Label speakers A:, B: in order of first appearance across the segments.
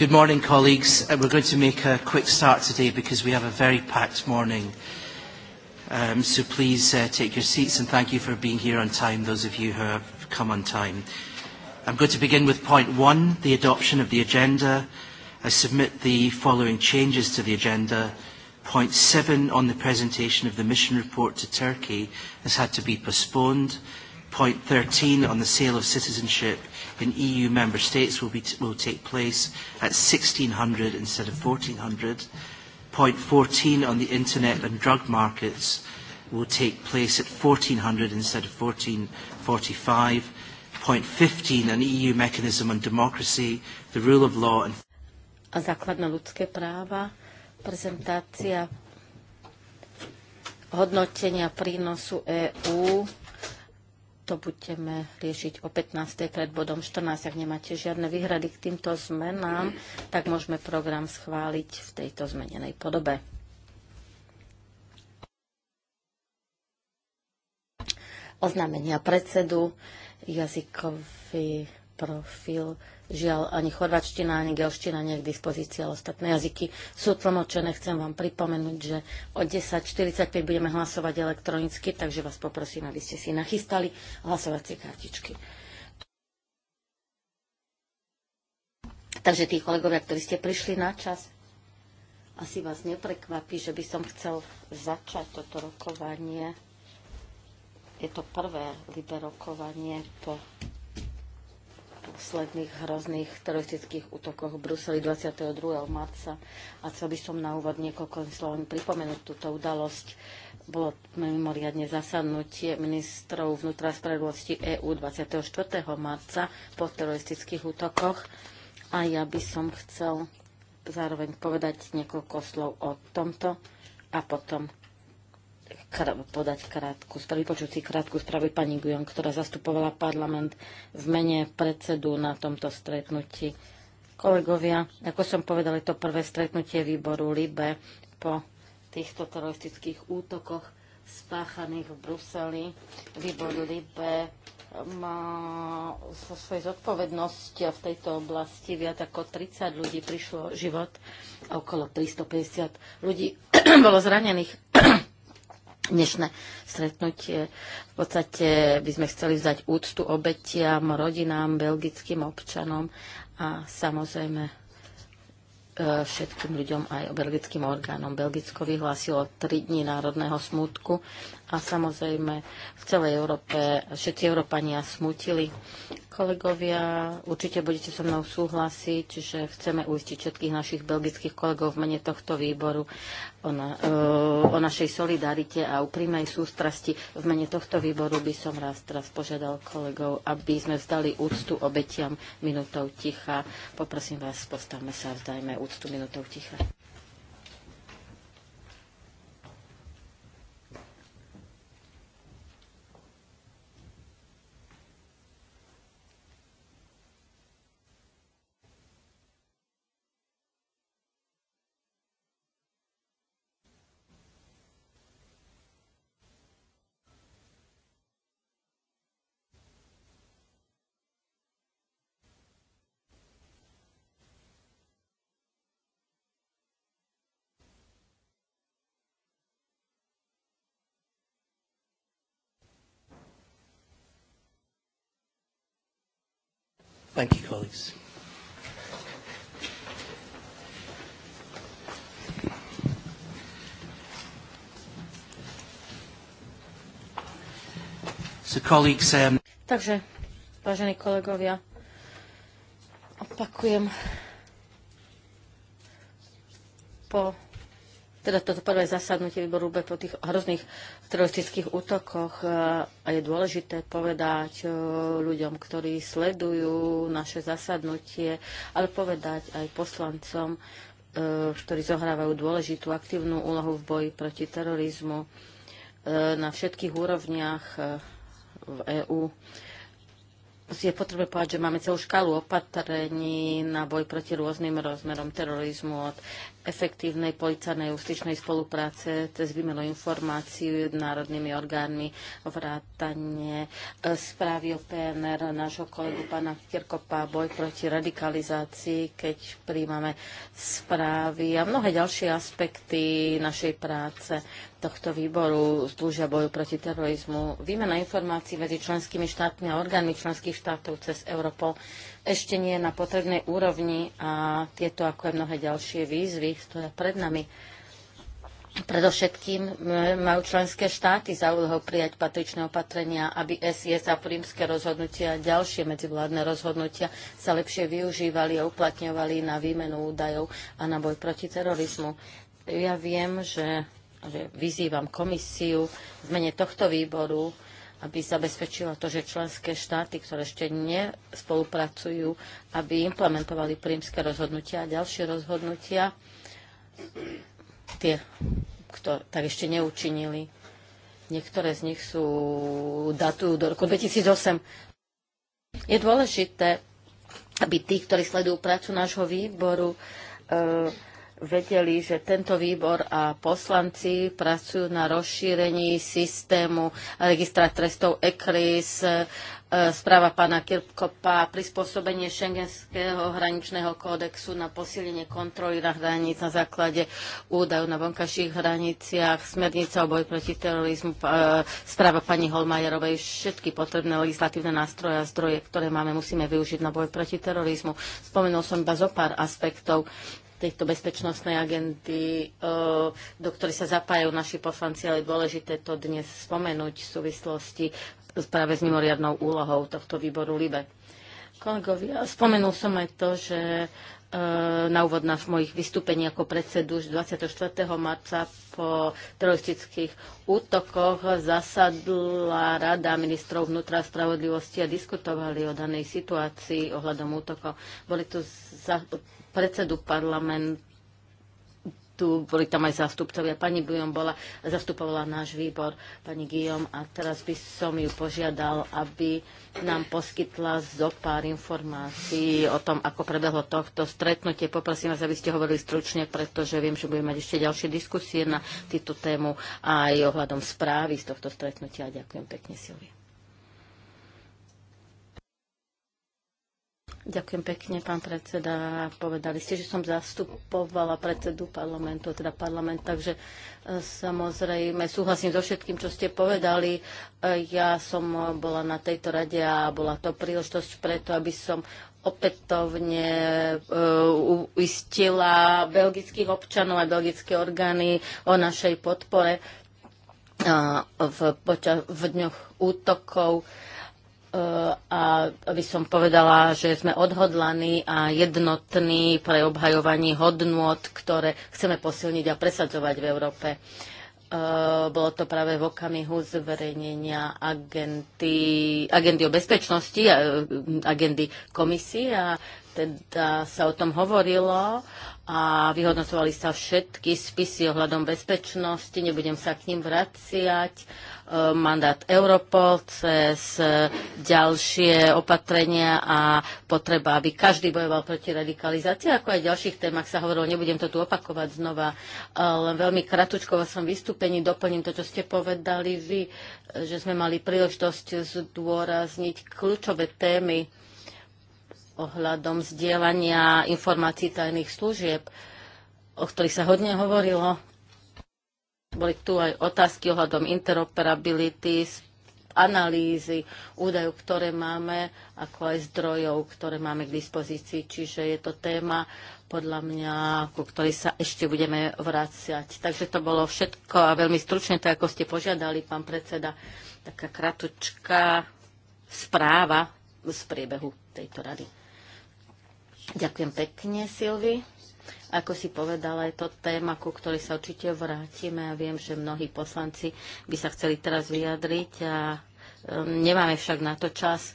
A: Good morning, colleagues. Uh, we're going to make a quick start today because we have a very packed morning. Um, so please uh, take your seats and thank you for being here on time, those of you who have come on time. I'm going to begin with point one, the adoption of the agenda. I submit the following changes to the agenda. Point seven on the presentation of the mission report to Turkey has had to be postponed. Point 13 on the sale of citizenship in EU member states will, be t will take place at 1600 instead of 1400. Point 14 on the internet and drug markets will take place at 1400 instead of 1445. Point 15 on EU mechanism on democracy, the rule of law and
B: A základné ľudské práva, prezentácia hodnotenia prínosu EÚ to budeme riešiť o 15. pred bodom 14. Ak nemáte žiadne výhrady k týmto zmenám, tak môžeme program schváliť v tejto zmenenej podobe. Oznámenia predsedu, jazykový profil Žiaľ, ani chorvačtina, ani gelština nie je k dispozícii, ale ostatné jazyky sú tlmočené. Chcem vám pripomenúť, že o 10.45 budeme hlasovať elektronicky, takže vás poprosím, aby ste si nachystali hlasovacie kartičky. Takže tí kolegovia, ktorí ste prišli na čas, asi vás neprekvapí, že by som chcel začať toto rokovanie. Je to prvé liberokovanie po posledných hrozných teroristických útokoch v Bruseli 22. marca. A chcel by som na úvod niekoľko slov pripomenúť túto udalosť. Bolo mimoriadne zasadnutie ministrov vnútra spravodlivosti EÚ 24. marca po teroristických útokoch. A ja by som chcel zároveň povedať niekoľko slov o tomto a potom podať krátku správu, vypočuť si krátku správu pani Gujon, ktorá zastupovala parlament v mene predsedu na tomto stretnutí. Kolegovia, ako som povedal, je to prvé stretnutie výboru LIBE po týchto teroristických útokoch spáchaných v Bruseli. Výbor LIBE eh, má so svojej zodpovednosti v tejto oblasti viac ako 30 ľudí prišlo život a okolo 350 ľudí bolo zranených dnešné stretnutie. V podstate by sme chceli vzdať úctu obetiam, rodinám, belgickým občanom a samozrejme e, všetkým ľuďom aj belgickým orgánom. Belgicko vyhlásilo 3 dní národného smutku a samozrejme v celej Európe všetci Európania smutili Kolegovia, určite budete so mnou súhlasiť, že chceme uistiť všetkých našich belgických kolegov v mene tohto výboru o, na, e, o našej solidarite a úprimnej sústrasti. V mene tohto výboru by som raz teraz požiadal kolegov, aby sme vzdali úctu obetiam minutou ticha. Poprosím vás, postavme sa a vzdajme úctu minutou ticha.
A: Thank you, colleagues. So, colleagues, um...
B: Takže, vážení kolegovia, opakujem po teda toto prvé zasadnutie výboru UB po tých hrozných teroristických útokoch e, a je dôležité povedať e, ľuďom, ktorí sledujú naše zasadnutie, ale povedať aj poslancom, e, ktorí zohrávajú dôležitú aktívnu úlohu v boji proti terorizmu na všetkých úrovniach v EÚ je potrebné povedať, že máme celú škálu opatrení na boj proti rôznym rozmerom terorizmu od efektívnej policajnej justičnej spolupráce cez výmenu informácií národnými orgánmi, vrátanie e, správy o PNR nášho kolegu pána Kierkopa, boj proti radikalizácii, keď príjmame správy a mnohé ďalšie aspekty našej práce tohto výboru slúžia boju proti terorizmu. Výmena informácií medzi členskými štátmi a orgánmi členských štátov cez Europol ešte nie je na potrebnej úrovni a tieto, ako aj mnohé ďalšie výzvy, stoja pred nami. Predovšetkým majú členské štáty za úlohou prijať patričné opatrenia, aby SIS a prímske rozhodnutia a ďalšie medzivládne rozhodnutia sa lepšie využívali a uplatňovali na výmenu údajov a na boj proti terorizmu. Ja viem, že že vyzývam komisiu v mene tohto výboru, aby zabezpečila to, že členské štáty, ktoré ešte nespolupracujú, aby implementovali prímske rozhodnutia a ďalšie rozhodnutia, tie, ktoré tak ešte neučinili. Niektoré z nich sú, datujú do roku 2008. Je dôležité, aby tí, ktorí sledujú prácu nášho výboru, e, vedeli, že tento výbor a poslanci pracujú na rozšírení systému registra trestov ECRIS, e, správa pána Kirkopa, prispôsobenie šengenského hraničného kódexu na posilenie kontroly na hraníc na základe údajov na vonkajších hraniciach, smernica o boji proti terorizmu, e, správa pani Holmajerovej, všetky potrebné legislatívne nástroje a zdroje, ktoré máme, musíme využiť na boj proti terorizmu. Spomenul som iba zo pár aspektov tejto bezpečnostnej agendy, e, do ktorej sa zapájajú naši poslanci, ale je dôležité to dnes spomenúť v súvislosti práve s mimoriadnou úlohou tohto výboru LIBE. Kolegovia, spomenul som aj to, že Eh, na úvod na mojich vystúpení ako predsedu už 24. marca po teroristických útokoch zasadla Rada ministrov vnútra a spravodlivosti a diskutovali o danej situácii ohľadom útokov. Boli tu za predsedu parlamentu tu boli tam aj zástupcovia. Pani Guillaume bola, zastupovala náš výbor, pani Guillaume, a teraz by som ju požiadal, aby nám poskytla zo pár informácií o tom, ako prebehlo tohto stretnutie. Poprosím vás, aby ste hovorili stručne, pretože viem, že budeme mať ešte ďalšie diskusie na túto tému aj ohľadom správy z tohto stretnutia. Ďakujem pekne, Silvia. Ďakujem pekne, pán predseda. Povedali ste, že som zastupovala predsedu parlamentu, teda parlament, takže e, samozrejme súhlasím so všetkým, čo ste povedali. E, ja som bola na tejto rade a bola to príležitosť preto, aby som opätovne e, uistila belgických občanov a belgické orgány o našej podpore v, poča- v dňoch útokov a aby som povedala, že sme odhodlaní a jednotní pre obhajovanie hodnôt, ktoré chceme posilniť a presadzovať v Európe. E, bolo to práve v okamihu zverejnenia agendy, agendy o bezpečnosti, e, agendy komisie a teda sa o tom hovorilo a vyhodnocovali sa všetky spisy ohľadom bezpečnosti, nebudem sa k ním vraciať. E, mandát Europol cez ďalšie opatrenia a potreba, aby každý bojoval proti radikalizácii, ako aj v ďalších témach sa hovorilo, nebudem to tu opakovať znova, e, len veľmi kratučko vo svojom vystúpení doplním to, čo ste povedali vy, e, že sme mali príležitosť zdôrazniť kľúčové témy ohľadom zdieľania informácií tajných služieb, o ktorých sa hodne hovorilo. Boli tu aj otázky ohľadom interoperability, analýzy údajov, ktoré máme, ako aj zdrojov, ktoré máme k dispozícii. Čiže je to téma, podľa mňa, ku ktorej sa ešte budeme vrácať. Takže to bolo všetko a veľmi stručne, tak ako ste požiadali, pán predseda, taká kratučká správa z priebehu tejto rady. Ďakujem pekne, Silvi. Ako si povedala, je to téma, ku ktorej sa určite vrátime a viem, že mnohí poslanci by sa chceli teraz vyjadriť a um, nemáme však na to čas,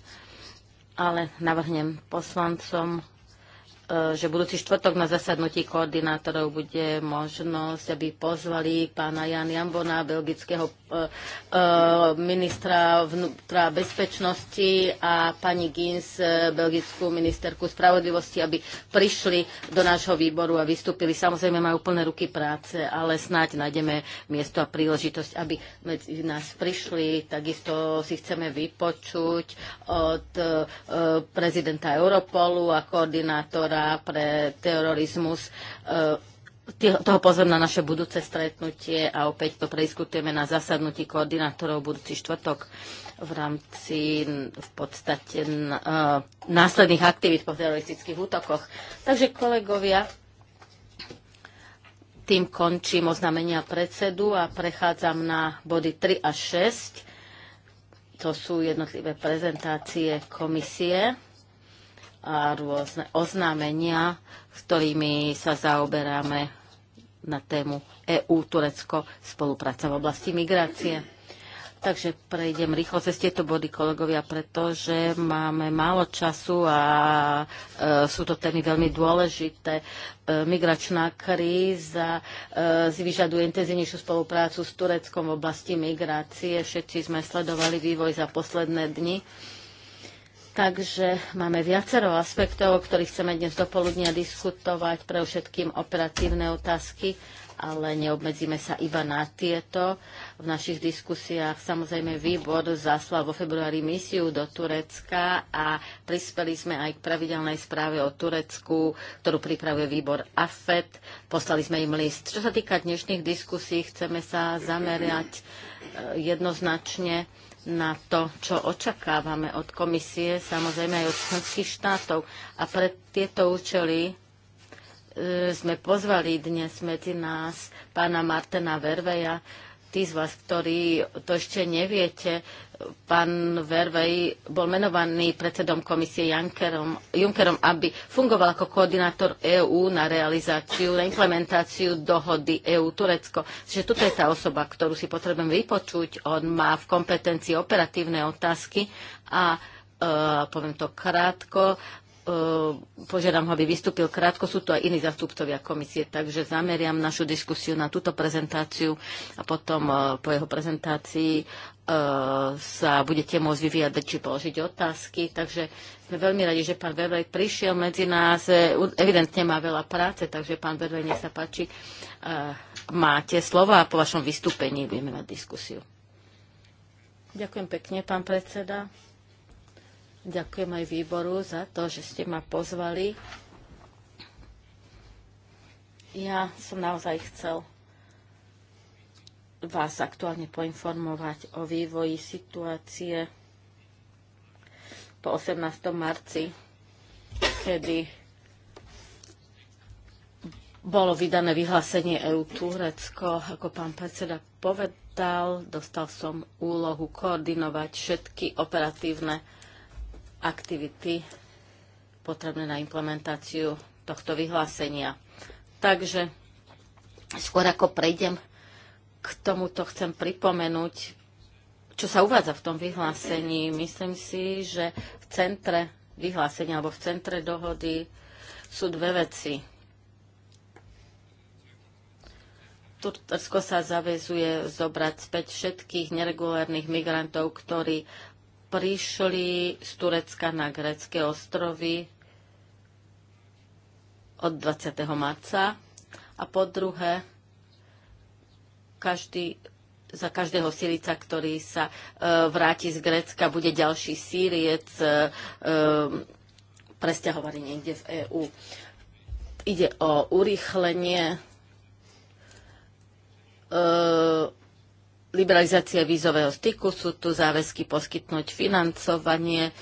B: ale navrhnem poslancom, uh, že budúci štvrtok na zasadnutí koordinátorov bude možnosť, aby pozvali pána Jan Jambona, belgického E, e, ministra vnútra bezpečnosti a pani Gins, e, belgickú ministerku spravodlivosti, aby prišli do nášho výboru a vystúpili. Samozrejme majú plné ruky práce, ale snáď nájdeme miesto a príležitosť, aby medzi nás prišli. Takisto si chceme vypočuť od prezidenta Europolu a koordinátora pre terorizmus toho pozvem na naše budúce stretnutie a opäť to prediskutujeme na zasadnutí koordinátorov budúci štvrtok v rámci v podstate e, následných aktivít po teroristických útokoch. Takže kolegovia, tým končím oznámenia predsedu a prechádzam na body 3 a 6. To sú jednotlivé prezentácie komisie a rôzne oznámenia, ktorými sa zaoberáme na tému EU-Turecko spolupráca v oblasti migrácie. Takže prejdem rýchlo cez tieto body, kolegovia, pretože máme málo času a e, sú to témy veľmi dôležité. E, migračná kríza e, vyžaduje intenzívnejšiu spoluprácu s Tureckom v oblasti migrácie. Všetci sme sledovali vývoj za posledné dni. E, Takže máme viacero aspektov, o ktorých chceme dnes dopoludnia diskutovať, pre všetkým operatívne otázky, ale neobmedzíme sa iba na tieto. V našich diskusiách samozrejme výbor zaslal vo februári misiu do Turecka a prispeli sme aj k pravidelnej správe o Turecku, ktorú pripravuje výbor AFET. Poslali sme im list. Čo sa týka dnešných diskusí, chceme sa zamerať eh, jednoznačne na to, čo očakávame od komisie, samozrejme aj od členských štátov. A pre tieto účely e, sme pozvali dnes medzi nás pána Martina Verveja. Tí z vás, ktorí to ešte neviete, pán Vervej bol menovaný predsedom komisie Junckerom, Junckerom, aby fungoval ako koordinátor EÚ na realizáciu, na implementáciu dohody EÚ-Turecko. Čiže toto je tá osoba, ktorú si potrebujem vypočuť. On má v kompetencii operatívne otázky a e, poviem to krátko, E, požiadam ho, aby vystúpil krátko. Sú tu aj iní zastupcovia komisie, takže zameriam našu diskusiu na túto prezentáciu a potom e, po jeho prezentácii e, sa budete môcť vyviadať, či položiť otázky. Takže sme veľmi radi, že pán Verlej prišiel medzi nás. Evidentne má veľa práce, takže pán Verlej, nech sa páči. Máte slova a po vašom vystúpení budeme mať diskusiu. Ďakujem pekne, pán predseda. Ďakujem aj výboru za to, že ste ma pozvali. Ja som naozaj chcel vás aktuálne poinformovať o vývoji situácie po 18. marci, kedy bolo vydané vyhlásenie EU Turecko. Ako pán predseda povedal, dostal som úlohu koordinovať všetky operatívne aktivity potrebné na implementáciu tohto vyhlásenia. Takže skôr ako prejdem k tomuto, chcem pripomenúť, čo sa uvádza v tom vyhlásení. Myslím si, že v centre vyhlásenia alebo v centre dohody sú dve veci. Tursko sa zavezuje zobrať späť všetkých neregulárnych migrantov, ktorí prišli z Turecka na grécké ostrovy od 20. marca a po druhé každý, za každého Syrica, ktorý sa e, vráti z Grécka, bude ďalší Sýriec e, e presťahovaný niekde v EÚ. Ide o urýchlenie e, liberalizácia vízového styku, sú tu záväzky poskytnúť financovanie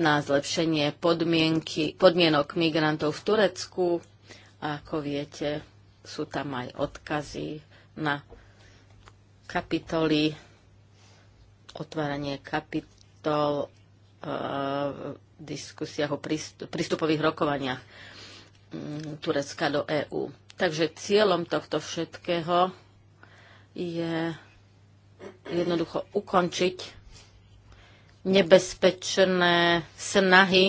B: na zlepšenie podmienky, podmienok migrantov v Turecku. A ako viete, sú tam aj odkazy na kapitoly, otváranie kapitol, e, v diskusiách o prístupových rokovaniach mm, Turecka do EÚ. Takže cieľom tohto všetkého je jednoducho ukončiť nebezpečné snahy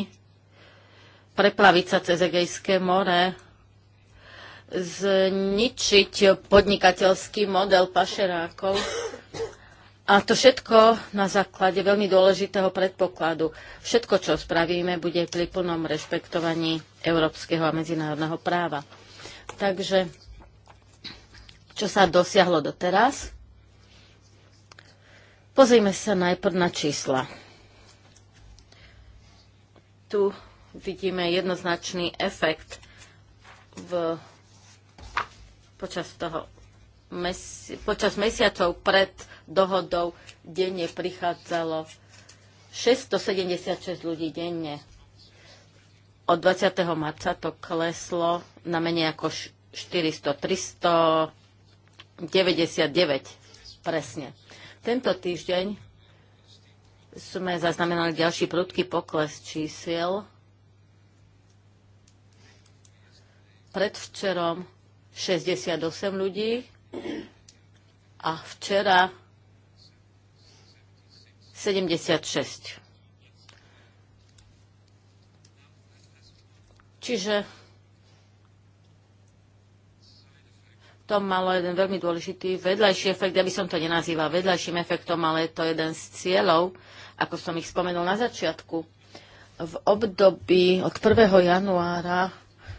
B: preplaviť sa cez Egejské more, zničiť podnikateľský model pašerákov. A to všetko na základe veľmi dôležitého predpokladu. Všetko, čo spravíme, bude pri plnom rešpektovaní európskeho a medzinárodného práva. Takže, čo sa dosiahlo doteraz? Pozrime sa najprv na čísla. Tu vidíme jednoznačný efekt v, počas, toho, mesi, počas mesiacov pred dohodou denne prichádzalo 676 ľudí denne. Od 20. marca to kleslo na menej ako 400, 399 presne. Tento týždeň sme zaznamenali ďalší prudký pokles čísiel. Predvčerom 68 ľudí a včera 76. Čiže to malo jeden veľmi dôležitý vedľajší efekt. Ja by som to nenazýval vedľajším efektom, ale je to jeden z cieľov, ako som ich spomenul na začiatku. V období od 1. januára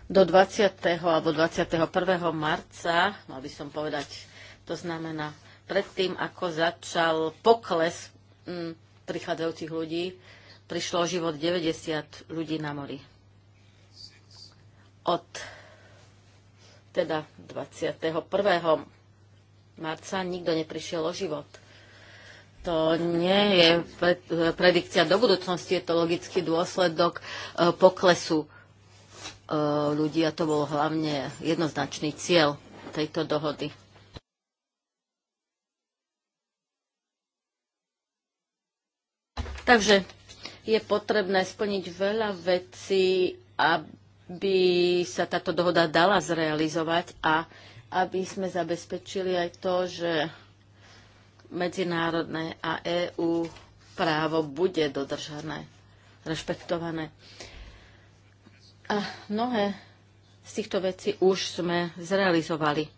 B: do 20. alebo 21. marca, mal by som povedať, to znamená predtým, ako začal pokles m, mm, prichádzajúcich ľudí, prišlo život 90 ľudí na mori. Od teda 21. marca nikto neprišiel o život. To nie je predikcia do budúcnosti, je to logický dôsledok e, poklesu e, ľudí a to bol hlavne jednoznačný cieľ tejto dohody. Takže je potrebné splniť veľa vecí, aby by sa táto dohoda dala zrealizovať a aby sme zabezpečili aj to, že medzinárodné a EÚ právo bude dodržané, rešpektované. A mnohé z týchto vecí už sme zrealizovali.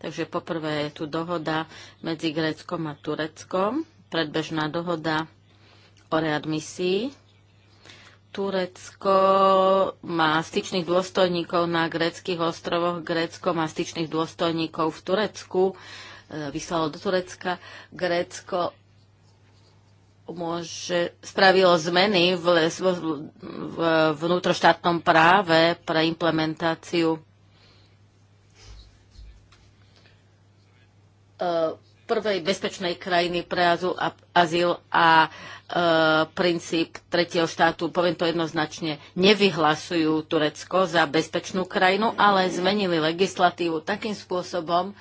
B: Takže poprvé je tu dohoda medzi Gréckom a Tureckom, predbežná dohoda o readmisii Turecko má styčných dôstojníkov na greckých ostrovoch, Grécko má styčných dôstojníkov v Turecku, e, vyslalo do Turecka. Grécko môže, spravilo zmeny v, v, v vnútroštátnom práve pre implementáciu e, prvej bezpečnej krajiny pre azyl a, azyl a e, princíp tretieho štátu, poviem to jednoznačne, nevyhlasujú Turecko za bezpečnú krajinu, ale zmenili legislatívu takým spôsobom,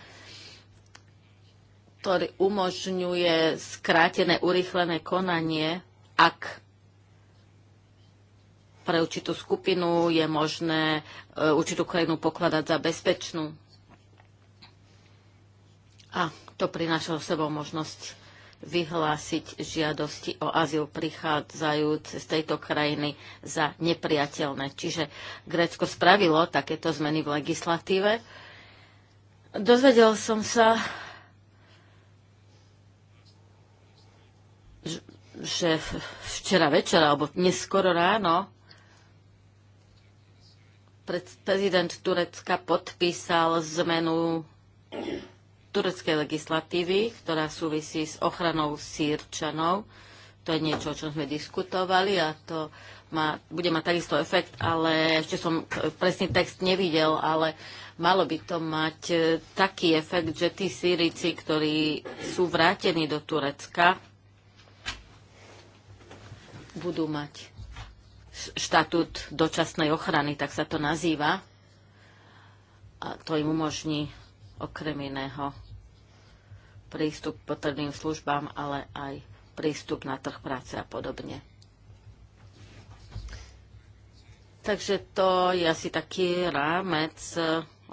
B: ktorý umožňuje skrátené, urýchlené konanie, ak pre určitú skupinu je možné e, určitú krajinu pokladať za bezpečnú. A to prináša sebou možnosť vyhlásiť žiadosti o azyl prichádzajúc z tejto krajiny za nepriateľné. Čiže Grécko spravilo takéto zmeny v legislatíve. Dozvedel som sa, že včera večer alebo neskoro ráno prezident Turecka podpísal zmenu tureckej legislatívy, ktorá súvisí s ochranou sírčanov. To je niečo, o čom sme diskutovali a to má, bude mať takisto efekt, ale ešte som presný text nevidel, ale malo by to mať e, taký efekt, že tí sírici, ktorí sú vrátení do Turecka, budú mať štatút dočasnej ochrany, tak sa to nazýva. A to im umožní okrem iného prístup k potrebným službám, ale aj prístup na trh práce a podobne. Takže to je asi taký rámec,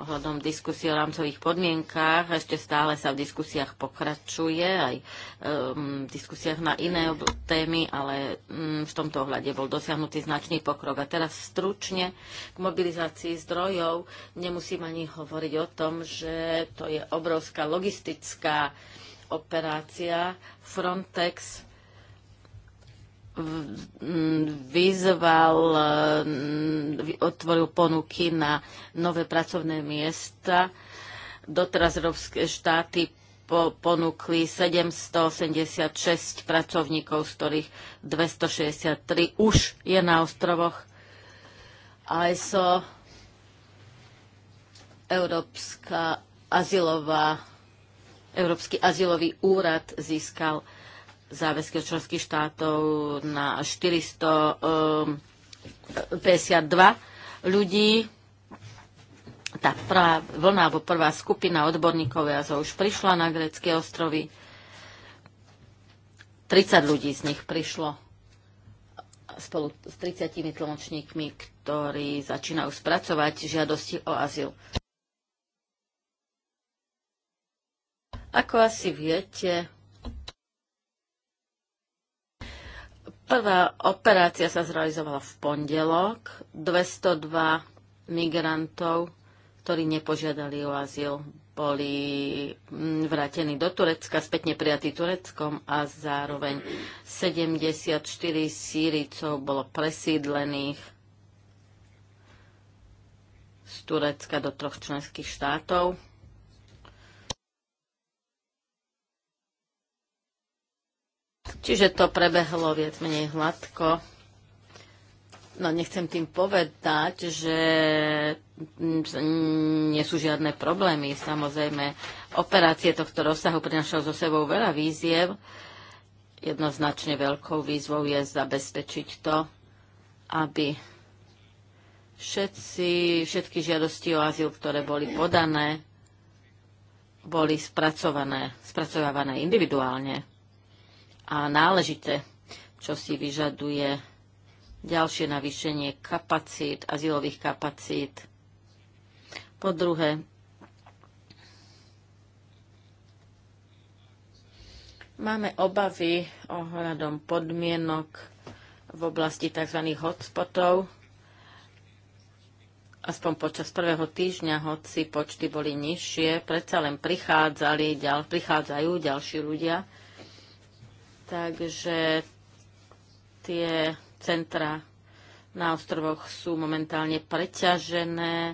B: ohľadom diskusie o rámcových podmienkách. Ešte stále sa v diskusiách pokračuje, aj um, v diskusiách na iné témy, ale um, v tomto ohľade bol dosiahnutý značný pokrok. A teraz stručne k mobilizácii zdrojov nemusím ani hovoriť o tom, že to je obrovská logistická operácia Frontex vyzval, eh, otvoril ponuky na nové pracovné miesta. Doteraz európske štáty po, ponúkli 786 pracovníkov, z ktorých 263 už je na ostrovoch. ISO, Európska azylová, Európsky azylový úrad získal záväzky od členských štátov na 452 um, ľudí. Tá prvá vlna alebo prvá skupina odborníkov ja už prišla na grecké ostrovy. 30 ľudí z nich prišlo spolu s 30 tlmočníkmi, ktorí začínajú spracovať žiadosti o azyl. Ako asi viete, Prvá operácia sa zrealizovala v pondelok. 202 migrantov, ktorí nepožiadali o azyl, boli mm, vrátení do Turecka, spätne prijatí Tureckom a zároveň 74 Sýricov bolo presídlených z Turecka do troch členských štátov. Čiže to prebehlo viac menej hladko. No nechcem tým povedať, že nie sú žiadne problémy. Samozrejme, operácie tohto rozsahu prinašajú so sebou veľa víziev. Jednoznačne veľkou výzvou je zabezpečiť to, aby všetci, všetky žiadosti o azyl, ktoré boli podané, boli spracované, spracovávané individuálne a náležité, čo si vyžaduje ďalšie navýšenie kapacít, azylových kapacít. Po druhé, máme obavy ohľadom podmienok v oblasti tzv. hotspotov. Aspoň počas prvého týždňa, hoci počty boli nižšie, predsa len prichádzali, ďal, prichádzajú ďalší ľudia Takže tie centra na ostrovoch sú momentálne preťažené,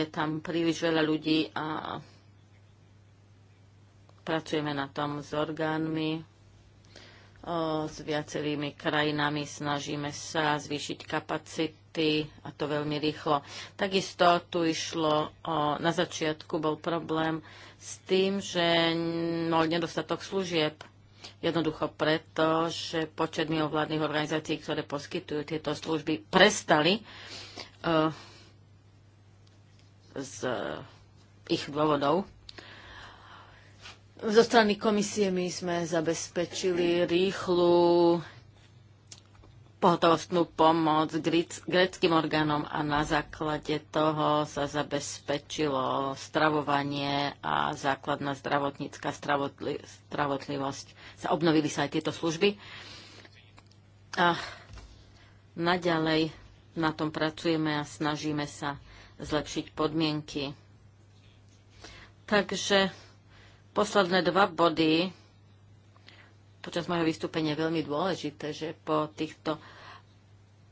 B: je tam príliš veľa ľudí a pracujeme na tom s orgánmi, s viacerými krajinami, snažíme sa zvýšiť kapacity a to veľmi rýchlo. Takisto tu išlo, o, na začiatku bol problém s tým, že bol nedostatok služieb Jednoducho preto, že počet mimovládnych organizácií, ktoré poskytujú tieto služby, prestali uh, z ich dôvodov. Zo strany komisie my sme zabezpečili rýchlu pohotovostnú pomoc greckým orgánom a na základe toho sa zabezpečilo stravovanie a základná zdravotnícká stravotli- stravotlivosť. Sa obnovili sa aj tieto služby. A naďalej na tom pracujeme a snažíme sa zlepšiť podmienky. Takže posledné dva body počas môjho vystúpenia veľmi dôležité, že po týchto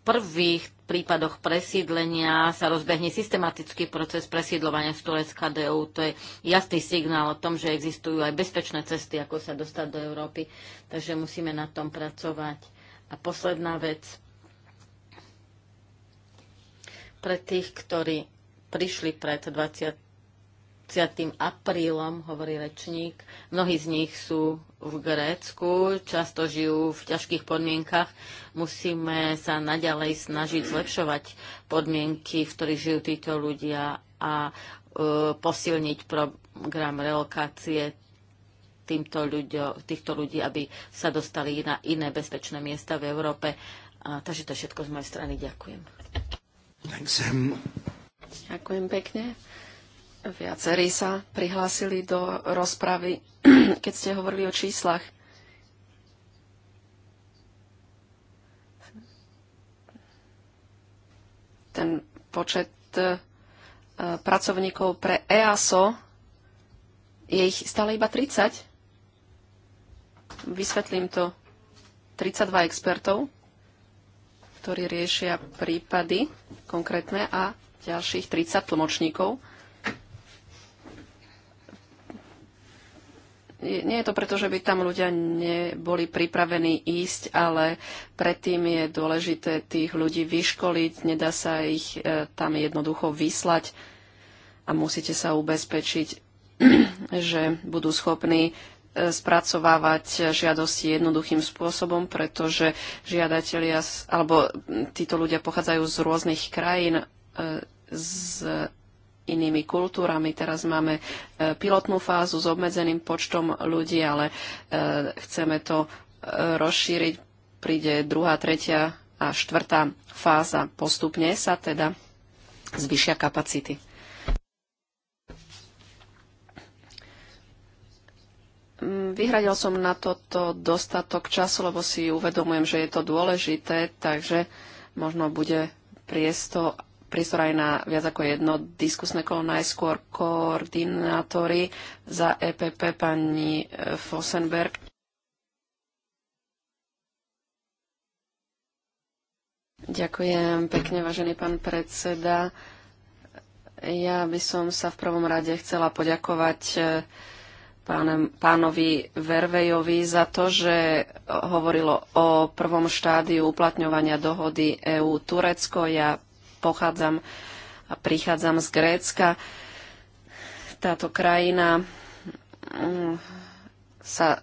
B: prvých prípadoch presídlenia sa rozbehne systematický proces presídlovania z Turecka do EU. To je jasný signál o tom, že existujú aj bezpečné cesty, ako sa dostať do Európy. Takže musíme na tom pracovať. A posledná vec. Pre tých, ktorí prišli pred 20. 30. aprílom, hovorí rečník. Mnohí z nich sú v Grécku, často žijú v ťažkých podmienkach. Musíme sa naďalej snažiť zlepšovať podmienky, v ktorých žijú títo ľudia a uh, posilniť program relokácie týmto ľuďo, týchto ľudí, aby sa dostali na iné bezpečné miesta v Európe. A, takže to je všetko z mojej strany. Ďakujem.
C: Ďakujem pekne. Viacerí sa prihlásili do rozpravy, keď ste hovorili o číslach. Ten počet e, pracovníkov pre EASO je ich stále iba 30. Vysvetlím to. 32 expertov, ktorí riešia prípady konkrétne a ďalších 30 tlmočníkov nie je to preto, že by tam ľudia neboli pripravení ísť, ale predtým je dôležité tých ľudí vyškoliť, nedá sa ich e, tam jednoducho vyslať a musíte sa ubezpečiť, že budú schopní e, spracovávať žiadosti jednoduchým spôsobom, pretože žiadatelia alebo títo ľudia pochádzajú z rôznych krajín, e, z inými kultúrami. Teraz máme e, pilotnú fázu s obmedzeným počtom ľudí, ale e, chceme to e, rozšíriť. Príde druhá, tretia a štvrtá fáza. Postupne sa teda zvyšia kapacity. Mm, vyhradil som na toto dostatok času, lebo si uvedomujem, že je to dôležité, takže možno bude priestor priestor aj na viac ako jedno diskusné kolo. Najskôr koordinátory za EPP pani eh, Fosenberg. Ďakujem pekne, vážený pán predseda. Ja by som sa v prvom rade chcela poďakovať eh, pánem, pánovi Vervejovi za to, že hovorilo o prvom štádiu uplatňovania dohody EU turecko Ja pochádzam a prichádzam z Grécka. Táto krajina mm, sa e,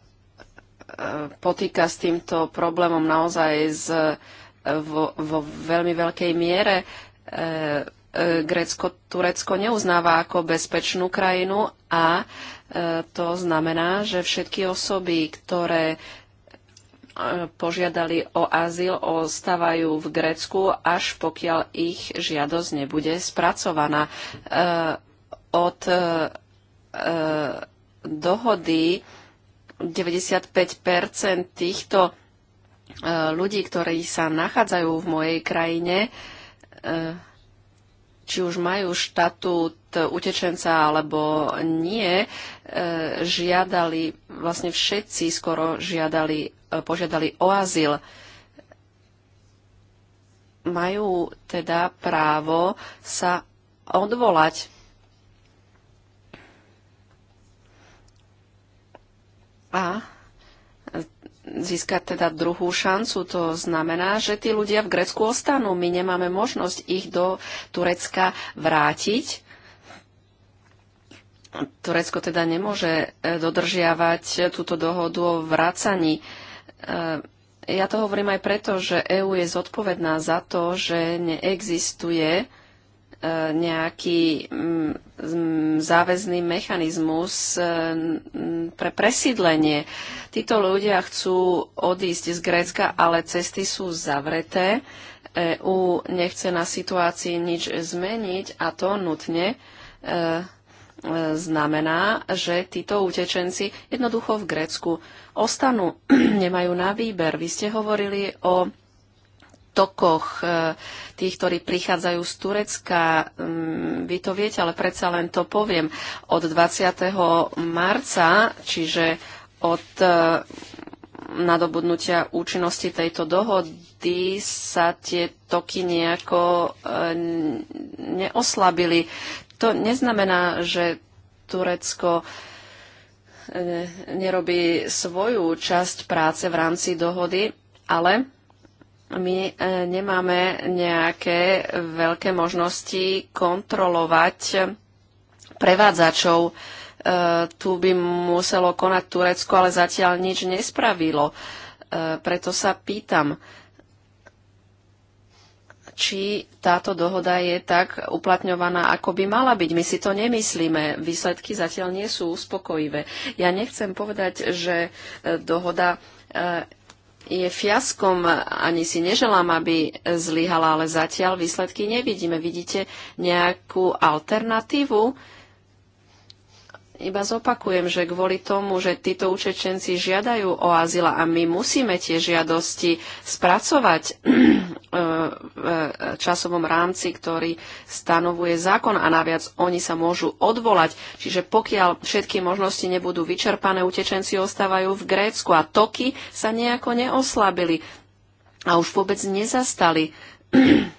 C: potýka s týmto problémom naozaj z, e, vo, vo veľmi veľkej miere. E, Grécko Turecko neuznáva ako bezpečnú krajinu a to znamená, že všetky osoby, ktoré požiadali o azyl, ostávajú v Grécku, až pokiaľ ich žiadosť nebude spracovaná. Eh, od eh, eh, dohody 95 týchto ľudí, ktorí sa nachádzajú v mojej krajine, či už majú štatút utečenca alebo nie, e, žiadali, vlastne všetci skoro žiadali, e, požiadali o azyl. Majú teda právo sa odvolať. A získať teda druhú šancu. To znamená, že tí ľudia v Grécku ostanú. My nemáme možnosť ich do Turecka vrátiť. Turecko teda nemôže e, dodržiavať túto dohodu o vrácaní. E, ja to hovorím aj preto, že EÚ je zodpovedná za to, že neexistuje E, nejaký mm, záväzný mechanizmus e, pre presídlenie. Títo ľudia chcú odísť z Grécka, ale cesty sú zavreté. EU nechce na situácii nič zmeniť a to nutne e, znamená, že títo utečenci jednoducho v Grécku ostanú, nemajú na výber. Vy ste hovorili o tokoch e, tých, ktorí prichádzajú z Turecka. Mm, vy to viete, ale predsa len to poviem. Od 20. marca, čiže od e, nadobudnutia účinnosti tejto dohody sa tie toky nejako e, neoslabili. To neznamená, že Turecko nerobí svoju časť práce v rámci dohody, ale my e, nemáme nejaké veľké možnosti kontrolovať prevádzačov. E, tu by muselo konať Turecko, ale zatiaľ nič nespravilo. E, preto sa pýtam, či táto dohoda je tak uplatňovaná, ako by mala byť. My si to nemyslíme. Výsledky zatiaľ nie sú uspokojivé. Ja nechcem povedať, že dohoda je fiaskom. Ani si neželám, aby zlyhala, ale zatiaľ výsledky nevidíme. Vidíte nejakú alternatívu? Iba zopakujem, že kvôli tomu, že títo učečenci žiadajú o azyl a my musíme tie žiadosti spracovať e, e, v časovom rámci, ktorý stanovuje zákon a naviac oni sa môžu odvolať. Čiže pokiaľ všetky možnosti nebudú vyčerpané, utečenci ostávajú v Grécku a toky sa nejako neoslabili a už vôbec nezastali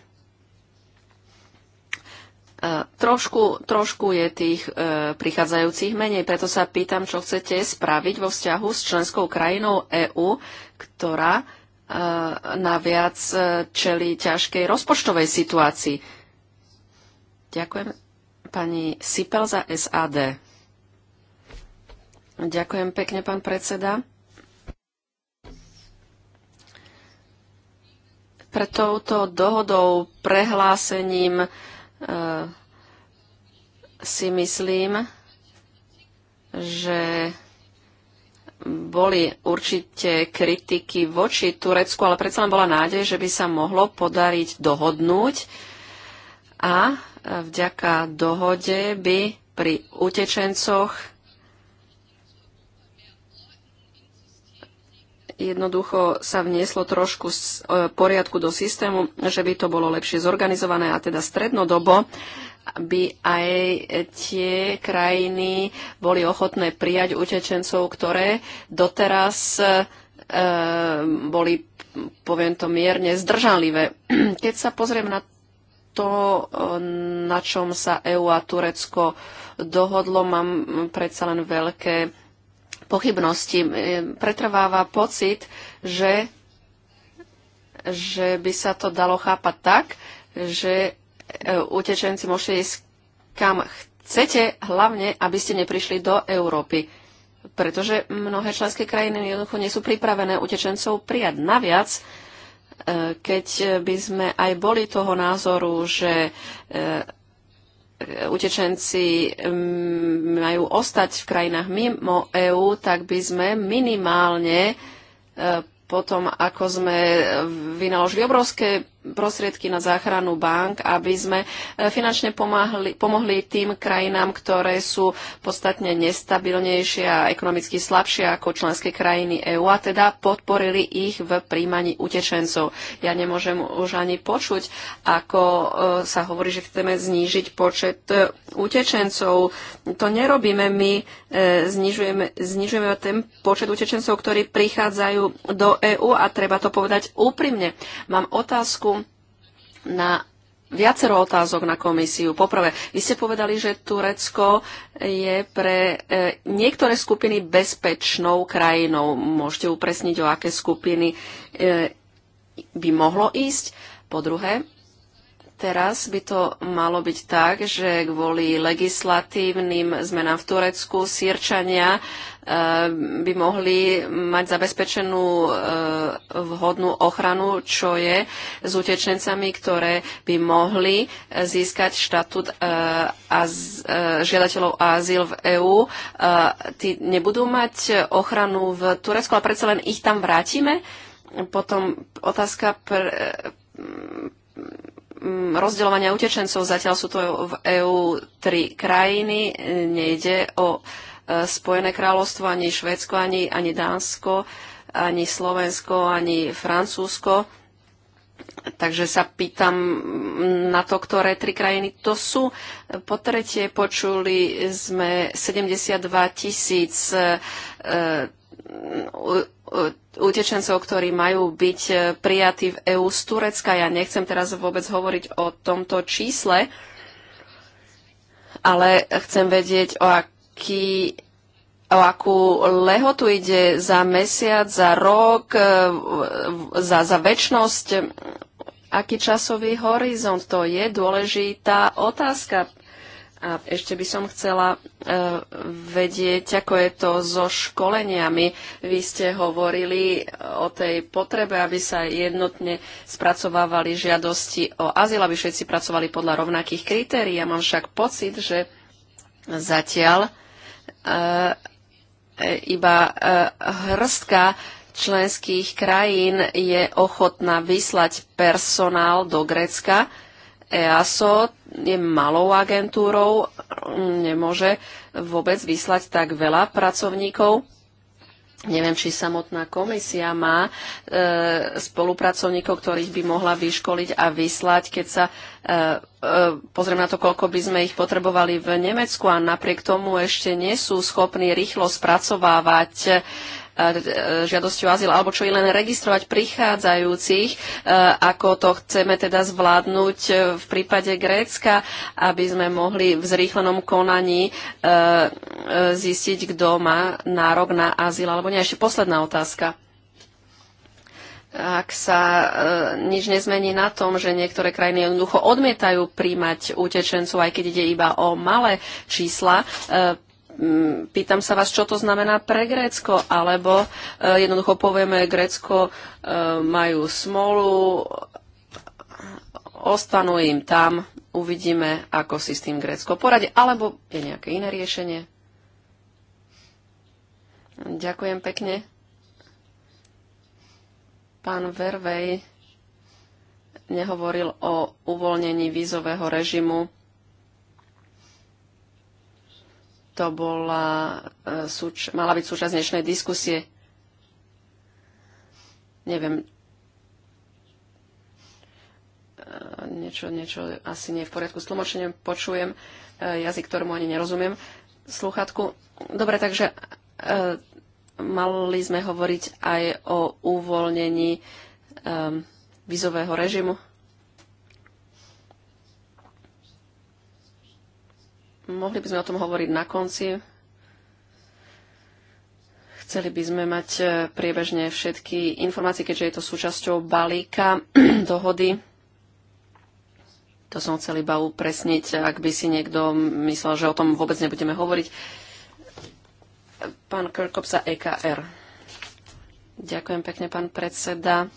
C: Trošku, trošku je tých e, prichádzajúcich menej, preto sa pýtam, čo chcete spraviť vo vzťahu s členskou krajinou EÚ, ktorá e, naviac e, čeli ťažkej rozpočtovej situácii. Ďakujem pani Sipel za SAD. Ďakujem pekne, pán predseda. Pre touto dohodou, prehlásením, Eh, si myslím, že boli určite kritiky voči Turecku, ale predsa len bola nádej, že by sa mohlo podariť dohodnúť a vďaka dohode by pri utečencoch jednoducho sa vnieslo trošku z e, poriadku do systému, že by to bolo lepšie zorganizované a teda strednodobo by aj tie krajiny boli ochotné prijať utečencov, ktoré doteraz e, boli, poviem to mierne, zdržanlivé. Keď sa pozriem na to, e, na čom sa EU a Turecko dohodlo, mám predsa len veľké pochybnosti. E, pretrváva pocit, že, že by sa to dalo chápať tak, že e, utečenci môžete ísť kam chcete, hlavne, aby ste neprišli do Európy. Pretože mnohé členské krajiny jednoducho nie sú pripravené utečencov prijať. Naviac, e, keď by sme aj boli toho názoru, že E, utečenci majú ostať v krajinách mimo EÚ, tak by sme minimálne e, potom, ako sme vynaložili obrovské prostriedky na záchranu bank, aby sme e, finančne pomáhli, pomohli tým krajinám, ktoré sú podstatne nestabilnejšie a ekonomicky slabšie ako členské krajiny EÚ a teda podporili ich v príjmaní utečencov. Ja nemôžem už ani počuť, ako e, sa hovorí, že chceme znížiť počet e, utečencov. To nerobíme my, znižujeme, znižujeme ten počet utečencov, ktorí prichádzajú do EÚ a treba to povedať úprimne. Mám otázku na viacero otázok na komisiu. Poprvé, vy ste povedali, že Turecko je pre e, niektoré skupiny bezpečnou krajinou. Môžete upresniť, o aké skupiny e, by mohlo ísť. Po druhé, teraz by to malo byť tak, že kvôli legislatívnym zmenám v Turecku sírčania e, by mohli mať zabezpečenú vhodnú ochranu, čo je s utečencami, ktoré by mohli e, získať štatút e, e, žiadateľov azyl v EÚ. Tí nebudú mať ochranu v Turecku, ale predsa len ich tam vrátime. Potom otázka pre, rozdeľovania utečencov. Zatiaľ sú to v EÚ tri krajiny. Nejde o Spojené kráľovstvo, ani Švédsko, ani, ani Dánsko ani Slovensko, ani Francúzsko. Takže sa pýtam na to, ktoré tri krajiny to sú. Po tretie počuli sme 72 tisíc e, utečencov, ktorí majú byť e, prijatí v EÚ z Turecka. Ja nechcem teraz vôbec hovoriť o tomto čísle, ale chcem vedieť, o aký o akú lehotu ide za mesiac, za rok, e, za, za väčnosť, aký časový horizont. To je dôležitá otázka. A ešte by som chcela e, vedieť, ako je to so školeniami. Vy ste hovorili o tej potrebe, aby sa jednotne spracovávali žiadosti o azyl, aby všetci pracovali podľa rovnakých kritérií. Ja mám však pocit, že zatiaľ e, E, iba e, hrstka členských krajín je ochotná vyslať personál do Grécka. EASO je malou agentúrou, nemôže vôbec vyslať tak veľa pracovníkov. Neviem, či samotná komisia má e, spolupracovníkov, ktorých by mohla vyškoliť a vyslať, keď sa e, e, pozriem na to, koľko by sme ich potrebovali v Nemecku a napriek tomu ešte nie sú schopní rýchlo spracovávať e, žiadosťou azyl, alebo čo i len registrovať prichádzajúcich, e, ako to chceme teda zvládnuť e, v prípade Grécka, aby sme mohli v zrýchlenom konaní e, zistiť, kto má nárok na azyl, alebo nie. Ešte posledná otázka ak sa e, nič nezmení na tom, že niektoré krajiny jednoducho odmietajú príjmať utečencov, aj keď ide iba o malé čísla, e, Mm, pýtam sa vás, čo to znamená pre Grécko, alebo e, jednoducho povieme, Grécko e, majú smolu, ostanú im tam, uvidíme, ako si s tým Grécko poradí, alebo je nejaké iné riešenie. Ďakujem pekne. Pán Vervej nehovoril o uvoľnení vízového režimu to bola, e, súč- mala byť súčasť dnešnej diskusie. Neviem, e, niečo, niečo asi nie je v poriadku s tlmočením, počujem e, jazyk, ktorému ani nerozumiem, sluchatku. Dobre, takže mali sme hovoriť aj o uvoľnení vizového režimu. Mohli by sme o tom hovoriť na konci. Chceli by sme mať e, priebežne všetky informácie, keďže je to súčasťou balíka dohody. To som chcel iba upresniť, ak by si niekto myslel, že o tom vôbec nebudeme hovoriť. Pán Kirkop EKR. Ďakujem pekne, pán predseda.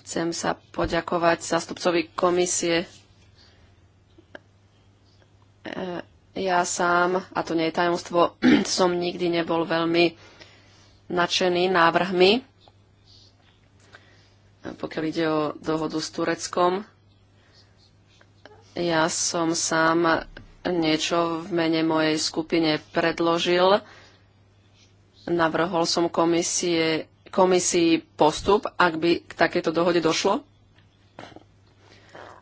C: Chcem sa poďakovať zástupcovi komisie E, ja sám, a to nie je tajomstvo, som nikdy nebol veľmi nadšený návrhmi, e, pokiaľ ide o dohodu s Tureckom. Ja som sám niečo v mene mojej skupine predložil. Navrhol som komisie, komisii postup, ak by k takéto dohode došlo.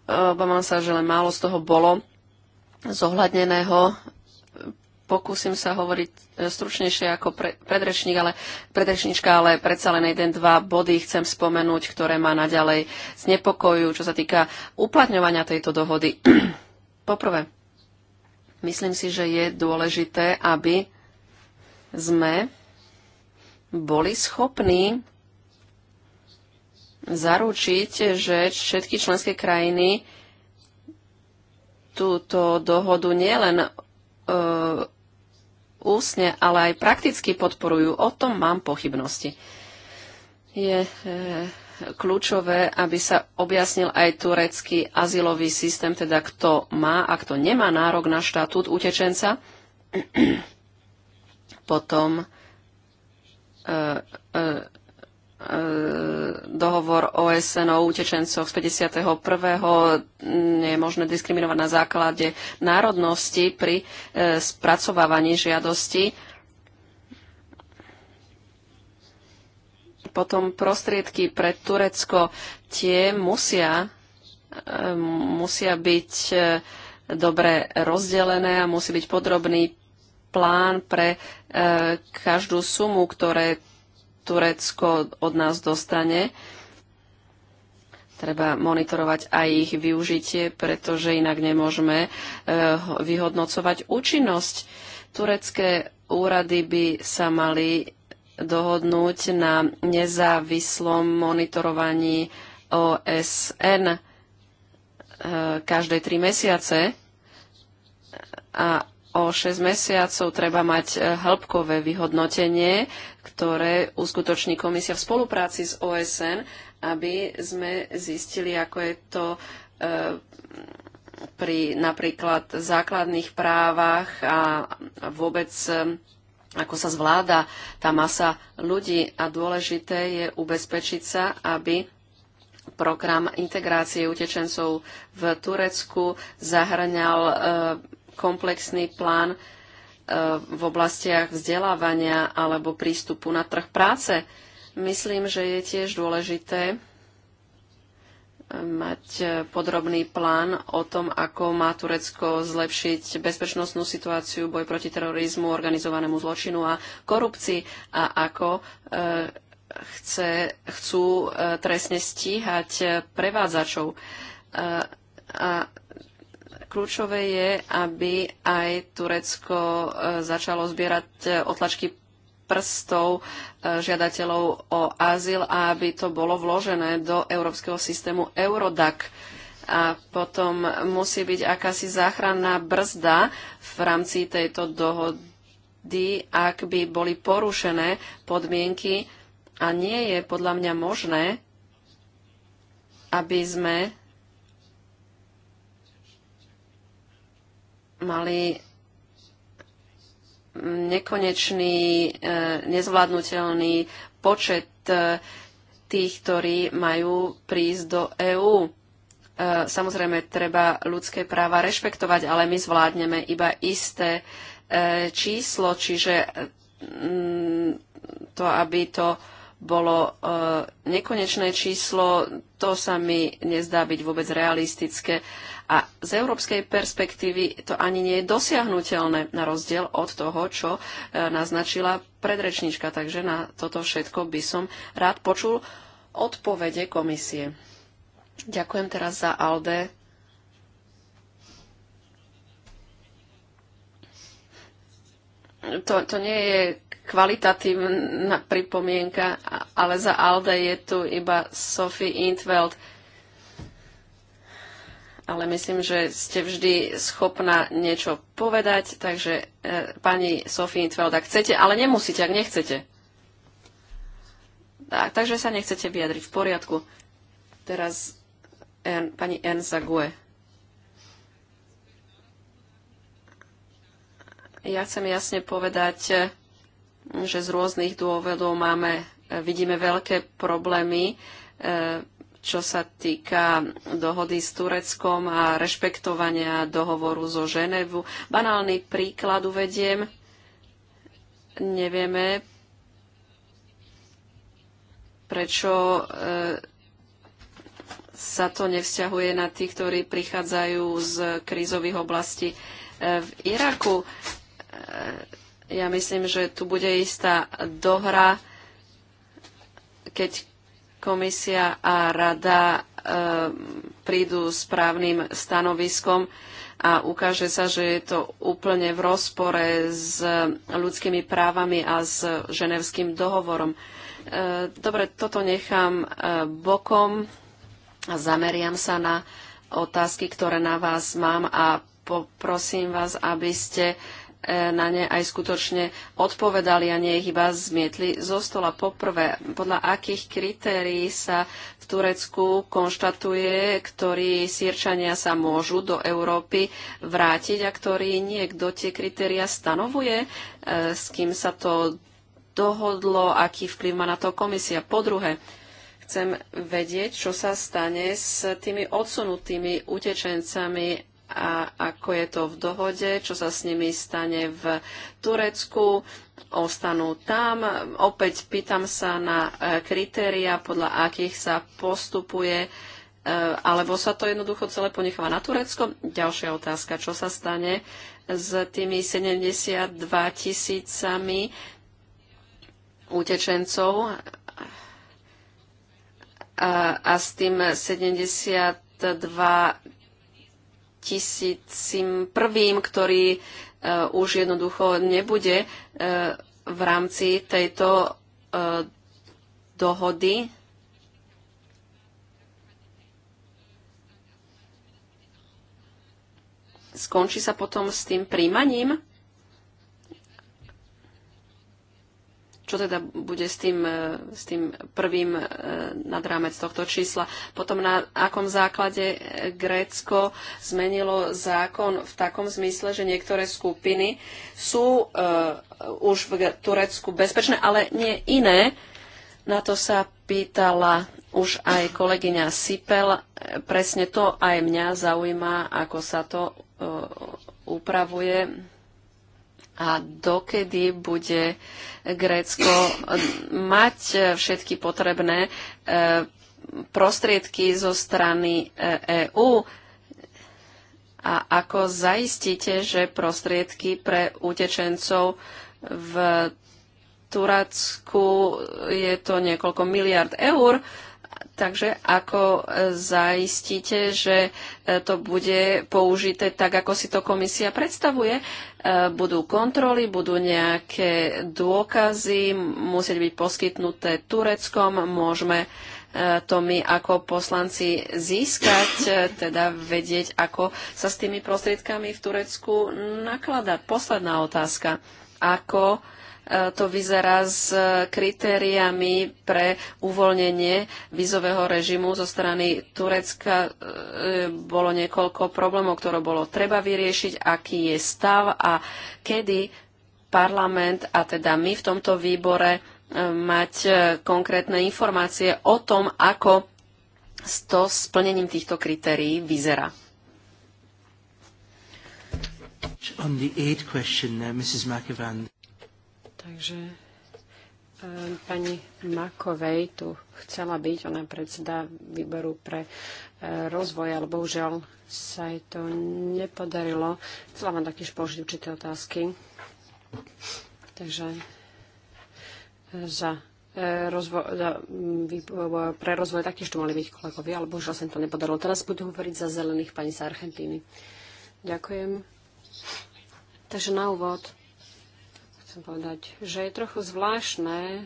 C: Obávam sa, že len málo z toho bolo zohľadneného. Pokúsim sa hovoriť e, stručnejšie ako pre, predrečník, ale, predrečníčka, ale predsa len jeden, dva body chcem spomenúť, ktoré ma naďalej znepokojujú, čo sa týka uplatňovania tejto dohody. Poprvé, myslím si, že je dôležité, aby sme boli schopní zaručiť, že všetky členské krajiny túto dohodu nielen uh, e, úsne, ale aj prakticky podporujú. O tom mám pochybnosti. Je uh, kľúčové, aby sa objasnil aj turecký azylový systém, teda kto má a kto nemá nárok na štatút utečenca. Potom uh, uh, E, dohovor OSN o utečencoch z 51. je možné diskriminovať na základe národnosti pri e, spracovávaní žiadosti. Potom prostriedky pre Turecko tie musia, e, musia byť dobre rozdelené a musí byť podrobný plán pre každú sumu, ktoré Turecko od nás dostane. Treba monitorovať aj ich využitie, pretože inak nemôžeme eh, vyhodnocovať účinnosť. Turecké úrady by sa mali dohodnúť na nezávislom monitorovaní OSN eh, každé tri mesiace a o 6 mesiacov treba mať e, hĺbkové vyhodnotenie, ktoré uskutoční komisia v spolupráci s OSN, aby sme zistili, ako je to e, pri napríklad základných právach a vôbec e, ako sa zvláda tá masa ľudí a dôležité je ubezpečiť sa, aby program integrácie utečencov v Turecku zahrňal komplexný plán e, v oblastiach vzdelávania alebo prístupu na trh práce. Myslím, že je tiež dôležité e, mať e, podrobný plán o tom, ako má Turecko zlepšiť bezpečnostnú situáciu, boj proti terorizmu, organizovanému zločinu a korupcii a ako chce, chcú trestne stíhať prevádzačov. A Kľúčové je, aby aj Turecko e, začalo zbierať e, otlačky prstov e, žiadateľov o azyl a aby to bolo vložené do európskeho systému Eurodac a potom musí byť akási záchranná brzda v rámci tejto dohody, ak by boli porušené podmienky a nie je podľa mňa možné, aby sme mali nekonečný, e, nezvládnutelný počet e, tých, ktorí majú prísť do EÚ. E, samozrejme, treba ľudské práva rešpektovať, ale my zvládneme iba isté číslo, čiže mm, to, aby to bolo nekonečné číslo, to sa mi nezdá byť vôbec realistické. A z európskej perspektívy to ani nie je dosiahnutelné, na rozdiel od toho, čo e, naznačila predrečnička. Takže na toto všetko by som rád počul odpovede komisie. Ďakujem teraz za Alde. To, to nie je kvalitatívna pripomienka, ale za Alde je tu iba Sophie Intveld ale myslím, že ste vždy schopná niečo povedať, takže e, pani Sofie Intveld, ak chcete, ale nemusíte, ak nechcete. Tak, takže sa nechcete vyjadriť v poriadku. Teraz en, pani Enza Gue. Ja chcem jasne povedať, e, že z rôznych dôvodov máme, e, vidíme veľké problémy e, čo sa týka dohody s Tureckom a rešpektovania dohovoru zo Ženevu. Banálny príklad uvediem. Nevieme, prečo e, sa to nevzťahuje na tých, ktorí prichádzajú z krízových oblastí e, v Iraku. E, ja myslím, že tu bude istá dohra, keď Komisia a rada e, prídu s právnym stanoviskom a ukáže sa, že je to úplne v rozpore s ľudskými právami a s ženevským dohovorom. E, dobre, toto nechám e, bokom a zameriam sa na otázky, ktoré na vás mám a poprosím vás, aby ste E, na ne aj skutočne odpovedali a nie ich iba zmietli zo stola. Poprvé, podľa akých kritérií sa v Turecku konštatuje, ktorí sírčania sa môžu do Európy vrátiť a ktorí nie. Kto tie kritéria stanovuje, e, s kým sa to dohodlo, aký vplyv má na to komisia. Po druhé, chcem vedieť, čo sa stane s tými odsunutými utečencami a ako je to v dohode, čo sa s nimi stane v Turecku, ostanú tam. Opäť pýtam sa na e, kritéria, podľa akých sa postupuje, e, alebo sa to jednoducho celé ponecháva na Turecko. Ďalšia otázka, čo sa stane s tými 72 tisícami utečencov a, e, a s tým 72 tisícim prvým, ktorý e, už jednoducho nebude e, v rámci tejto e, dohody. Skončí sa potom s tým príjmaním? čo teda bude s tým, e, s tým prvým e, nad rámec tohto čísla. Potom na akom základe e, Grécko zmenilo zákon v takom zmysle, že niektoré skupiny sú uh, už v Turecku bezpečné, ale nie iné. Na to sa pýtala už aj kolegyňa Sipel. Presne to aj mňa zaujíma, ako sa to uh, upravuje a dokedy bude Grécko eh, mať eh, všetky potrebné eh, prostriedky zo strany EÚ e a ako zaistíte, že prostriedky pre utečencov v Turacku je to niekoľko miliard eur, Takže ako e, zaistíte, že e, to bude použité tak, ako si to komisia predstavuje? E, budú kontroly, budú nejaké dôkazy, musieť byť poskytnuté Tureckom, môžeme to my ako poslanci získať, teda vedieť, ako sa s tými prostriedkami v Turecku nakladať. Posledná otázka. Ako E, to vyzerá s e, kritériami pre uvoľnenie vizového režimu zo strany Turecka. E, bolo niekoľko problémov, ktoré bolo treba vyriešiť, aký je stav a kedy parlament a teda my v tomto výbore mať konkrétne informácie o tom, ako s to splnením týchto kritérií vyzerá.
A: On the aid question, uh, Mrs. McEvan.
D: Takže pani Makovej tu chcela byť, ona predseda výboru pre e, rozvoj, ale bohužiaľ sa jej to nepodarilo. Chcela vám takýž položiť určité otázky. Takže e, za, e, rozvoj, za výbor pre rozvoj taktiež tu mali byť kolegovia, ale bohužiaľ sa im to nepodarilo. Teraz budú hovoriť za zelených pani z Argentíny. Ďakujem. Takže na úvod chcem povedať, že je trochu zvláštne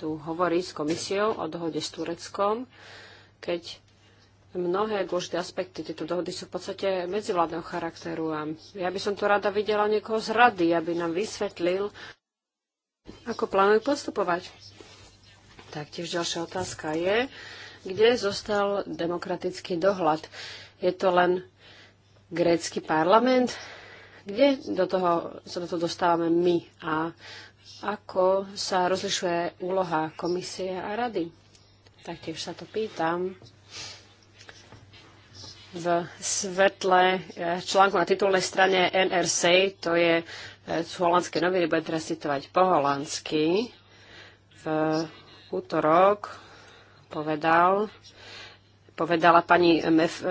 D: tu hovoriť s komisiou o dohode s Tureckom, keď mnohé dôležité aspekty tejto dohody sú v podstate medzivládneho charakteru a ja by som tu rada videla niekoho z rady, aby nám vysvetlil, ako plánujú postupovať. Taktiež ďalšia otázka je, kde zostal demokratický dohľad? Je to len grécky parlament, kde do toho sa do toho dostávame my a ako sa rozlišuje úloha komisie a rady? Taktiež sa to pýtam v svetle eh, článku na titulnej strane NRC, to je z eh, holandskej noviny, budem teraz citovať po holandsky, v útorok povedal, povedala pani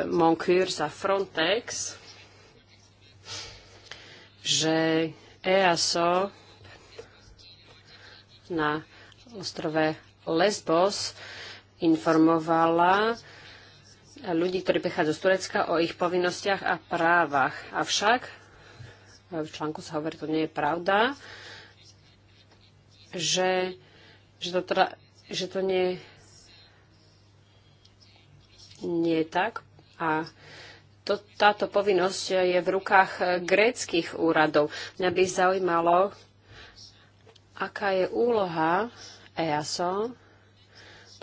D: Moncur za Frontex, že EASO na ostrove Lesbos informovala ľudí, ktorí prichádzajú z Turecka, o ich povinnostiach a právach. Avšak, v článku sa hovorí, to nie je pravda, že, že, to, teda, že to nie, nie je tak. A to, táto povinnosť je v rukách gréckých úradov. Mňa by zaujímalo, aká je úloha EASO,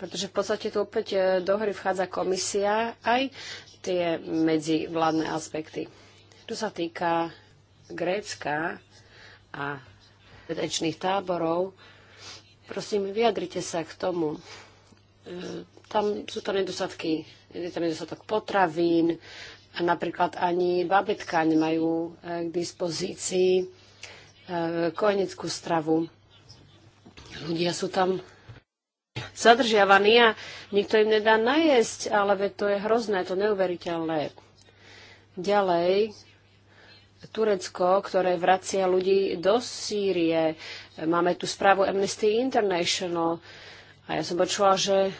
D: pretože v podstate tu opäť e, do hry vchádza komisia aj tie medzivládne aspekty. Čo sa týka Grécka a vedečných táborov, prosím, vyjadrite sa k tomu. E, tam sú to nedostatky, je tam nedostatok potravín, a napríklad ani babetka nemajú e, k dispozícii e, kojeneckú stravu. Ľudia sú tam zadržiavaní a nikto im nedá najesť, ale to je hrozné, to neuveriteľné. Ďalej, Turecko, ktoré vracia ľudí do Sýrie. Máme tu správu Amnesty International a ja som počula, že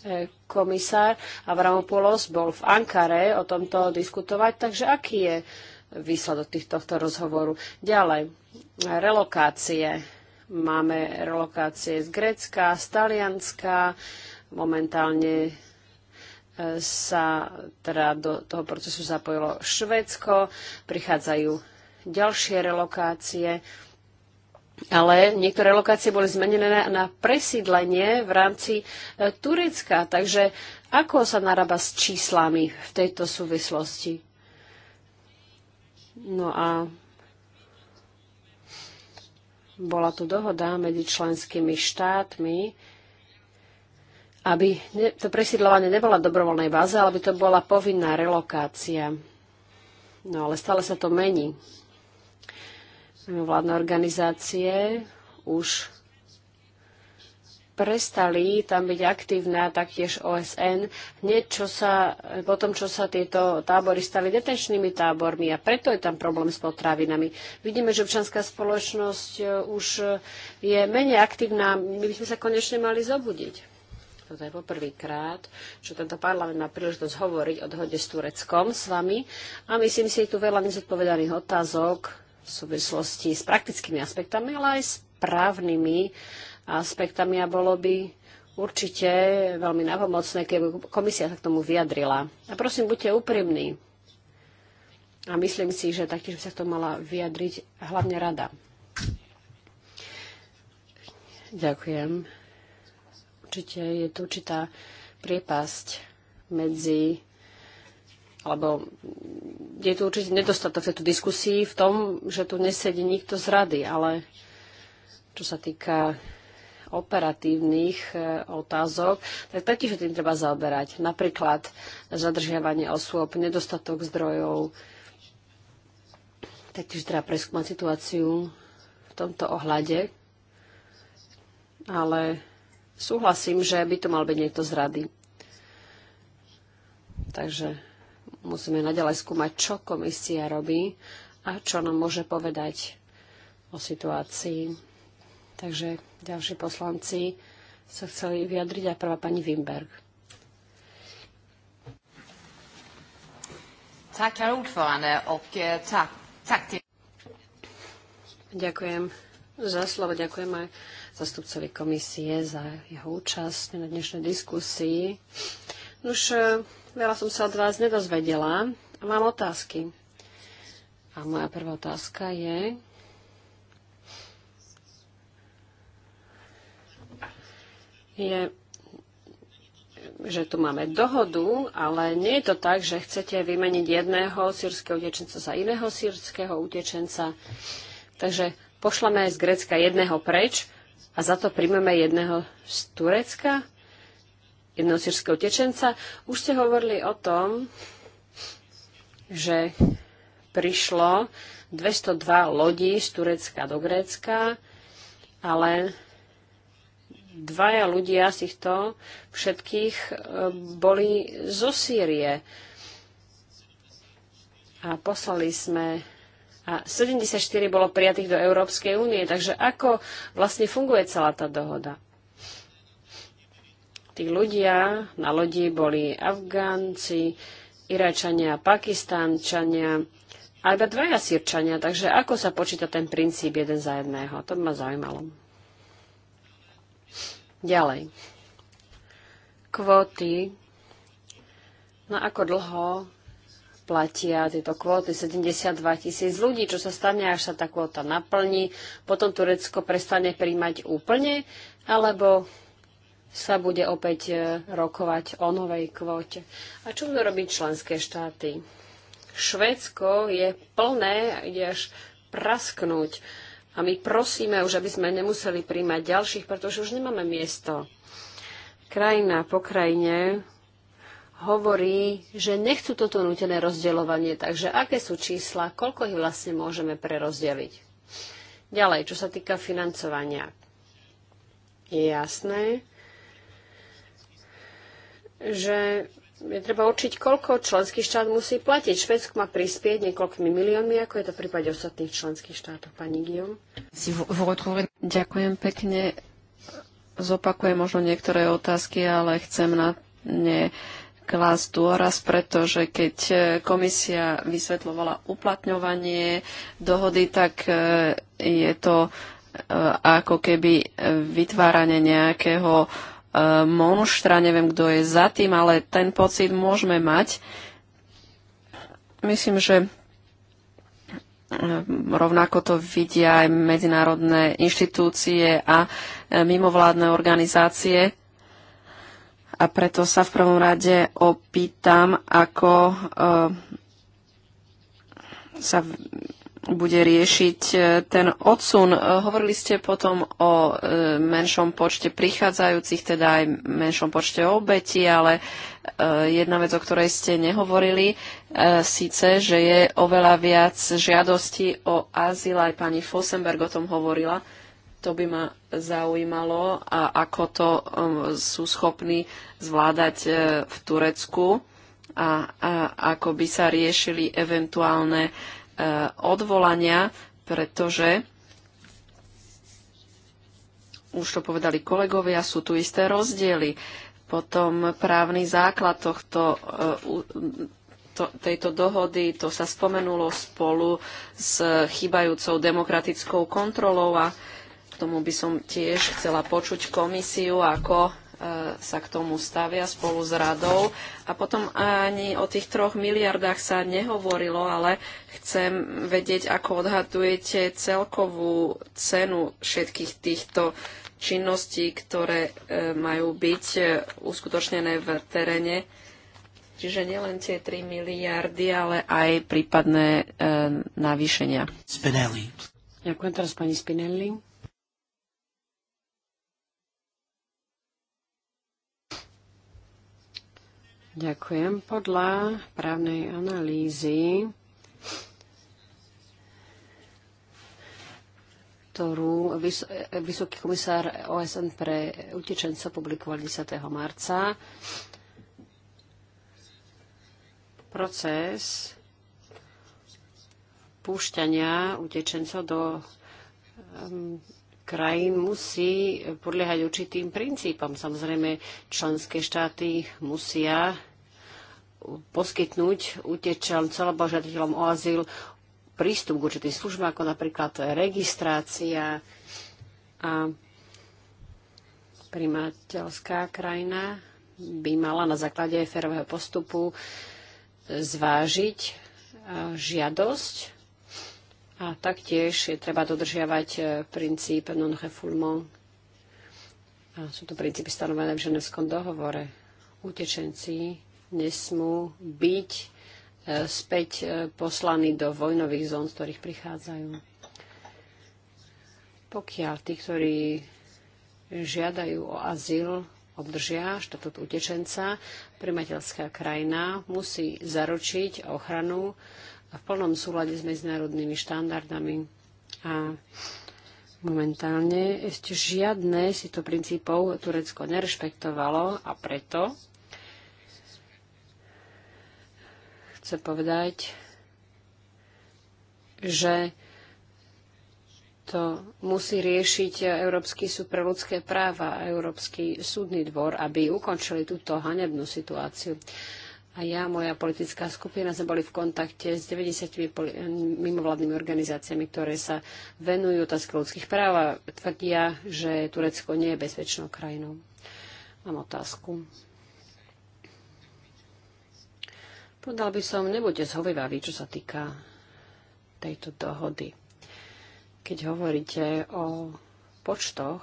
D: E, komisár Avramopoulos bol v Ankare o tomto diskutovať, takže aký je výsledok tohto rozhovoru? Ďalej, relokácie. Máme relokácie z Grécka, z Talianska, momentálne e, sa teda do toho procesu zapojilo Švédsko, prichádzajú ďalšie relokácie ale niektoré lokácie boli zmenené na, presídlenie v rámci e, Turecka. Takže ako sa narába s číslami v tejto súvislosti? No a bola tu dohoda medzi členskými štátmi, aby to presídľovanie nebola dobrovoľnej báze, ale aby to bola povinná relokácia. No ale stále sa to mení mimovládne organizácie už prestali tam byť aktívne, taktiež OSN, hneď čo sa, po tom, čo sa tieto tábory stali detenčnými tábormi a preto je tam problém s potravinami. Vidíme, že občanská spoločnosť e, už e, je menej aktívna, my by sme sa konečne mali zobudiť. Toto je poprvýkrát, čo tento parlament má príležitosť hovoriť o dohode s Tureckom s vami a myslím si, je tu veľa nezodpovedaných otázok, v súvislosti s praktickými aspektami, ale aj s právnymi aspektami a bolo by určite veľmi napomocné, keby komisia sa k tomu vyjadrila. A prosím, buďte úprimní. A myslím si, že taktiež by sa k tomu mala vyjadriť hlavne rada. Ďakujem. Určite je tu určitá priepasť medzi alebo je tu určite nedostatok tejto diskusii v tom, že tu nesedí nikto z rady, ale čo sa týka operatívnych e, otázok, tak taktiež tým treba zaoberať. Napríklad zadržiavanie osôb, nedostatok zdrojov, taktiež treba preskúmať situáciu v tomto ohľade. Ale súhlasím, že by to mal byť niekto z rady. Takže musíme naďalej skúmať, čo komisia robí a čo nám môže povedať o situácii. Takže ďalší poslanci sa chceli vyjadriť a prvá pani Wimberg. Eh, ďakujem za slovo, ďakujem aj zastupcovi komisie za jeho účasť na dnešnej diskusii. Už e, veľa som sa od vás nedozvedela. Mám otázky. A moja prvá otázka je, je, že tu máme dohodu, ale nie je to tak, že chcete vymeniť jedného sírskeho utečenca za iného sírskeho utečenca. Takže pošlame aj z Grécka jedného preč a za to príjmeme jedného z Turecka jedného tečenca. Už ste hovorili o tom, že prišlo 202 lodí z Turecka do Grécka, ale dvaja ľudia z týchto všetkých e, boli zo Sýrie. A poslali sme a 74 bolo prijatých do Európskej únie. Takže ako vlastne funguje celá tá dohoda? Tí ľudia na lodi boli Afgánci, Iračania, Pakistánčania a iba dvaja Sýrčania. Takže ako sa počíta ten princíp jeden za jedného? To by ma zaujímalo. Ďalej. Kvóty. Na no, ako dlho platia tieto kvóty 72 tisíc ľudí, čo sa stane, až sa tá kvóta naplní, potom Turecko prestane príjmať úplne, alebo sa bude opäť e, rokovať o novej kvote. A čo budú robiť členské štáty? Švédsko je plné, ide až prasknúť. A my prosíme už, aby sme nemuseli príjmať ďalších, pretože už nemáme miesto. Krajina po krajine hovorí, že nechcú toto nutené rozdeľovanie. Takže aké sú čísla, koľko ich vlastne môžeme prerozdeliť? Ďalej, čo sa týka financovania. Je jasné, že je treba určiť, koľko členský štát musí platiť. Švedsko má prispieť niekoľkými miliónmi, ako je to v prípade ostatných členských štátov. Pani Guillaume.
C: Ďakujem pekne. Zopakujem možno niektoré otázky, ale chcem na ne klásť dôraz, pretože keď e, komisia vysvetľovala uplatňovanie dohody, tak e, je to e, ako keby vytváranie nejakého monštra, neviem, kto je za tým, ale ten pocit môžeme mať. Myslím, že e, rovnako to vidia aj medzinárodné inštitúcie a e, mimovládne organizácie. A preto sa v prvom rade opýtam, ako e, sa bude riešiť e, ten odsun. E, hovorili ste potom o e, menšom počte prichádzajúcich, teda aj menšom počte obetí, ale jedna vec, o ktorej ste nehovorili, síce, že je oveľa viac žiadostí o azyl, aj pani Fosenberg o tom hovorila, to by ma zaujímalo, a ako to sú schopní zvládať v Turecku a, a ako by sa riešili eventuálne uh, odvolania, pretože už to povedali kolegovia, sú tu isté rozdiely. Potom právny základ tohto, e, to, tejto dohody, to sa spomenulo spolu s chýbajúcou demokratickou kontrolou a k tomu by som tiež chcela počuť komisiu, ako E, sa k tomu stavia spolu s radou. A potom ani o tých troch miliardách sa nehovorilo, ale chcem vedieť, ako odhadujete celkovú cenu všetkých týchto činností, ktoré e, majú byť e, uskutočnené v teréne. Čiže nielen tie 3 miliardy, ale aj prípadné e, navýšenia.
A: Spinelli.
C: Ďakujem teraz pani Spinelli.
D: Ďakujem. Podľa právnej analýzy, ktorú vys- Vysoký komisár OSN pre utečenca publikoval 10. marca, proces púšťania utečencov do um, krajín musí podliehať určitým princípom. Samozrejme, členské štáty musia poskytnúť utečencom alebo žiadateľom o azyl prístup k určitým službám, ako napríklad registrácia a primateľská krajina by mala na základe férového postupu zvážiť e, žiadosť a taktiež je treba dodržiavať e, princíp non-refoulement. Sú to princípy stanovené v ženevskom dohovore. Utečenci nesmú byť e, späť e, poslaní do vojnových zón, z ktorých prichádzajú. Pokiaľ tí, ktorí žiadajú o azyl, obdržia štatút utečenca, primateľská krajina musí zaručiť ochranu v plnom súlade s medzinárodnými štandardami. A momentálne ešte žiadne si to princípov Turecko nerešpektovalo a preto chcem povedať, že to musí riešiť Európsky súd pre ľudské práva, Európsky súdny dvor, aby ukončili túto hanebnú situáciu. A ja, moja politická skupina, sme boli v kontakte s 90 mimovládnymi organizáciami, ktoré sa venujú otázke ľudských práv a tvrdia, že Turecko nie je bezpečnou krajinou. Mám otázku. Povedal by som, nebuďte zhovevaví, čo sa týka tejto dohody. Keď hovoríte o počtoch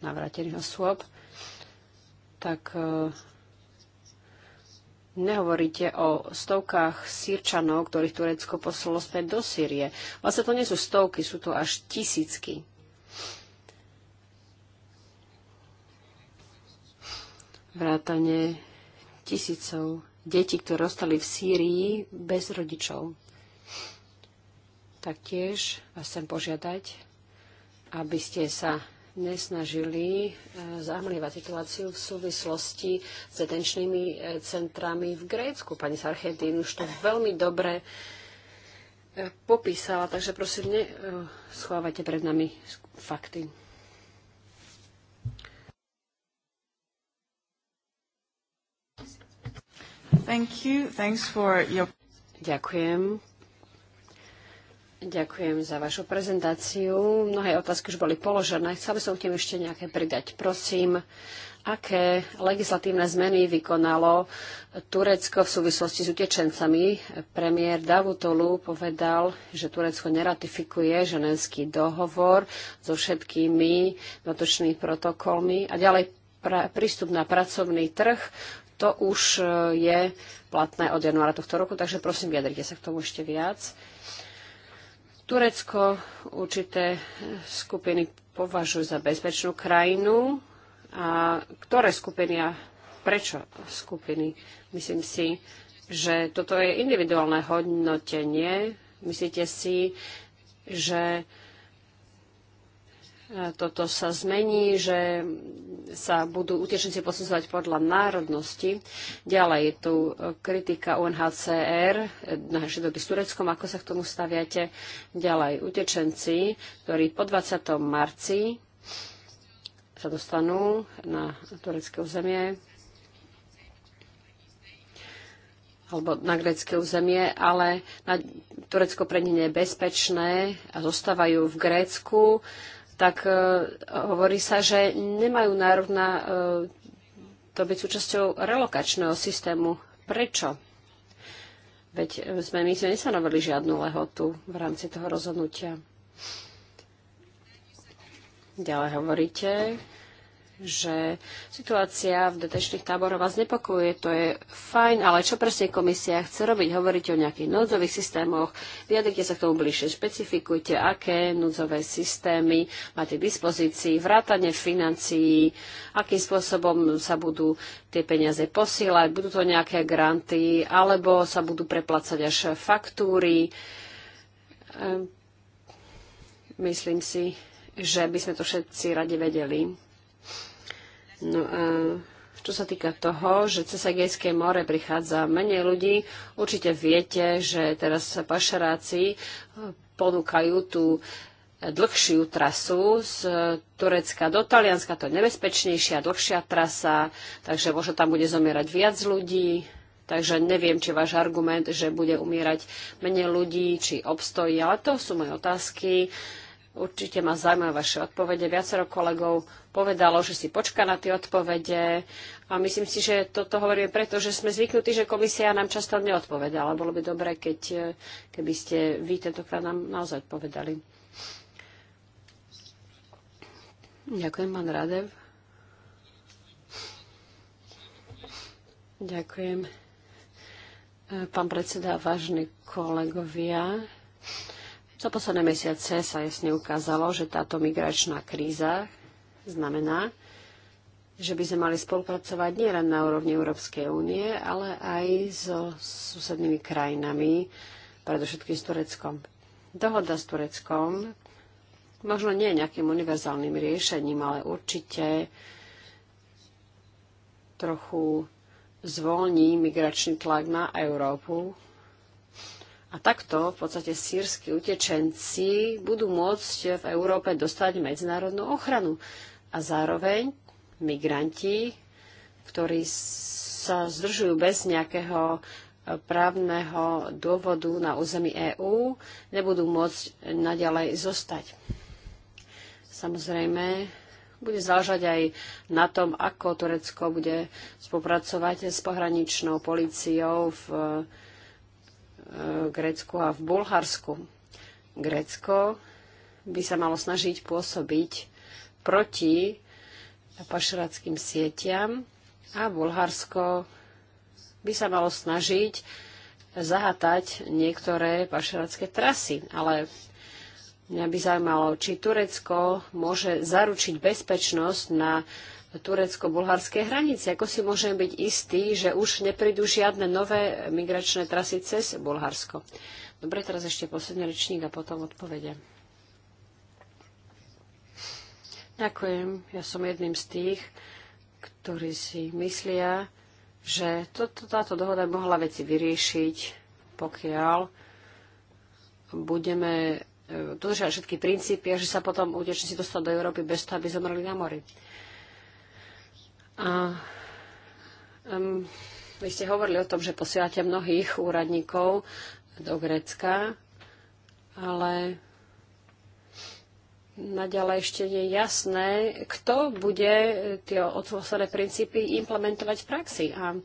D: navrátených osôb, tak e, nehovoríte o stovkách sírčanov, ktorých Turecko poslalo späť do Sýrie. Vlastne to nie sú stovky, sú to až tisícky. Vrátane tisícov deti, ktoré ostali v Sýrii bez rodičov. Taktiež vás chcem požiadať, aby ste sa nesnažili e, zahmlievať situáciu v súvislosti s detenčnými e, centrami v Grécku. Pani Sargentín už to veľmi dobre e, popísala, takže prosím, neschovávajte pred nami fakty. Thank you. Thanks for your... Ďakujem. Ďakujem za vašu prezentáciu. Mnohé otázky už boli položené. Chcel by som tým ešte nejaké pridať. Prosím, aké legislatívne zmeny vykonalo Turecko v súvislosti s utečencami. Premiér Davutolu povedal, že Turecko neratifikuje ženenský dohovor so všetkými dotočnými protokolmi a ďalej prístup na pracovný trh. To už e, je platné od januára tohto roku, takže prosím, vyjadrite sa k tomu ešte viac. Turecko určité skupiny považujú za bezpečnú krajinu. A ktoré skupiny a prečo skupiny? Myslím si, že toto je individuálne hodnotenie. Myslíte si, že toto sa zmení, že sa budú utečenci posudzovať podľa národnosti. Ďalej je tu kritika UNHCR, naše doby s Tureckom, ako sa k tomu staviate. Ďalej utečenci, ktorí po 20. marci sa dostanú na turecké územie alebo na grécké územie, ale na Turecko pre nich bezpečné a zostávajú v Grécku tak e, hovorí sa, že nemajú nárok na e, to byť súčasťou relokačného systému. Prečo? Veď e, sme, my sme nesanovali žiadnu lehotu v rámci toho rozhodnutia. Ďalej hovoríte, že situácia v detečných táboroch vás nepokojuje, to je fajn, ale čo presne komisia chce robiť? Hovoríte o nejakých núdzových systémoch, vyjadrite sa k tomu bližšie, špecifikujte, aké núdzové systémy máte k dispozícii, vrátane financií, akým spôsobom sa budú tie peniaze posílať, budú to nejaké granty, alebo sa budú preplacať až faktúry. Ehm, myslím si, že by sme to všetci radi vedeli. No a čo sa týka toho, že cez Egejské more prichádza menej ľudí, určite viete, že teraz pašeráci eh, ponúkajú tú eh, dlhšiu trasu z Turecka do Talianska, to je nebezpečnejšia, dlhšia trasa, takže možno tam bude zomierať viac ľudí, takže neviem, či váš argument, že bude umierať menej ľudí, či obstojí, ale to sú moje otázky. Určite ma zaujímajú vaše odpovede. Viacero kolegov povedalo, že si počka na tie odpovede. A myslím si, že toto hovoríme preto, že sme zvyknutí, že komisia nám často neodpovedala. Bolo by dobré, keď, e, keby ste vy tentokrát nám naozaj povedali. Ďakujem, pán Radev. Ďakujem. E, pán predseda, vážni kolegovia, za posledné mesiace sa jasne ukázalo, že táto migračná kríza, Znamená, že by sme mali spolupracovať nielen na úrovni Európskej únie, ale aj so susednými krajinami, predovšetkým s Tureckom. Dohoda s Tureckom možno nie je nejakým univerzálnym riešením, ale určite trochu zvolní migračný tlak na Európu. A takto v podstate sírsky utečenci budú môcť v Európe dostať medzinárodnú ochranu a zároveň migranti, ktorí sa zdržujú bez nejakého e, právneho dôvodu na území EÚ, nebudú môcť naďalej zostať. Samozrejme, bude záležať aj na tom, ako Turecko bude spolupracovať s pohraničnou políciou v e, Grécku a v Bulharsku. Grécko by sa malo snažiť pôsobiť proti pašeráckým sieťam a Bulharsko by sa malo snažiť zahatať niektoré pašerácké trasy. Ale mňa by zaujímalo, či Turecko môže zaručiť bezpečnosť na turecko-bulharskej hranici. Ako si môžem byť istý, že už neprídu žiadne nové migračné trasy cez Bulharsko? Dobre, teraz ešte posledný rečník a potom odpovede. Ďakujem. Ja som jedným z tých, ktorí si myslia, že to, to, táto dohoda mohla veci vyriešiť, pokiaľ budeme e, dodržiať všetky princípy a že sa potom si dostať do Európy bez toho, aby zomreli na mori. A, um, vy ste hovorili o tom, že posielate mnohých úradníkov do Grécka, ale naďalej ešte je jasné, kto bude tie otvorené princípy implementovať v praxi. A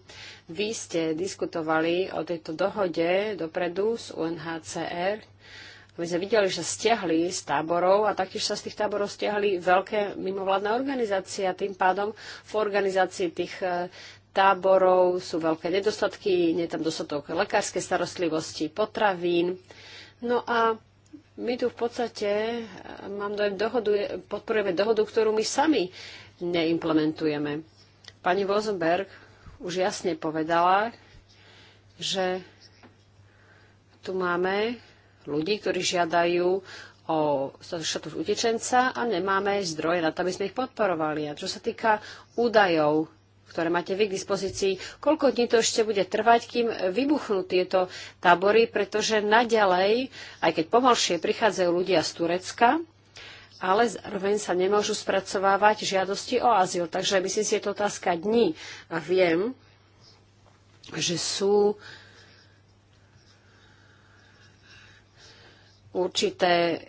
D: vy ste diskutovali o tejto dohode dopredu s UNHCR. My sme videli, že stiahli z táborov a taktiež sa z tých táborov stiahli veľké mimovládne organizácie a tým pádom v organizácii tých e, táborov sú veľké nedostatky, nie je tam dostatok lekárskej starostlivosti, potravín. No a my tu v podstate, eh, mám dojem, dohodu, podporujeme dohodu, ktorú my sami neimplementujeme. Pani Vozenberg už jasne povedala, že tu máme ľudí, ktorí žiadajú o štatus utečenca a nemáme zdroje na to, aby sme ich podporovali. A čo sa týka údajov, ktoré máte vy k dispozícii. Koľko dní to ešte bude trvať, kým vybuchnú tieto tábory, pretože naďalej, aj keď pomalšie prichádzajú ľudia z Turecka, ale zároveň sa nemôžu spracovávať žiadosti o azyl. Takže myslím si, je to otázka dní. A viem, že sú určité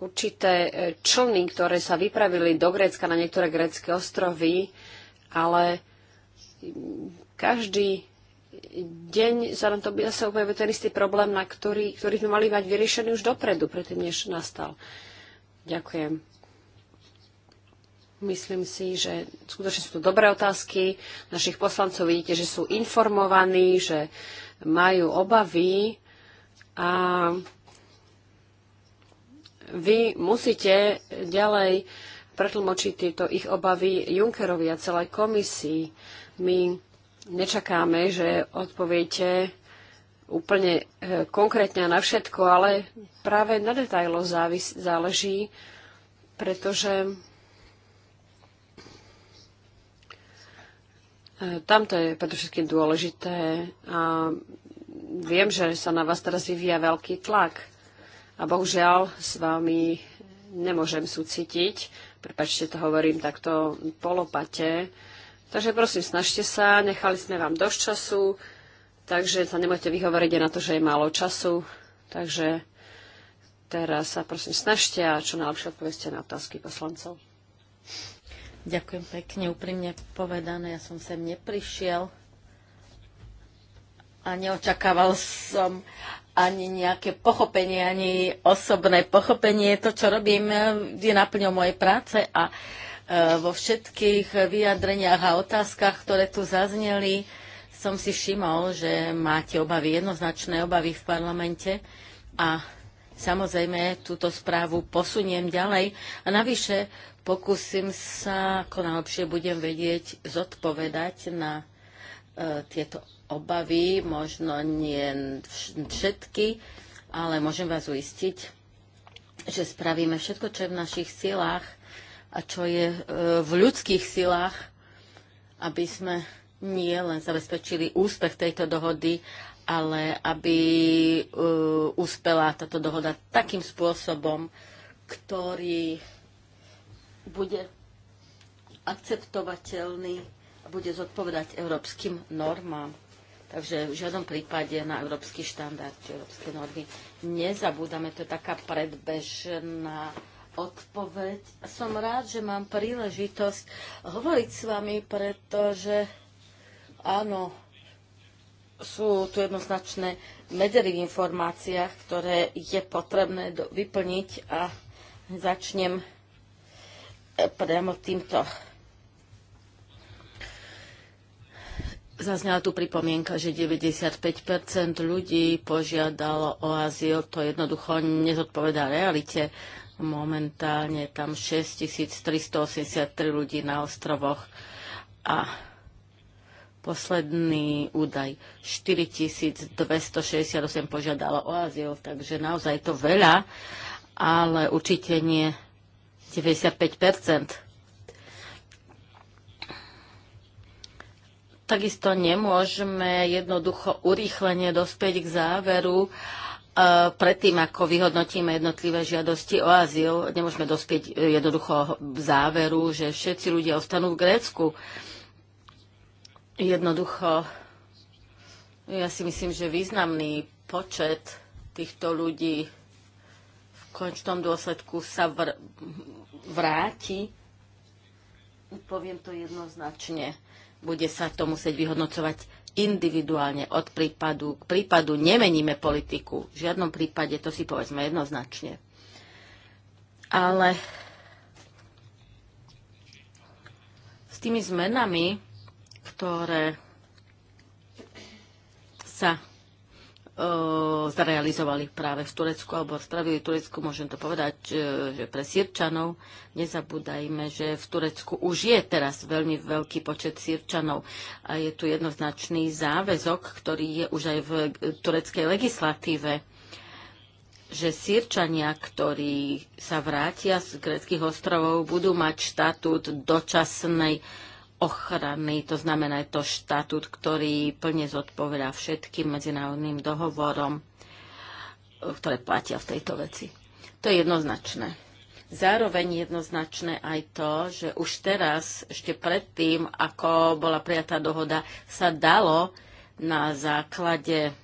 D: určité e, člny, ktoré sa vypravili do Grécka na niektoré grécké ostrovy, ale mm, každý deň sa nám to bude zase objavil ten istý problém, na ktorý, ktorý sme mali mať vyriešený už dopredu, predtým než nastal. Ďakujem. Myslím si, že skutočne sú to dobré otázky. Našich poslancov vidíte, že sú informovaní, že majú obavy a vy musíte ďalej pretlmočiť tieto ich obavy Junckerovi a celej komisii. My nečakáme, že odpoviete úplne e, konkrétne na všetko, ale práve na detajlo závis, záleží, pretože e, tamto je predovšetkým dôležité a viem, že sa na vás teraz vyvíja veľký tlak a bohužiaľ s vami nemôžem súcitiť. Prepačte, to hovorím takto polopate. Takže prosím, snažte sa, nechali sme vám dosť času, takže sa nemôžete vyhovoriť na to, že je málo času. Takže teraz sa prosím snažte a čo najlepšie odpoveste na otázky poslancov.
B: Ďakujem pekne, úprimne povedané, ja som sem neprišiel a neočakával som ani nejaké pochopenie, ani osobné pochopenie. To, čo robím, je naplňou mojej práce a e, vo všetkých vyjadreniach a otázkach, ktoré tu zazneli, som si všimol, že máte obavy, jednoznačné obavy v parlamente a samozrejme túto správu posuniem ďalej a navyše pokúsim sa, ako najlepšie budem vedieť, zodpovedať na E, tieto obavy, možno nie všetky, ale môžem vás uistiť, že spravíme všetko, čo je v našich silách a čo je e, v ľudských silách, aby sme nie len zabezpečili úspech tejto dohody, ale aby úspela e, táto dohoda takým spôsobom, ktorý bude akceptovateľný bude zodpovedať európskym normám. Takže v žiadnom prípade na európsky štandard či európske normy nezabúdame. To je taká predbežná odpoveď. Som rád, že mám príležitosť hovoriť s vami, pretože áno, sú tu jednoznačné medzery v informáciách, ktoré je potrebné vyplniť a začnem priamo týmto Zaznela tu pripomienka, že 95% ľudí požiadalo o azyl. To jednoducho nezodpovedá realite. Momentálne tam 6383 ľudí na ostrovoch a posledný údaj 4268 požiadalo o azyl, takže naozaj to veľa, ale určite nie 95 takisto nemôžeme jednoducho urýchlenie dospieť k záveru, e, predtým, ako vyhodnotíme jednotlivé žiadosti o azyl, nemôžeme dospieť e, jednoducho k záveru, že všetci ľudia ostanú v Grécku. Jednoducho, ja si myslím, že významný počet týchto ľudí v končnom dôsledku sa vr- vráti. Poviem to jednoznačne bude sa to musieť vyhodnocovať individuálne od prípadu k prípadu. Nemeníme politiku. V žiadnom prípade to si povedzme jednoznačne. Ale s tými zmenami, ktoré sa E, zrealizovali práve v Turecku, alebo spravili Turecku, môžem to povedať, e, že pre Sirčanov. Nezabúdajme, že v Turecku už je teraz veľmi veľký počet Sirčanov a je tu jednoznačný záväzok, ktorý je už aj v tureckej legislatíve že Sýrčania, ktorí sa vrátia z greckých ostrovov, budú mať štatút dočasnej ochrany, to znamená je to štatút, ktorý plne zodpovedá všetkým medzinárodným dohovorom, ktoré platia v tejto veci. To je jednoznačné. Zároveň jednoznačné aj to, že už teraz, ešte predtým, ako bola prijatá dohoda, sa dalo na základe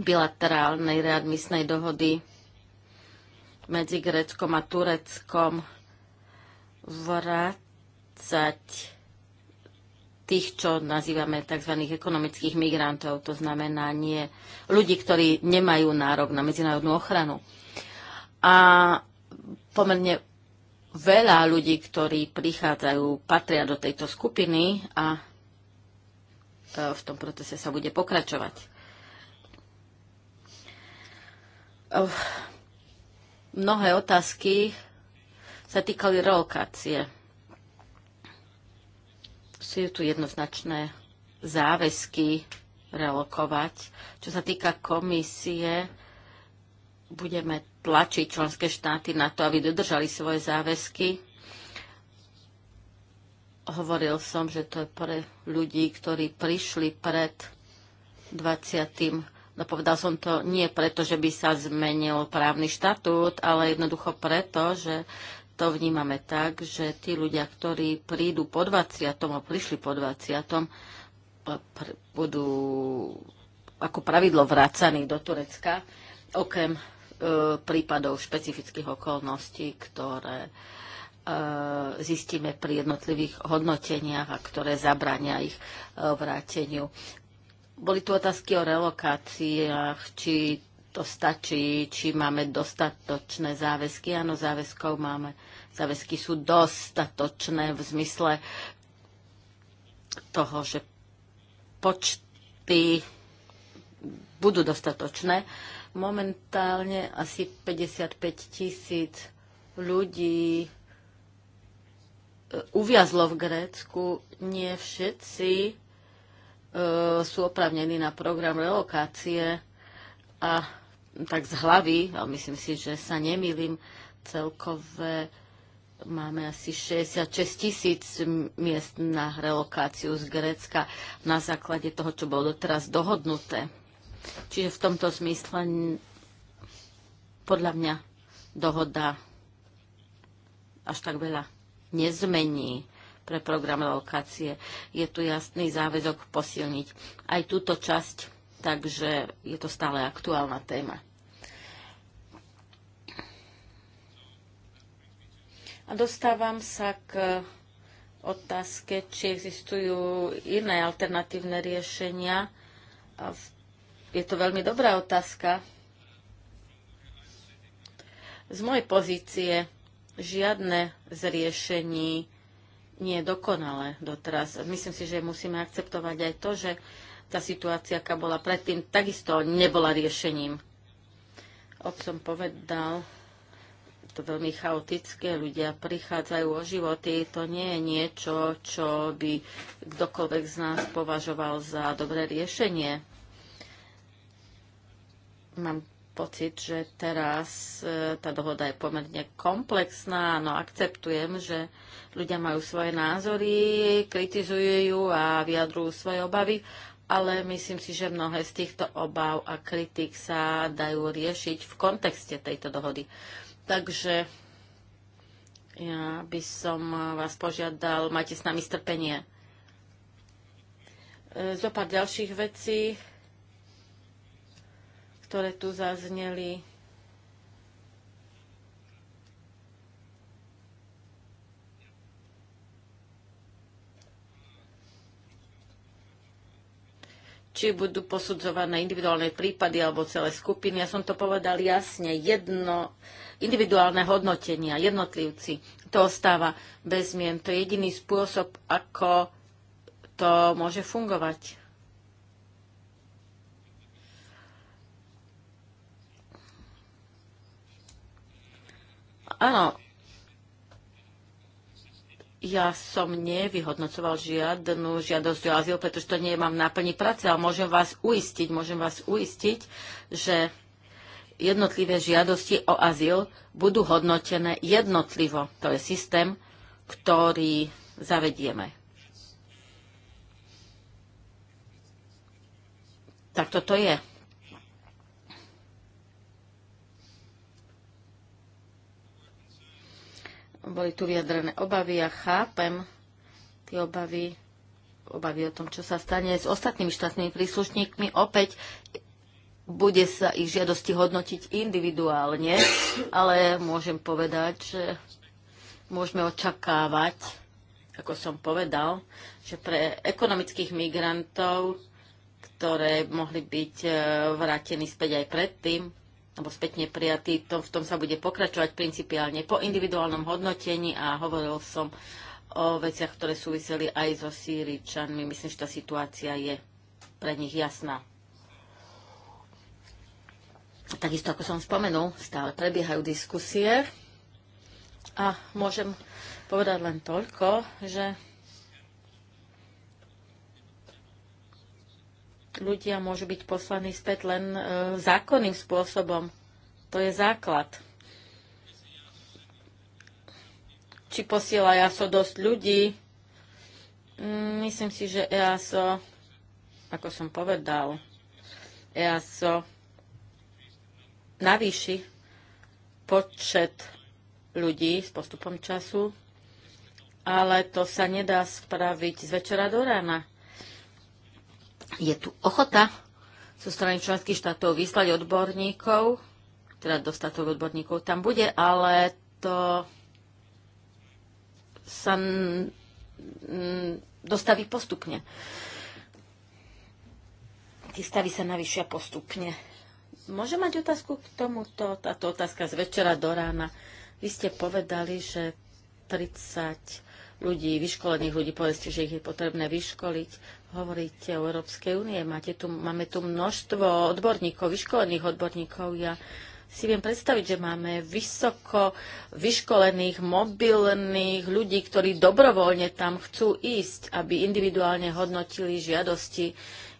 B: bilaterálnej readmisnej dohody medzi Gréckom a Tureckom vrát tých, čo nazývame tzv. ekonomických migrantov, to znamená nie ľudí, ktorí nemajú nárok na medzinárodnú ochranu. A pomerne veľa ľudí, ktorí prichádzajú, patria do tejto skupiny a e, v tom procese sa bude pokračovať. E, mnohé otázky sa týkali relokácie sú tu jednoznačné záväzky relokovať. Čo sa týka komisie, budeme tlačiť členské štáty na to, aby dodržali svoje záväzky. Hovoril som, že to je pre ľudí, ktorí prišli pred 20. No povedal som to nie preto, že by sa zmenil právny štatút, ale jednoducho preto, že to vnímame tak, že tí ľudia, ktorí prídu po 20. a prišli po 20. budú ako pravidlo vracaní do Turecka, okrem e, prípadov špecifických okolností, ktoré e, zistíme pri jednotlivých hodnoteniach a ktoré zabrania ich e, vráteniu. Boli tu otázky o relokáciách, či to stačí, či máme dostatočné záväzky. Áno, záväzkov máme. Záväzky sú dostatočné v zmysle toho, že počty budú dostatočné. Momentálne asi 55 tisíc ľudí e, uviazlo v Grécku. Nie všetci e, sú opravnení na program relokácie a tak z hlavy, a myslím si, že sa nemýlim, celkové máme asi 66 tisíc miest na relokáciu z Grécka na základe toho, čo bolo doteraz dohodnuté. Čiže v tomto zmysle podľa mňa dohoda až tak veľa nezmení pre program relokácie. Je tu jasný záväzok posilniť aj túto časť takže je to stále aktuálna téma. A dostávam sa k otázke, či existujú iné alternatívne riešenia. Je to veľmi dobrá otázka. Z mojej pozície žiadne z riešení nie je dokonalé doteraz. Myslím si, že musíme akceptovať aj to, že tá situácia, aká bola predtým, takisto nebola riešením. Ob som povedal, to veľmi chaotické, ľudia prichádzajú o životy, to nie je niečo, čo by kdokoľvek z nás považoval za dobré riešenie. Mám pocit, že teraz e, tá dohoda je pomerne komplexná. No akceptujem, že ľudia majú svoje názory, kritizujú ju a vyjadrujú svoje obavy, ale myslím si, že mnohé z týchto obav a kritik sa dajú riešiť v kontexte tejto dohody. Takže ja by som vás požiadal, majte s nami strpenie. E, Zopár ďalších vecí, ktoré tu zazneli či budú posudzované individuálne prípady alebo celé skupiny. Ja som to povedal jasne, jedno, individuálne hodnotenia, jednotlivci. To ostáva bez zmien. To je jediný spôsob, ako to môže fungovať. Áno, ja som nevyhodnocoval žiadnu žiadosť o azyl, pretože to nemám náplni práce, ale môžem vás uistiť, môžem vás uistiť, že jednotlivé žiadosti o azyl budú hodnotené jednotlivo. To je systém, ktorý zavedieme. Tak toto je. Boli tu vyjadrené obavy a chápem tie obavy, obavy o tom, čo sa stane s ostatnými štátnymi príslušníkmi. Opäť bude sa ich žiadosti hodnotiť individuálne, ale môžem povedať, že môžeme očakávať, ako som povedal, že pre ekonomických migrantov, ktoré mohli byť eh, vrátení späť aj predtým, alebo spätne prijatý, to, v tom sa bude pokračovať principiálne po individuálnom hodnotení a hovoril som o veciach, ktoré súviseli aj so Sýričanmi. Myslím, že tá situácia je pre nich jasná. Takisto, ako som spomenul, stále prebiehajú diskusie a môžem povedať len toľko, že ľudia môžu byť poslaní späť len e, zákonným spôsobom. To je základ. Či posiela EASO dosť ľudí? Mm, myslím si, že EASO, ako som povedal, EASO navýši počet ľudí s postupom času, ale to sa nedá spraviť z večera do rána je tu ochota zo strany členských štátov vyslať odborníkov, teda dostatok odborníkov tam bude, ale to sa dostaví postupne. Tie stavy sa navyšia postupne. Môžem mať otázku k tomuto? Táto otázka z večera do rána. Vy ste povedali, že 30 ľudí, vyškolených ľudí, povedzte, že ich je potrebné vyškoliť hovoríte o Európskej únie. Máte tu, máme tu množstvo odborníkov, vyškolených odborníkov. Ja si viem predstaviť, že máme vysoko vyškolených, mobilných ľudí, ktorí dobrovoľne tam chcú ísť, aby individuálne hodnotili žiadosti.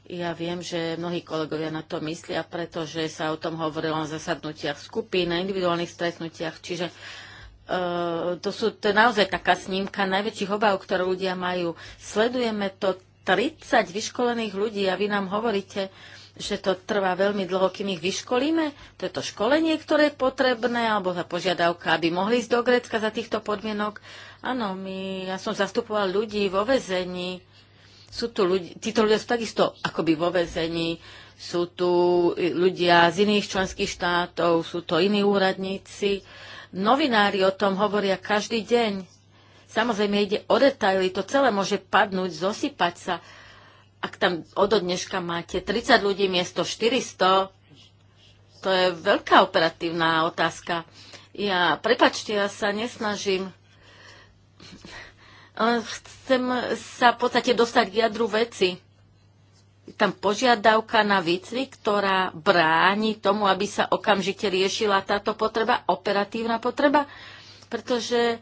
B: Ja viem, že mnohí kolegovia na to myslia, pretože sa o tom hovorilo na zasadnutiach skupín, na individuálnych stretnutiach, čiže Uh, to, sú, to je naozaj taká snímka najväčších obav, ktoré ľudia majú. Sledujeme to 30 vyškolených ľudí a vy nám hovoríte, že to trvá veľmi dlho, kým ich vyškolíme? To je to školenie, ktoré je potrebné, alebo za požiadavka, aby mohli ísť do Grécka za týchto podmienok? Áno, my, ja som zastupoval ľudí vo väzení. Sú tu ľudí, títo ľudia sú takisto akoby vo väzení. Sú tu ľudia z iných členských štátov, sú to iní úradníci. Novinári o tom hovoria každý deň Samozrejme ide o detaily, to celé môže padnúť, zosypať sa. Ak tam od dneška máte 30 ľudí miesto 400, to je veľká operatívna otázka. Ja, prepačte, ja sa nesnažím chcem sa v podstate dostať k jadru veci. Tam požiadavka na výcvik, ktorá bráni tomu, aby sa okamžite riešila táto potreba, operatívna potreba, pretože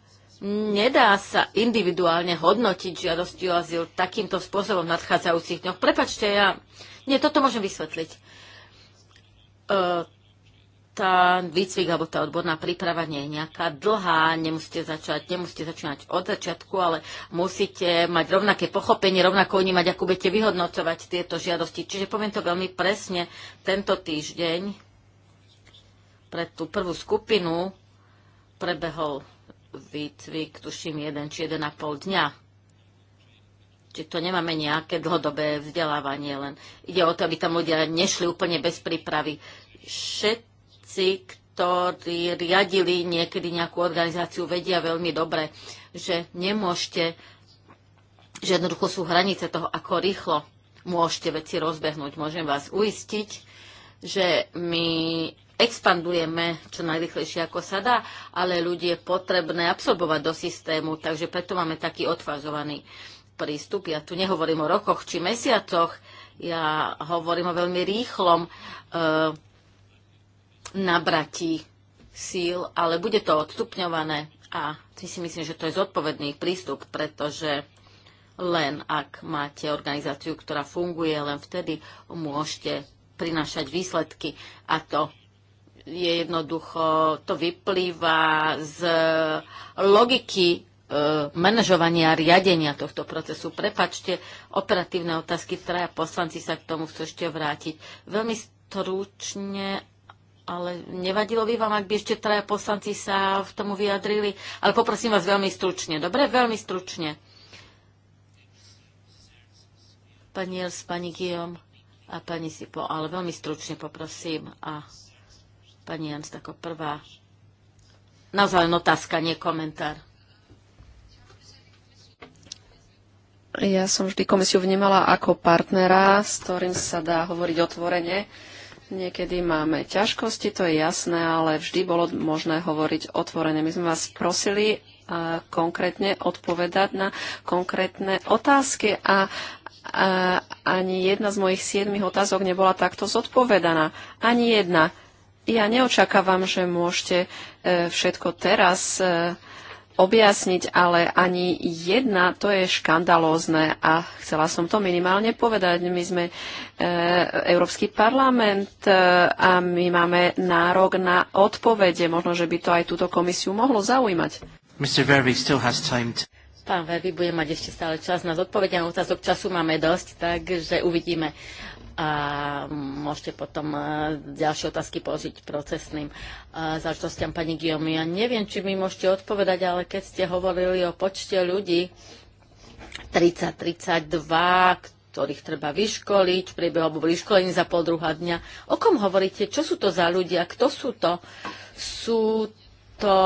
B: Nedá sa individuálne hodnotiť žiadosti o azyl takýmto spôsobom v nadchádzajúcich dňoch. Prepačte, ja... Nie, toto môžem vysvetliť. E, tá výcvik alebo tá odborná príprava nie je nejaká dlhá, nemusíte začať, nemusíte začínať od začiatku, ale musíte mať rovnaké pochopenie, rovnako mať, ako budete vyhodnocovať tieto žiadosti. Čiže poviem to veľmi presne, tento týždeň pre tú prvú skupinu prebehol výcvik, tuším, 1 či 1,5 dňa. Čiže to nemáme nejaké dlhodobé vzdelávanie, len ide o to, aby tam ľudia nešli úplne bez prípravy. Všetci, ktorí riadili niekedy nejakú organizáciu, vedia veľmi dobre, že nemôžete, že jednoducho sú hranice toho, ako rýchlo môžete veci rozbehnúť. Môžem vás uistiť, že my expandujeme čo najrychlejšie ako sa dá, ale ľudí je potrebné absorbovať do systému, takže preto máme taký odfázovaný prístup. Ja tu nehovorím o rokoch či mesiacoch, ja hovorím o veľmi rýchlom e, nabratí síl, ale bude to odstupňované a si si myslím, že to je zodpovedný prístup, pretože len ak máte organizáciu, ktorá funguje, len vtedy môžete prinášať výsledky a to je jednoducho, to vyplýva z logiky e, manažovania a riadenia tohto procesu. Prepačte, operatívne otázky, traja poslanci sa k tomu chcú ešte vrátiť. Veľmi stručne, ale nevadilo by vám, ak by ešte traja poslanci sa v tomu vyjadrili, ale poprosím vás veľmi stručne. Dobre, veľmi stručne. Pani Els, pani Guillaume a pani Sipo, ale veľmi stručne poprosím. A Pani Jans, ako prvá. Naozaj len otázka, nie komentár.
C: Ja som vždy komisiu vnímala ako partnera, s ktorým sa dá hovoriť otvorene. Niekedy máme ťažkosti, to je jasné, ale vždy bolo možné hovoriť otvorene. My sme vás prosili konkrétne odpovedať na konkrétne otázky a, a ani jedna z mojich siedmých otázok nebola takto zodpovedaná. Ani jedna ja neočakávam, že môžete e, všetko teraz e, objasniť, ale ani jedna, to je škandalózne a chcela som to minimálne povedať. My sme e, Európsky parlament e, a my máme nárok na odpovede. Možno, že by to aj túto komisiu mohlo zaujímať.
A: Mr. Verby still has time to...
C: Pán Verby bude mať
B: ešte stále čas na zodpovedanie otázok. Času máme dosť, takže uvidíme a môžete potom e, ďalšie otázky položiť procesným e, záležitostiam. Pani Giomi. ja neviem, či mi môžete odpovedať, ale keď ste hovorili o počte ľudí, 30-32, ktorých treba vyškoliť, priebehu alebo vyškolení za pol druhá dňa. O kom hovoríte? Čo sú to za ľudia? Kto sú to? Sú to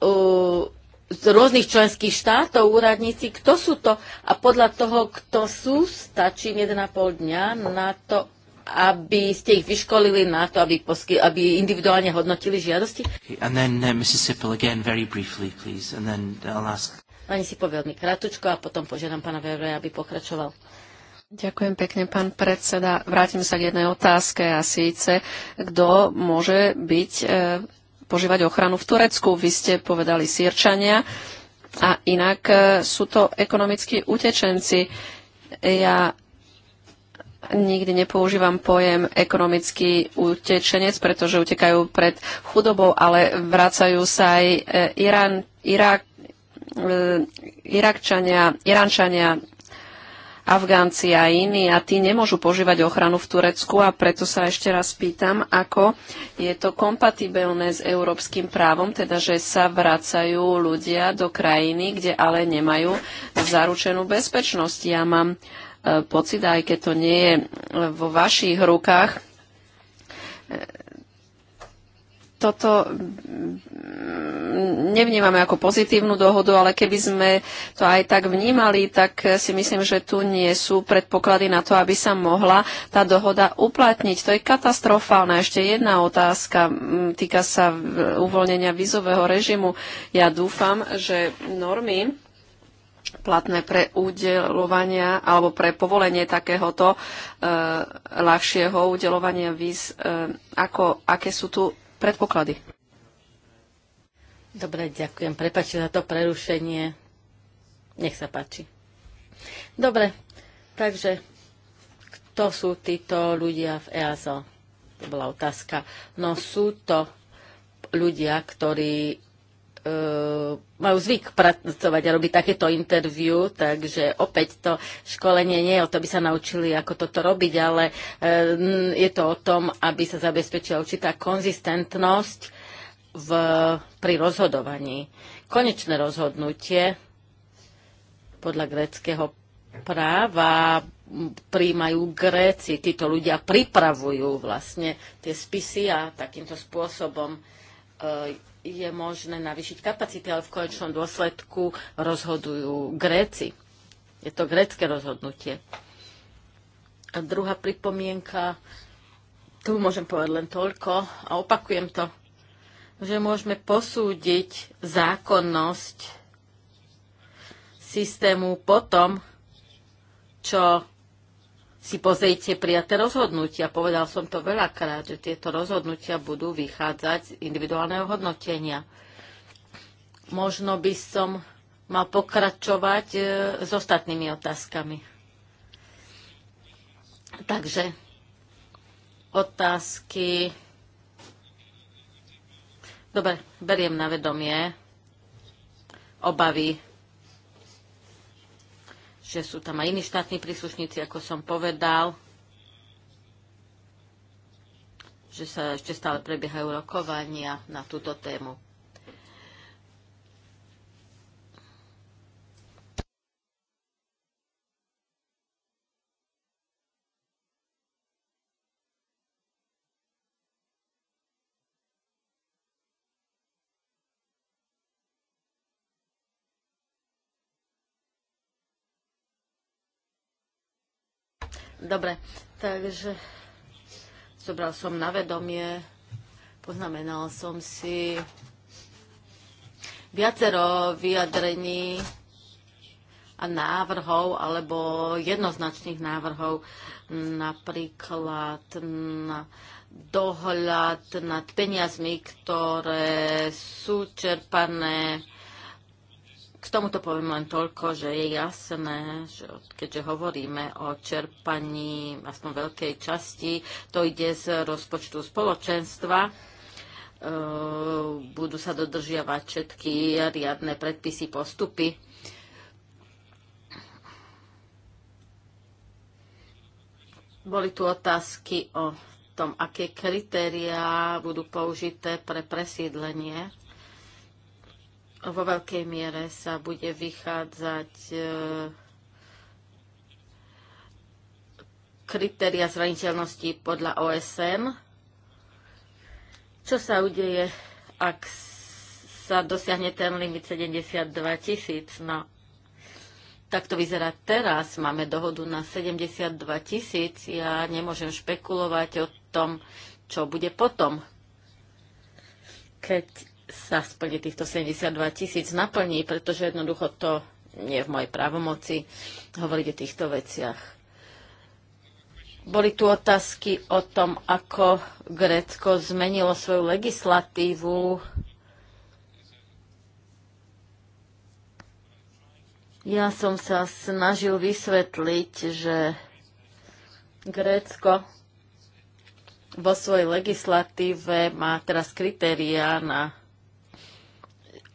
B: uh, z rôznych členských štátov úradníci, kto sú to a podľa toho, kto sú, stačí 1,5 dňa na to, aby ste ich vyškolili na to, aby, posky, aby individuálne hodnotili žiadosti.
A: And then, uh, Mrs. Sippel, again, very briefly, please, and then I'll ask...
B: Pani Sipo veľmi kratučko a potom požiadam pána Vevre, aby pokračoval.
C: Ďakujem pekne, pán predseda. Vrátim sa k jednej otázke a síce, kto môže byť e, požívať ochranu v Turecku. Vy ste povedali sírčania a inak e, sú to ekonomickí utečenci. Ja nikdy nepoužívam pojem ekonomický utečenec, pretože utekajú pred chudobou, ale vracajú sa aj e, Irán, Irak, e, Irakčania, Irančania, Afgánci a iní a tí nemôžu požívať ochranu v Turecku a preto sa ešte raz pýtam, ako je to kompatibilné s európskym právom, teda že sa vracajú ľudia do krajiny, kde ale nemajú zaručenú bezpečnosť. Ja mám e, pocit, aj keď to nie je e, vo vašich rukách, e, toto mm, nevnímame ako pozitívnu dohodu, ale keby sme to aj tak vnímali, tak si myslím, že tu nie sú predpoklady na to, aby sa mohla tá dohoda uplatniť. To je katastrofálna. Ešte jedna otázka mm, týka sa uvoľnenia vízového režimu. Ja dúfam, že normy platné pre udelovania alebo pre povolenie takéhoto e, ľahšieho udelovania víz, e, ako, aké sú tu predpoklady. Dobre, ďakujem. Prepačte za to prerušenie.
B: Nech sa páči. Dobre, takže kto sú títo ľudia v EASO? To bola otázka. No sú to ľudia, ktorí E, majú zvyk pracovať a robiť takéto interviu, takže opäť to školenie nie je o to, aby sa naučili, ako toto robiť, ale e, je to o tom, aby sa zabezpečila určitá konzistentnosť v, pri rozhodovaní. Konečné rozhodnutie podľa gréckého práva príjmajú Gréci. Títo ľudia pripravujú vlastne tie spisy a takýmto spôsobom e, je možné navýšiť kapacity, ale v konečnom dôsledku rozhodujú Gréci. Je to grécké rozhodnutie. A druhá pripomienka, tu môžem povedať len toľko a opakujem to, že môžeme posúdiť zákonnosť systému potom, čo si pozrite prijaté rozhodnutia. Povedal som to veľakrát, že tieto rozhodnutia budú vychádzať z individuálneho hodnotenia. Možno by som mal pokračovať e, s ostatnými otázkami. Takže otázky. Dobre, beriem na vedomie obavy že sú tam aj iní štátni príslušníci, ako som povedal, že sa ešte stále prebiehajú rokovania na túto tému. Dobre, takže zobral som na vedomie, poznamenal som si viacero vyjadrení a návrhov alebo jednoznačných návrhov, napríklad na dohľad nad peniazmi, ktoré sú čerpané k tomuto poviem len toľko, že je jasné, že keďže hovoríme o čerpaní aspoň veľkej časti, to ide z rozpočtu spoločenstva, e, budú sa dodržiavať všetky riadne predpisy, postupy. Boli tu otázky o tom, aké kritériá budú použité pre presídlenie vo veľkej miere sa bude vychádzať e, kritéria zraniteľnosti podľa OSN. Čo sa udeje, ak sa dosiahne ten limit 72 tisíc? No, tak to vyzerá teraz. Máme dohodu na 72 tisíc. Ja nemôžem špekulovať o tom, čo bude potom, keď sa splne týchto 72 tisíc naplní, pretože jednoducho to nie je v mojej právomoci hovoriť o týchto veciach. Boli tu otázky o tom, ako Grécko zmenilo svoju legislatívu. Ja som sa snažil vysvetliť, že Grécko vo svojej legislatíve má teraz kritériá na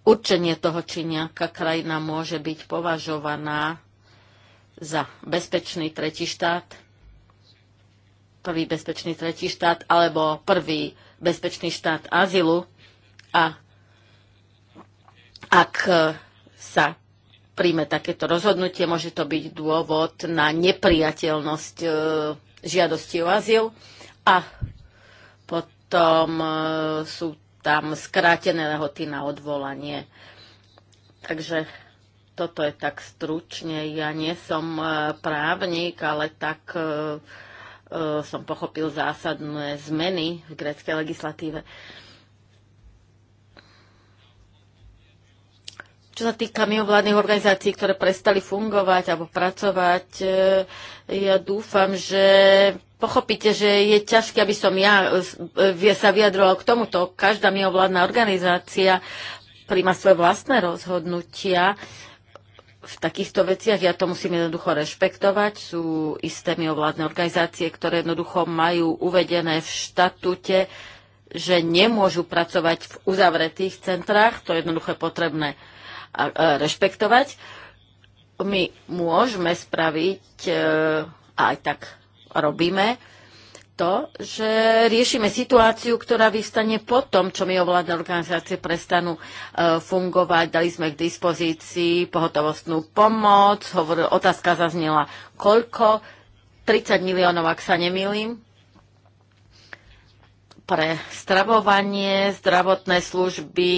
B: určenie toho, či nejaká krajina môže byť považovaná za bezpečný tretí štát, prvý bezpečný tretí štát alebo prvý bezpečný štát azylu a ak sa príjme takéto rozhodnutie, môže to byť dôvod na nepriateľnosť e, žiadosti o azyl a potom e, sú tam skrátené lehoty na odvolanie. Takže toto je tak stručne. Ja nie som e, právnik, ale tak e, e, som pochopil zásadné zmeny v gréckej legislatíve. Čo sa týka mimovládnych organizácií, ktoré prestali fungovať alebo pracovať, ja dúfam, že pochopíte, že je ťažké, aby som ja e, e, sa vyjadrovala k tomuto. Každá mimovládna organizácia príjma svoje vlastné rozhodnutia v takýchto veciach. Ja to musím jednoducho rešpektovať. Sú isté mimovládne organizácie, ktoré jednoducho majú uvedené v štatúte, že nemôžu pracovať v uzavretých centrách. To je jednoducho potrebné rešpektovať. My môžeme spraviť e, aj tak robíme, to, že riešime situáciu, ktorá vystane po tom, čo mi ovládne organizácie prestanú e, fungovať. Dali sme k dispozícii pohotovostnú pomoc. Hovor, otázka zaznela, koľko? 30 miliónov, ak sa nemýlim pre stravovanie, zdravotné služby,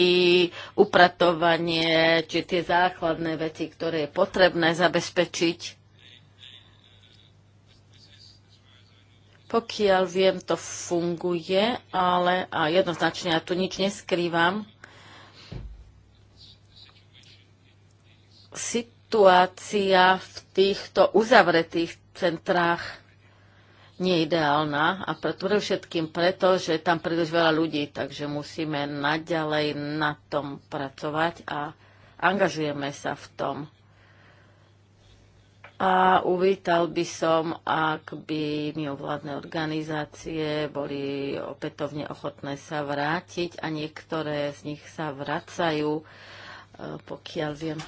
B: upratovanie, či tie základné veci, ktoré je potrebné zabezpečiť Pokiaľ viem, to funguje, ale a jednoznačne ja tu nič neskrývam. Situácia v týchto uzavretých centrách nie je ideálna a preto všetkým preto, že tam príliš veľa ľudí, takže musíme naďalej na tom pracovať a angažujeme sa v tom a uvítal by som, ak by mimovládne organizácie boli opätovne ochotné sa vrátiť a niektoré z nich sa vracajú, e, pokiaľ viem.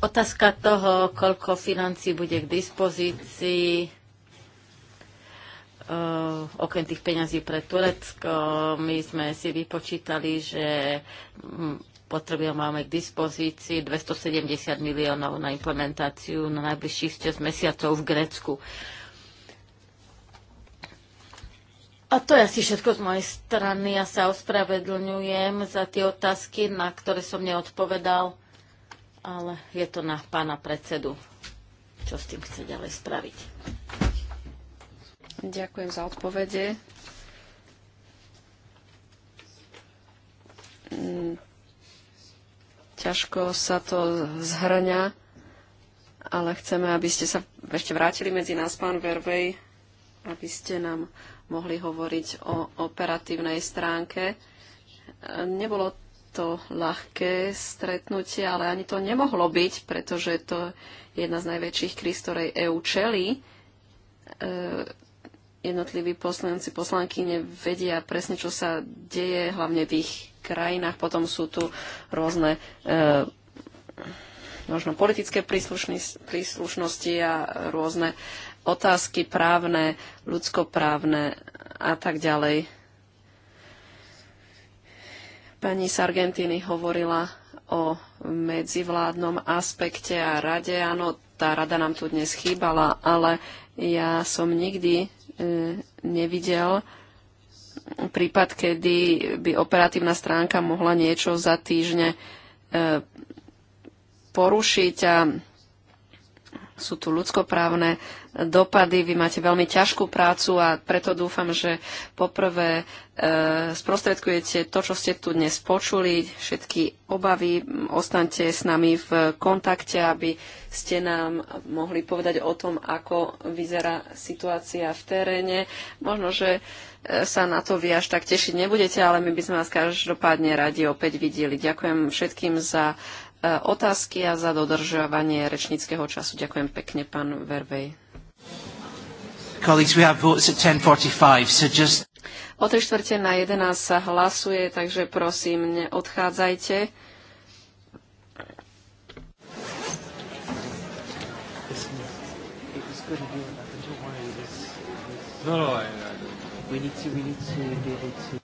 B: Otázka toho, koľko financí bude k dispozícii, e, okrem tých peňazí pre Turecko, my sme si vypočítali, že potrebujeme, máme k dispozícii 270 miliónov na implementáciu na najbližších 6 mesiacov v Grécku. A to je asi všetko z mojej strany. Ja sa ospravedlňujem za tie otázky, na ktoré som neodpovedal, ale je to na pána predsedu,
C: čo s tým chce ďalej spraviť. Ďakujem za odpovede. Ťažko sa to zhrňa, ale chceme, aby ste sa ešte vrátili medzi nás, pán Vervej, aby ste nám mohli hovoriť o operatívnej stránke. Nebolo to ľahké stretnutie, ale ani to nemohlo byť, pretože to je jedna z najväčších kríz, ktorej EU čelí. E, jednotliví poslanci, poslanky nevedia presne, čo sa deje, hlavne v ich krajinách. Potom sú tu rôzne e, možno politické príslušnosti a rôzne otázky právne, ľudskoprávne a tak ďalej. Pani z Argentíny hovorila o medzivládnom aspekte a rade. Áno, tá rada nám tu dnes chýbala, ale ja som nikdy e, nevidel e, prípad, kedy by operatívna stránka mohla niečo za týždne e, porušiť a sú tu ľudskoprávne dopady. Vy máte veľmi ťažkú prácu a preto dúfam, že poprvé e, sprostredkujete to, čo ste tu dnes počuli, všetky obavy. Ostaňte s nami v kontakte, aby ste nám mohli povedať o tom, ako vyzerá situácia v teréne. Možno, že e, sa na to vy až tak tešiť nebudete, ale my by sme vás každopádne radi opäť videli. Ďakujem všetkým za e, otázky a za dodržiavanie rečníckého času. Ďakujem pekne, pán Vervej.
A: Colleagues, we have votes at 10.45, so just...
C: O tri štvrte na 11 sa hlasuje, takže prosím, neodchádzajte.
A: No, no, no, no. We need to, we need to be able to...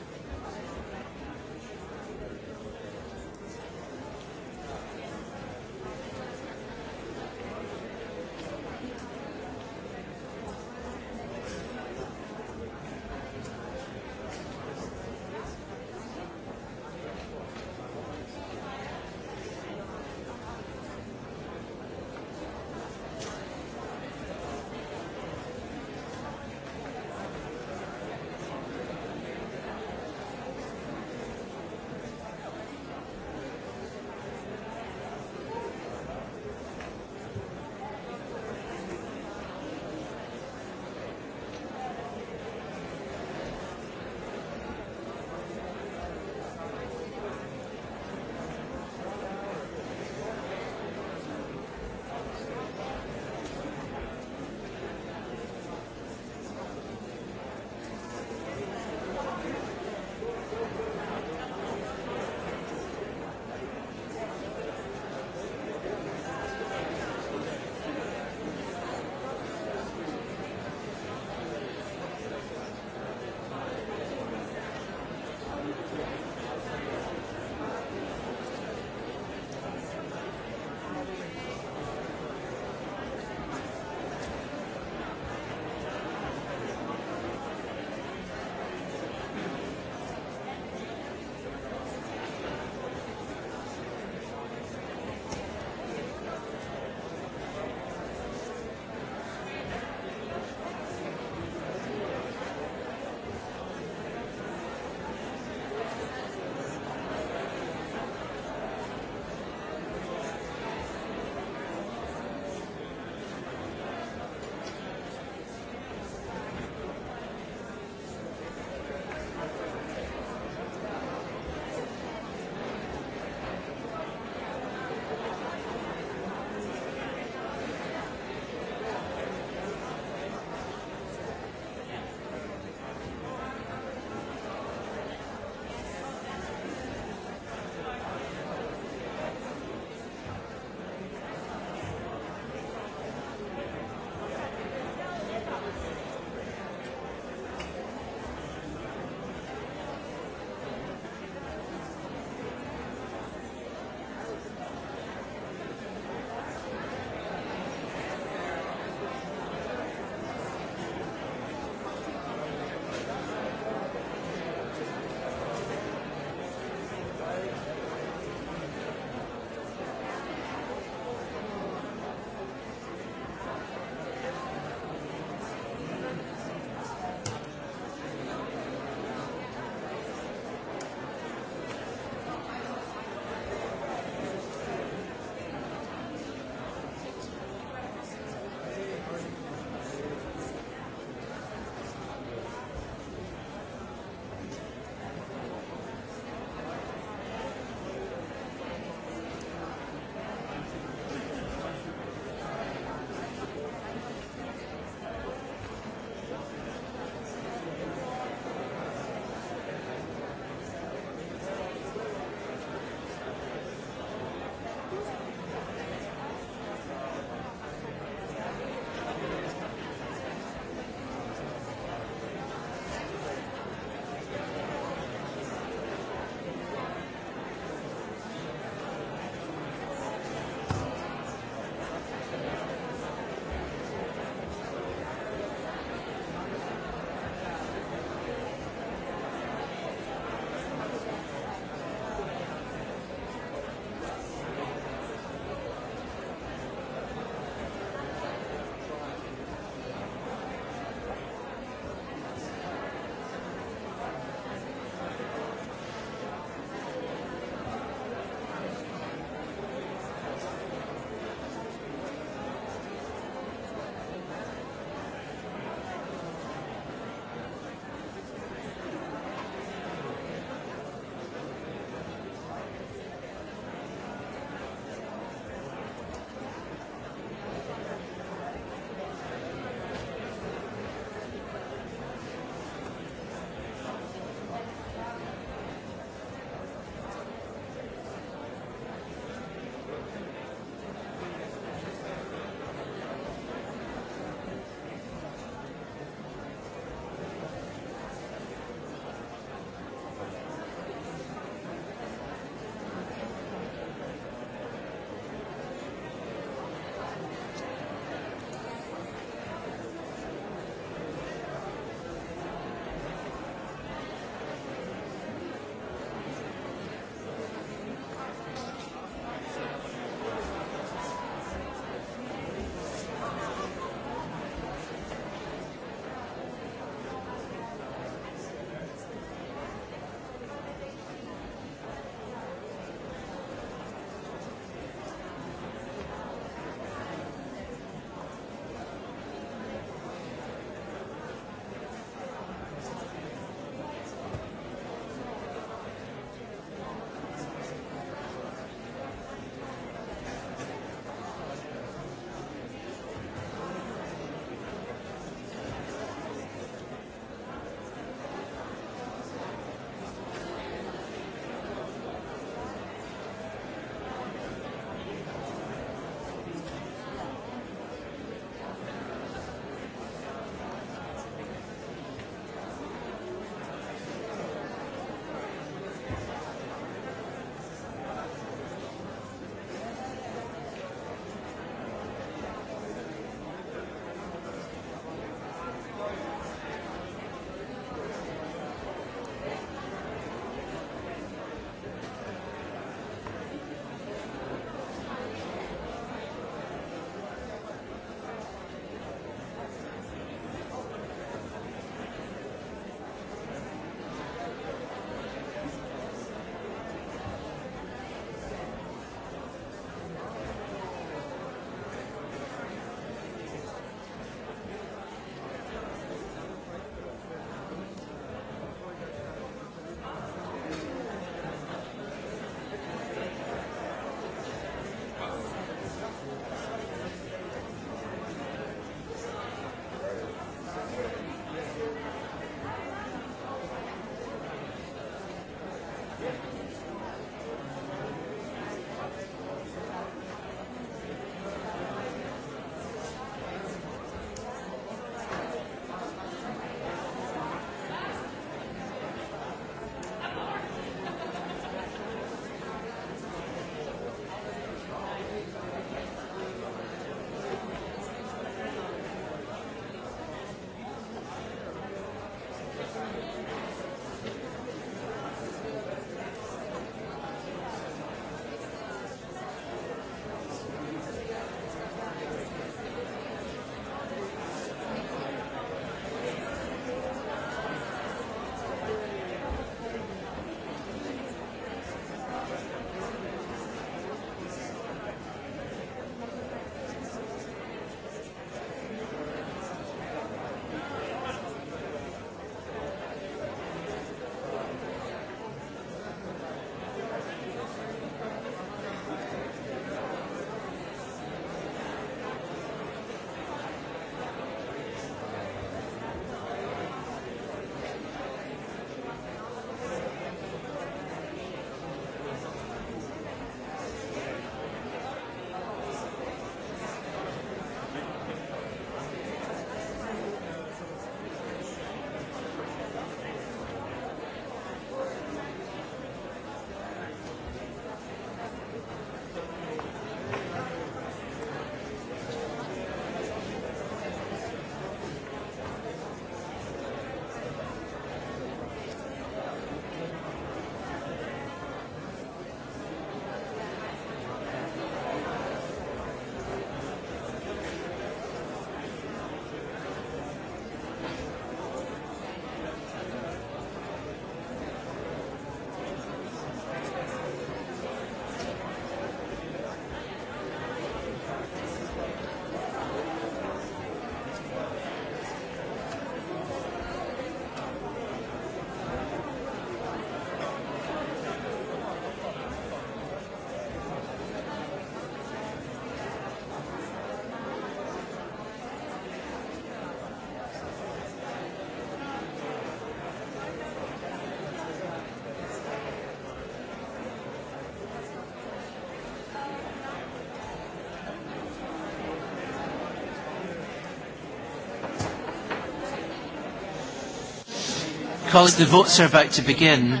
A: because the votes are about to begin.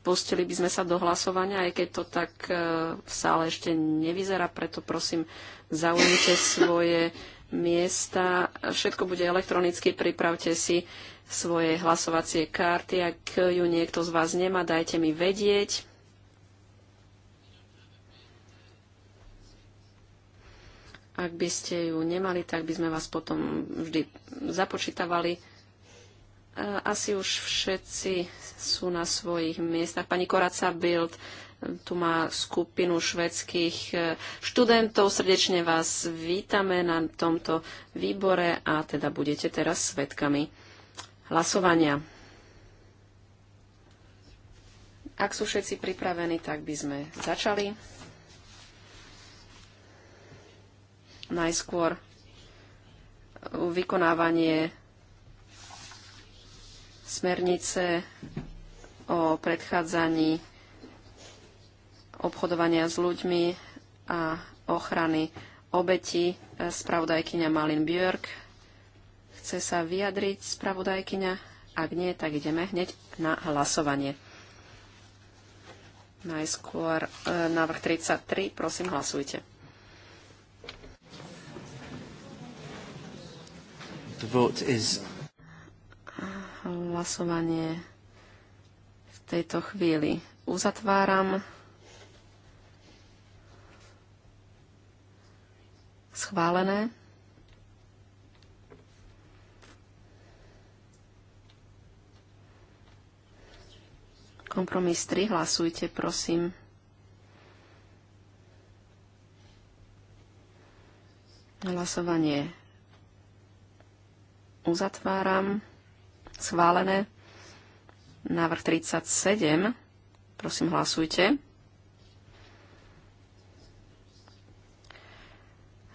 C: Pustili by sme sa do hlasovania, aj keď to tak e, v sále ešte nevyzerá, preto prosím, zaujmite svoje miesta. Všetko bude elektronicky, pripravte si svoje hlasovacie karty. Ak ju niekto z vás nemá, dajte mi vedieť. Ak by ste ju nemali, tak by sme vás potom vždy započítavali. E, asi už všetci sú na svojich miestach. Pani Koraca Bild e, tu má skupinu švedských e, študentov. Srdečne vás vítame na tomto výbore a teda budete teraz svetkami hlasovania. Ak sú všetci pripravení, tak by sme začali. Najskôr vykonávanie smernice o predchádzaní obchodovania s ľuďmi a ochrany obeti. Spravodajkyňa Malin Björk chce sa vyjadriť, spravodajkyňa. Ak nie, tak ideme hneď na hlasovanie. Najskôr eh, návrh 33, prosím hlasujte.
A: The vote is...
C: Hlasovanie v tejto chvíli uzatváram. Schválené. Kompromis 3. Hlasujte, prosím. Hlasovanie Uzatváram. Schválené. Návrh 37. Prosím, hlasujte.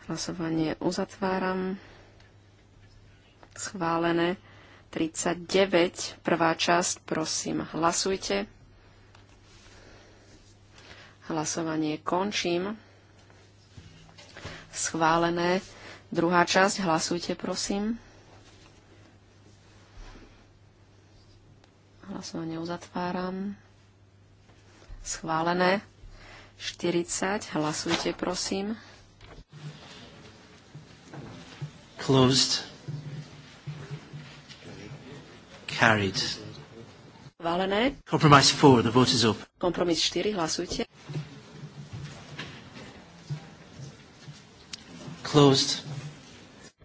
C: Hlasovanie uzatváram. Schválené. 39. Prvá časť. Prosím, hlasujte. Hlasovanie končím. Schválené. Druhá časť. Hlasujte, prosím. Hlasovanie uzatváram. Schválené. 40. Hlasujte, prosím.
A: Closed. Carried. Schválené. Compromise 4. The vote is open.
C: Kompromis 4. Hlasujte. Closed.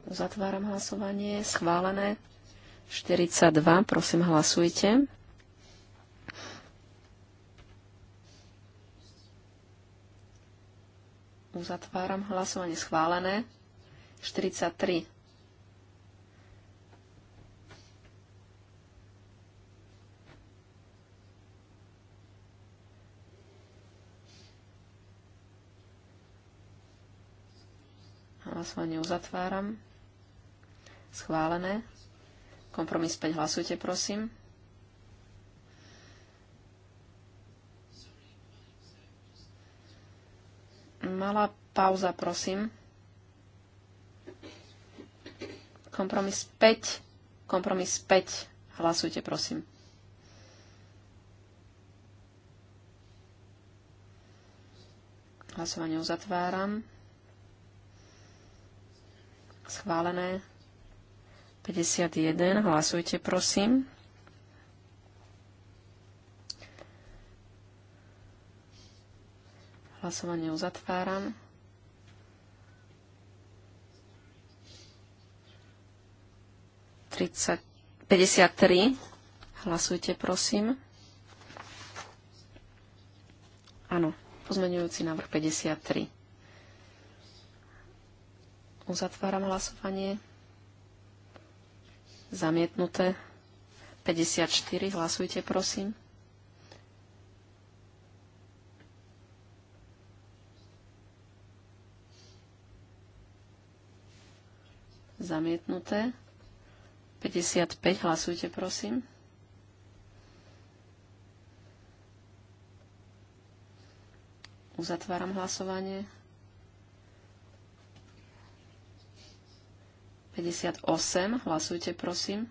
C: Uzatváram hlasovanie. Schválené. 42. Prosím, hlasujte. Uzatváram hlasovanie schválené. 43. Hlasovanie uzatváram. Schválené. Kompromis 5 hlasujte, prosím. Malá pauza, prosím. Kompromis 5. Kompromis 5. Hlasujte, prosím. Hlasovanie uzatváram. Schválené. 51. Hlasujte, prosím. Hlasovanie uzatváram. Tridsať 53. Hlasujte, prosím. Áno, pozmenujúci návrh 53. Uzatváram hlasovanie. Zamietnuté. 54. Hlasujte, prosím. Zamietnuté. 55. Hlasujte, prosím. Uzatváram hlasovanie. 58. Hlasujte, prosím.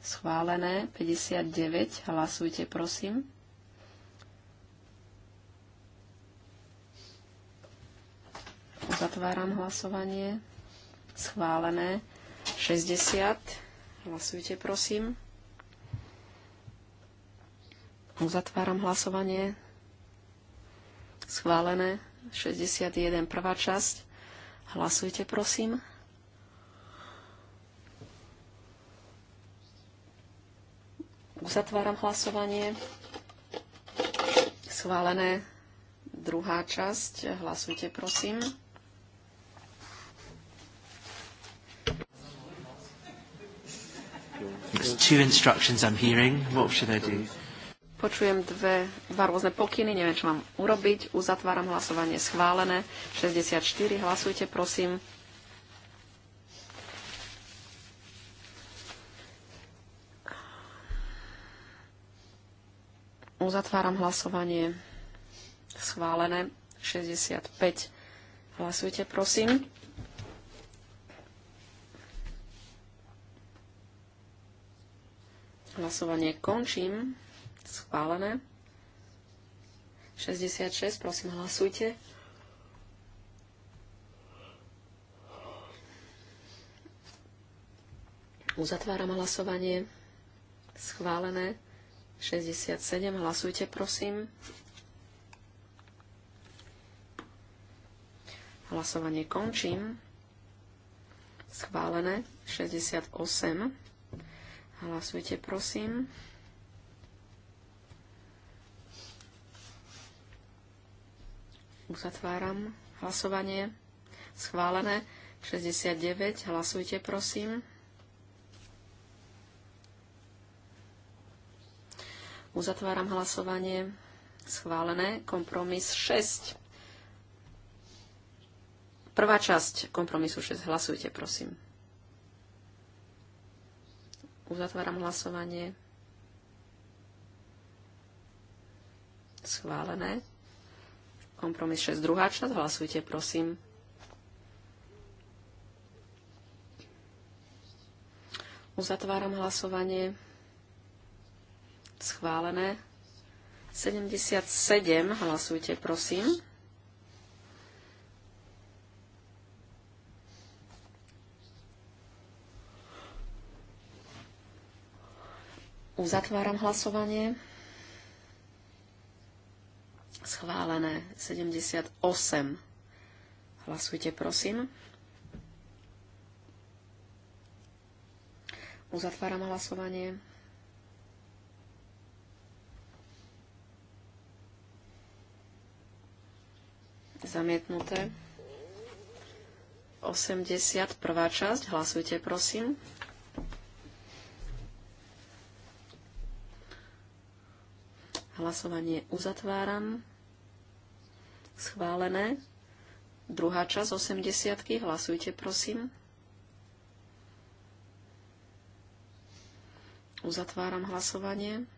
C: Schválené. 59. Hlasujte, prosím. Zatváram hlasovanie. Schválené. 60. Hlasujte, prosím. Uzatváram hlasovanie. Schválené. 61. Prvá časť. Hlasujte, prosím. Uzatváram hlasovanie. Schválené. Druhá časť. Hlasujte, prosím.
A: two instructions I'm hearing. What should I do?
C: Počujem dve, dva rôzne pokyny, neviem, čo mám urobiť. Uzatváram hlasovanie schválené. 64, hlasujte, prosím. Uzatváram hlasovanie schválené. 65, hlasujte, prosím. Hlasovanie končím. Schválené. 66, prosím, hlasujte. Uzatváram hlasovanie. Schválené. 67. Hlasujte, prosím. Hlasovanie končím. Schválené. 68. Hlasujte, prosím. Uzatváram hlasovanie. Schválené. 69. Hlasujte, prosím. Uzatváram hlasovanie. Schválené. Kompromis 6. Prvá časť kompromisu 6. Hlasujte, prosím. Uzatváram hlasovanie. Schválené. Kompromis 6. Druhá časť. Hlasujte, prosím. Uzatváram hlasovanie. Schválené. 77. Hlasujte, prosím. Uzatváram hlasovanie. Schválené 78. Hlasujte, prosím. Uzatváram hlasovanie. Zamietnuté. 80. Prvá časť. Hlasujte, prosím. Hlasovanie uzatváram. Schválené. Druhá časť 80. Hlasujte, prosím. Uzatváram hlasovanie.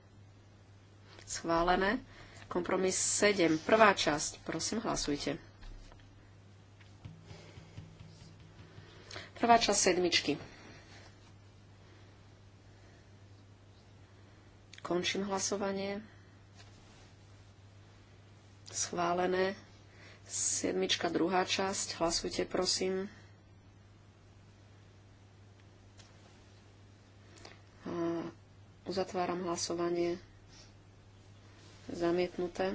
C: Schválené. Kompromis 7. Prvá časť. Prosím, hlasujte. Prvá časť sedmičky. Končím hlasovanie. Schválené. Sedmička, druhá časť. Hlasujte, prosím. A uzatváram hlasovanie. Zamietnuté.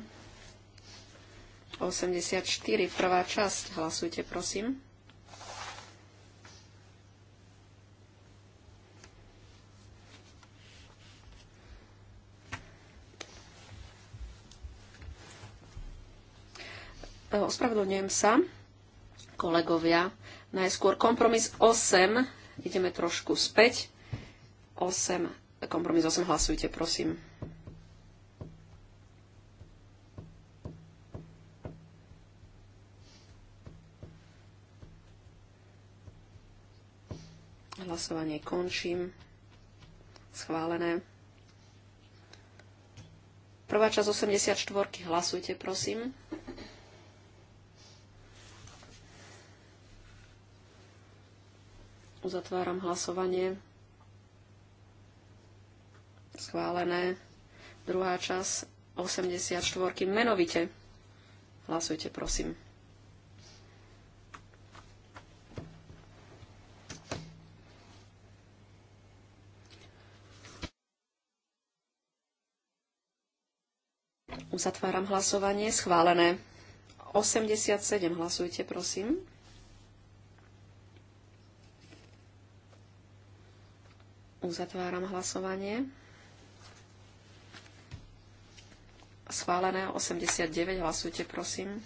C: 84. Prvá časť. Hlasujte, prosím. E, ospravedlňujem sa, kolegovia. Najskôr kompromis 8. Ideme trošku späť. 8. Kompromis 8. Hlasujte, prosím. Hlasovanie končím. Schválené. Prvá časť 84. Hlasujte, prosím. Uzatváram hlasovanie. Schválené. Druhá časť 84. Menovite. Hlasujte, prosím. Uzatváram hlasovanie. Schválené. 87. Hlasujte, prosím. Uzatváram hlasovanie. Schválené 89. Hlasujte, prosím.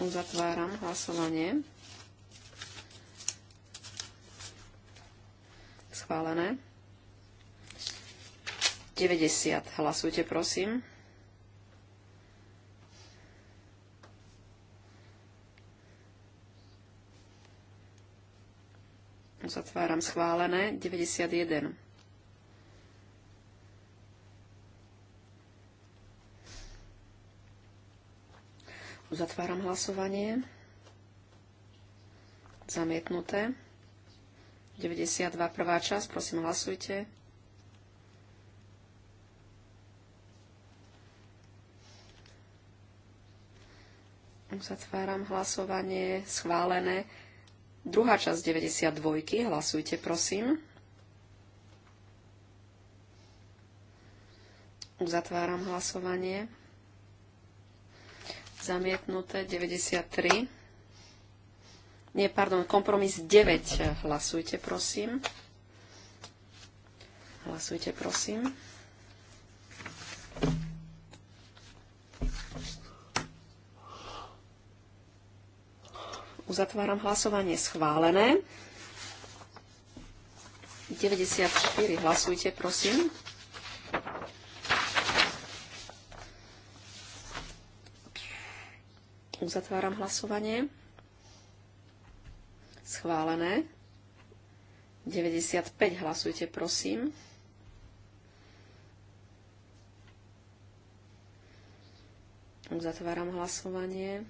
C: Uzatváram hlasovanie. Schválené. 90. Hlasujte, prosím. Uzatváram schválené. 91. Uzatváram hlasovanie. Zamietnuté. 92. prvá časť. Prosím, hlasujte. Uzatváram hlasovanie. Schválené. Druhá časť 92. Hlasujte, prosím. Uzatváram hlasovanie. Zamietnuté 93. Nie, pardon, kompromis 9. Hlasujte, prosím. Hlasujte, prosím. Uzatváram hlasovanie schválené. 94 hlasujte, prosím. Uzatváram hlasovanie. Schválené. 95 hlasujte, prosím. Uzatváram hlasovanie.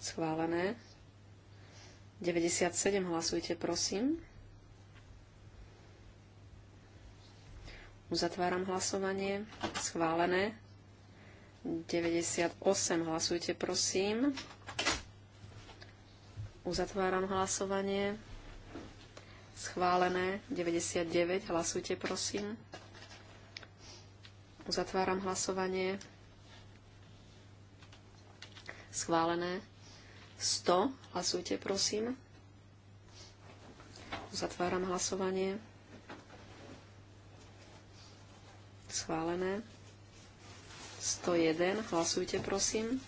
C: Schválené. 97 hlasujte, prosím. Uzatváram hlasovanie. Schválené. 98 hlasujte, prosím. Uzatváram hlasovanie. Schválené. 99 hlasujte, prosím. Uzatváram hlasovanie. Schválené. 100. Hlasujte, prosím. Zatváram hlasovanie. Schválené. 101. Hlasujte, prosím.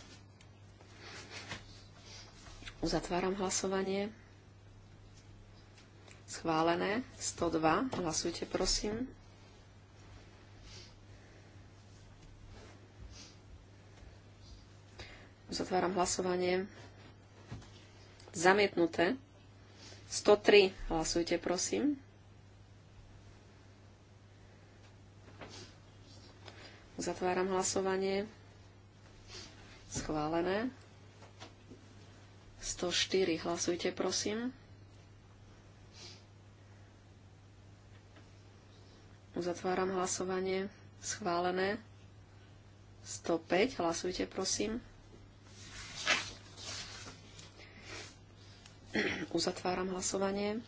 C: Uzatváram hlasovanie. Schválené. 102. Hlasujte, prosím. Uzatváram hlasovanie. Zamietnuté. 103. Hlasujte, prosím. Zatváram hlasovanie. Schválené. 104. Hlasujte, prosím. Uzatváram hlasovanie. Schválené. 105. Hlasujte, prosím. Uzatváram hlasovanie.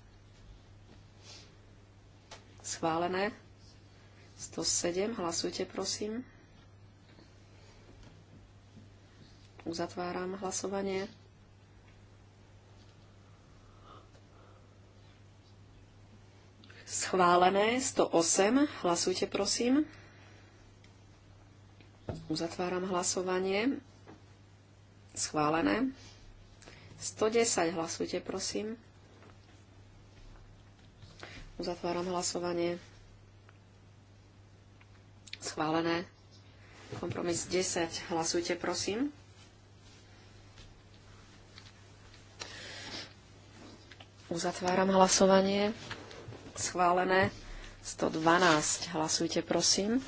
C: Schválené. 107. Hlasujte, prosím. Uzatváram hlasovanie. Schválené 108. Hlasujte, prosím. Uzatváram hlasovanie. Schválené. 110 hlasujte, prosím. Uzatváram hlasovanie. Schválené. Kompromis 10. Hlasujte, prosím. Uzatváram hlasovanie. Schválené. 112. Hlasujte, prosím.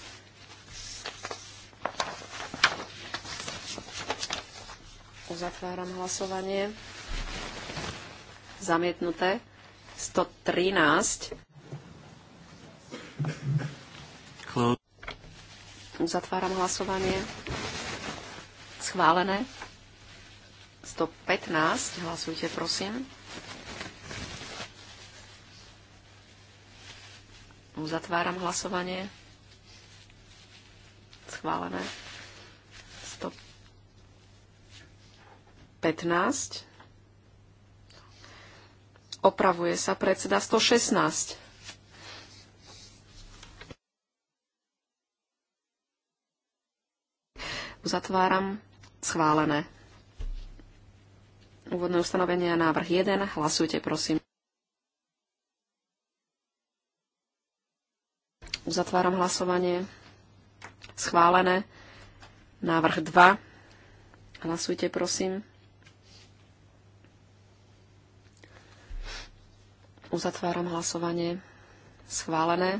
C: Uzatváram hlasovanie. Zamietnuté. 113. Uzatváram hlasovanie. Schválené. 115. Hlasujte, prosím. Uzatváram hlasovanie. Schválené. 15. Opravuje sa predseda 116. Uzatváram. Schválené. Úvodné ustanovenie a návrh 1. Hlasujte, prosím. Uzatváram hlasovanie. Schválené. Návrh 2. Hlasujte, prosím. Uzatváram hlasovanie. Schválené.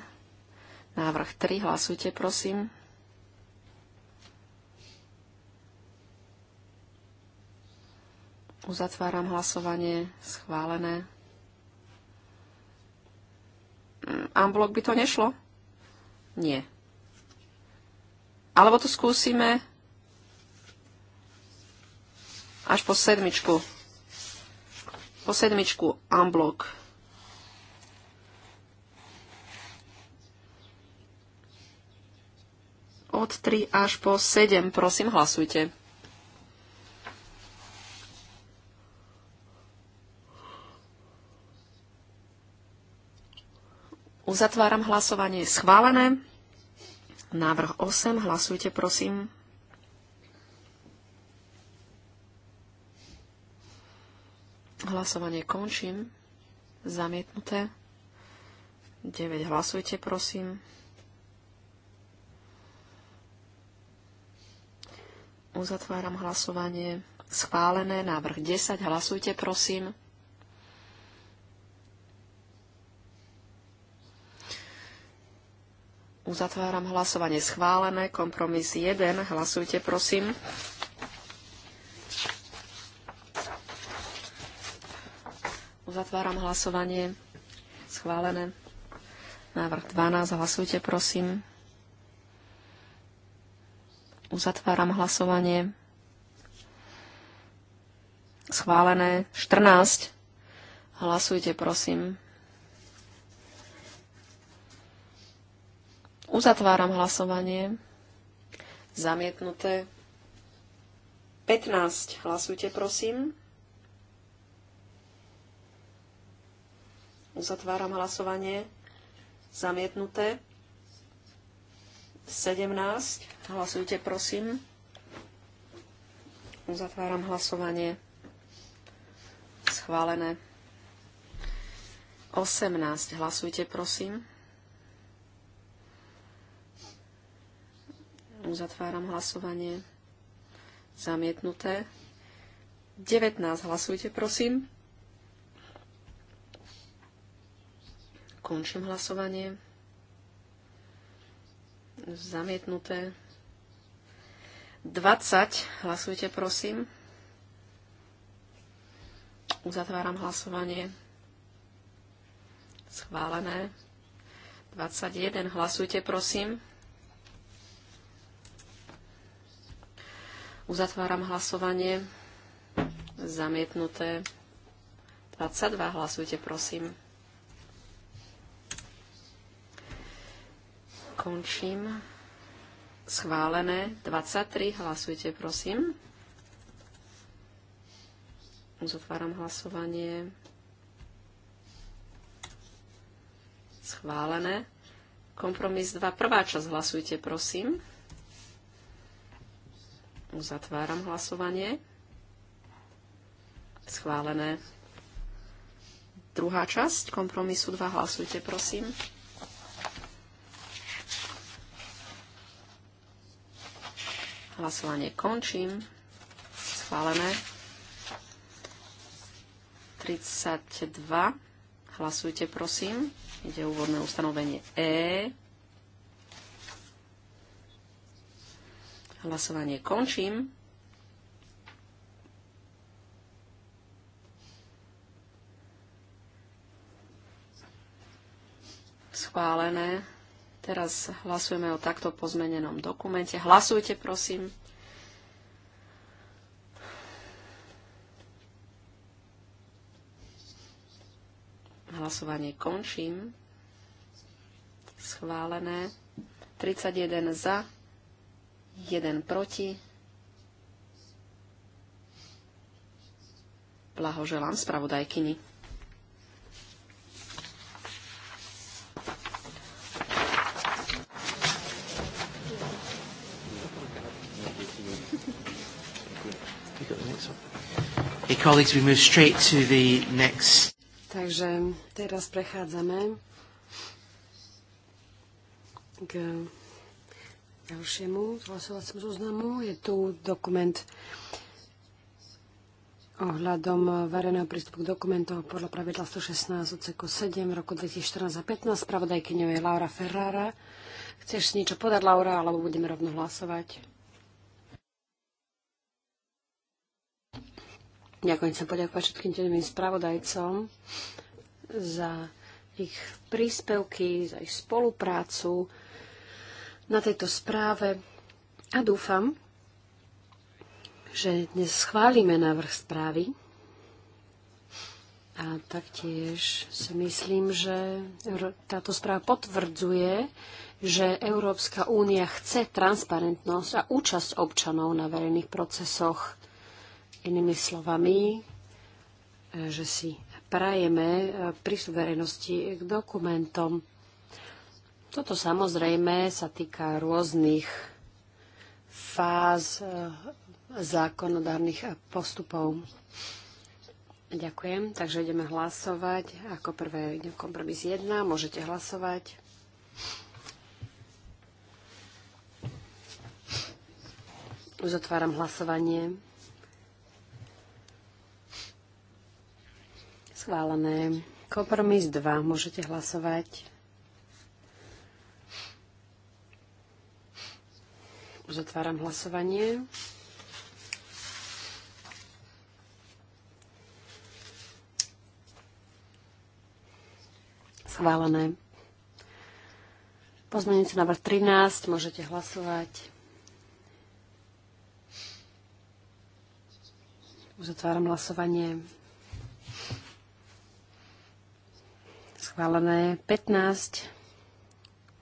C: Návrh 3. Hlasujte, prosím. Uzatváram hlasovanie. Schválené. Amblok mm, by to nešlo? Nie. Alebo to skúsime až po sedmičku. Po sedmičku Amblok. od 3 až po 7. Prosím, hlasujte. Uzatváram hlasovanie schválené. Návrh 8. Hlasujte, prosím. Hlasovanie končím. Zamietnuté. 9. Hlasujte, prosím. Uzatváram hlasovanie. Schválené. Návrh 10. Hlasujte, prosím. Uzatváram hlasovanie schválené. Kompromis 1. Hlasujte, prosím. Uzatváram hlasovanie schválené. Návrh 12. Hlasujte, prosím. Uzatváram hlasovanie. Schválené 14. Hlasujte, prosím. Uzatváram hlasovanie. Zamietnuté. 15. Hlasujte, prosím. Uzatváram hlasovanie. Zamietnuté. 17. Hlasujte, prosím. Uzatváram hlasovanie. Schválené. 18. Hlasujte, prosím. Uzatváram hlasovanie. Zamietnuté. 19. Hlasujte, prosím. Končím hlasovanie zamietnuté. 20, hlasujte prosím. Uzatváram hlasovanie. Schválené. 21, hlasujte prosím. Uzatváram hlasovanie. Zamietnuté. 22, hlasujte prosím. Končím. Schválené 23. Hlasujte, prosím. Uzatváram hlasovanie. Schválené. Kompromis 2. Prvá časť. Hlasujte, prosím. Uzatváram hlasovanie. Schválené. Druhá časť kompromisu 2. Hlasujte, prosím. Hlasovanie končím. Schválené. 32. Hlasujte, prosím. Ide úvodné ustanovenie E. Hlasovanie končím. Schválené. Teraz hlasujeme o takto pozmenenom dokumente. Hlasujte, prosím. Hlasovanie končím. Schválené. 31 za, 1 proti. Blahoželám spravodajkyni.
A: colleagues, we move straight to the next.
D: Takže teraz prechádzame k ďalšiemu hlasovaciemu zoznamu. Je tu dokument ohľadom verejného prístupu k dokumentov podľa pravidla 116 odseku 7 roku 2014 a 15. Spravodajkyňou je Laura Ferrara. Chceš niečo podať, Laura, alebo budeme rovno hlasovať? Ďakujem sa poďakovať všetkým tým spravodajcom za ich príspevky, za ich spoluprácu na tejto správe a dúfam, že dnes schválime návrh správy a taktiež si myslím, že táto správa potvrdzuje, že Európska únia chce transparentnosť a účasť občanov na verejných procesoch. Inými slovami, e, že si prajeme e, prístup verejnosti k dokumentom. Toto samozrejme sa týka rôznych fáz e, zákonodárnych postupov. Ďakujem. Takže ideme hlasovať. Ako prvé kompromis 1. Môžete hlasovať. Uzatváram hlasovanie. Schválené. Kompromis 2. Môžete hlasovať. Uzatváram hlasovanie. Schválené.
A: Pozmeňujúci návrh 13. Môžete
D: hlasovať. Uzatváram hlasovanie. Schválené 15.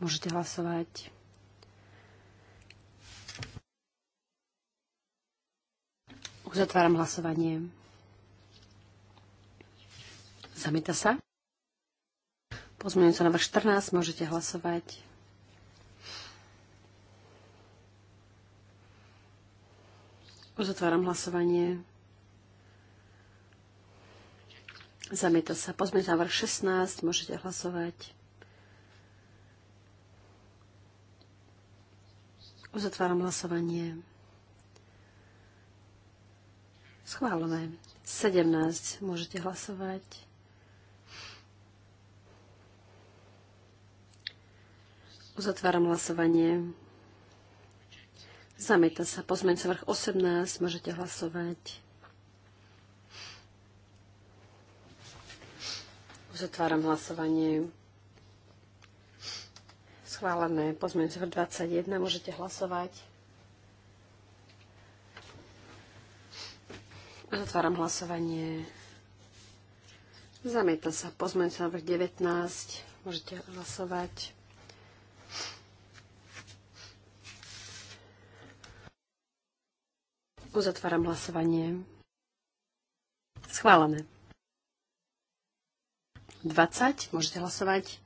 D: Môžete hlasovať. Uzatváram hlasovanie. Zamieta sa. Pozmením sa na vrch 14. Môžete hlasovať. Uzatváram hlasovanie. Zamieta sa. Pozme návrh 16. Môžete hlasovať. Uzatváram hlasovanie. Schválené. 17. Môžete hlasovať. Uzatváram hlasovanie. Zamieta sa. Pozmeň sa vrch 18. Môžete hlasovať. Uzatváram hlasovanie. Schválené pozmeňujúce 21. Môžete hlasovať. Uzatváram hlasovanie. Zamieta sa pozmeňujúci návrh 19. Môžete hlasovať. Uzatváram hlasovanie. Schválené. 20. Môžete hlasovať.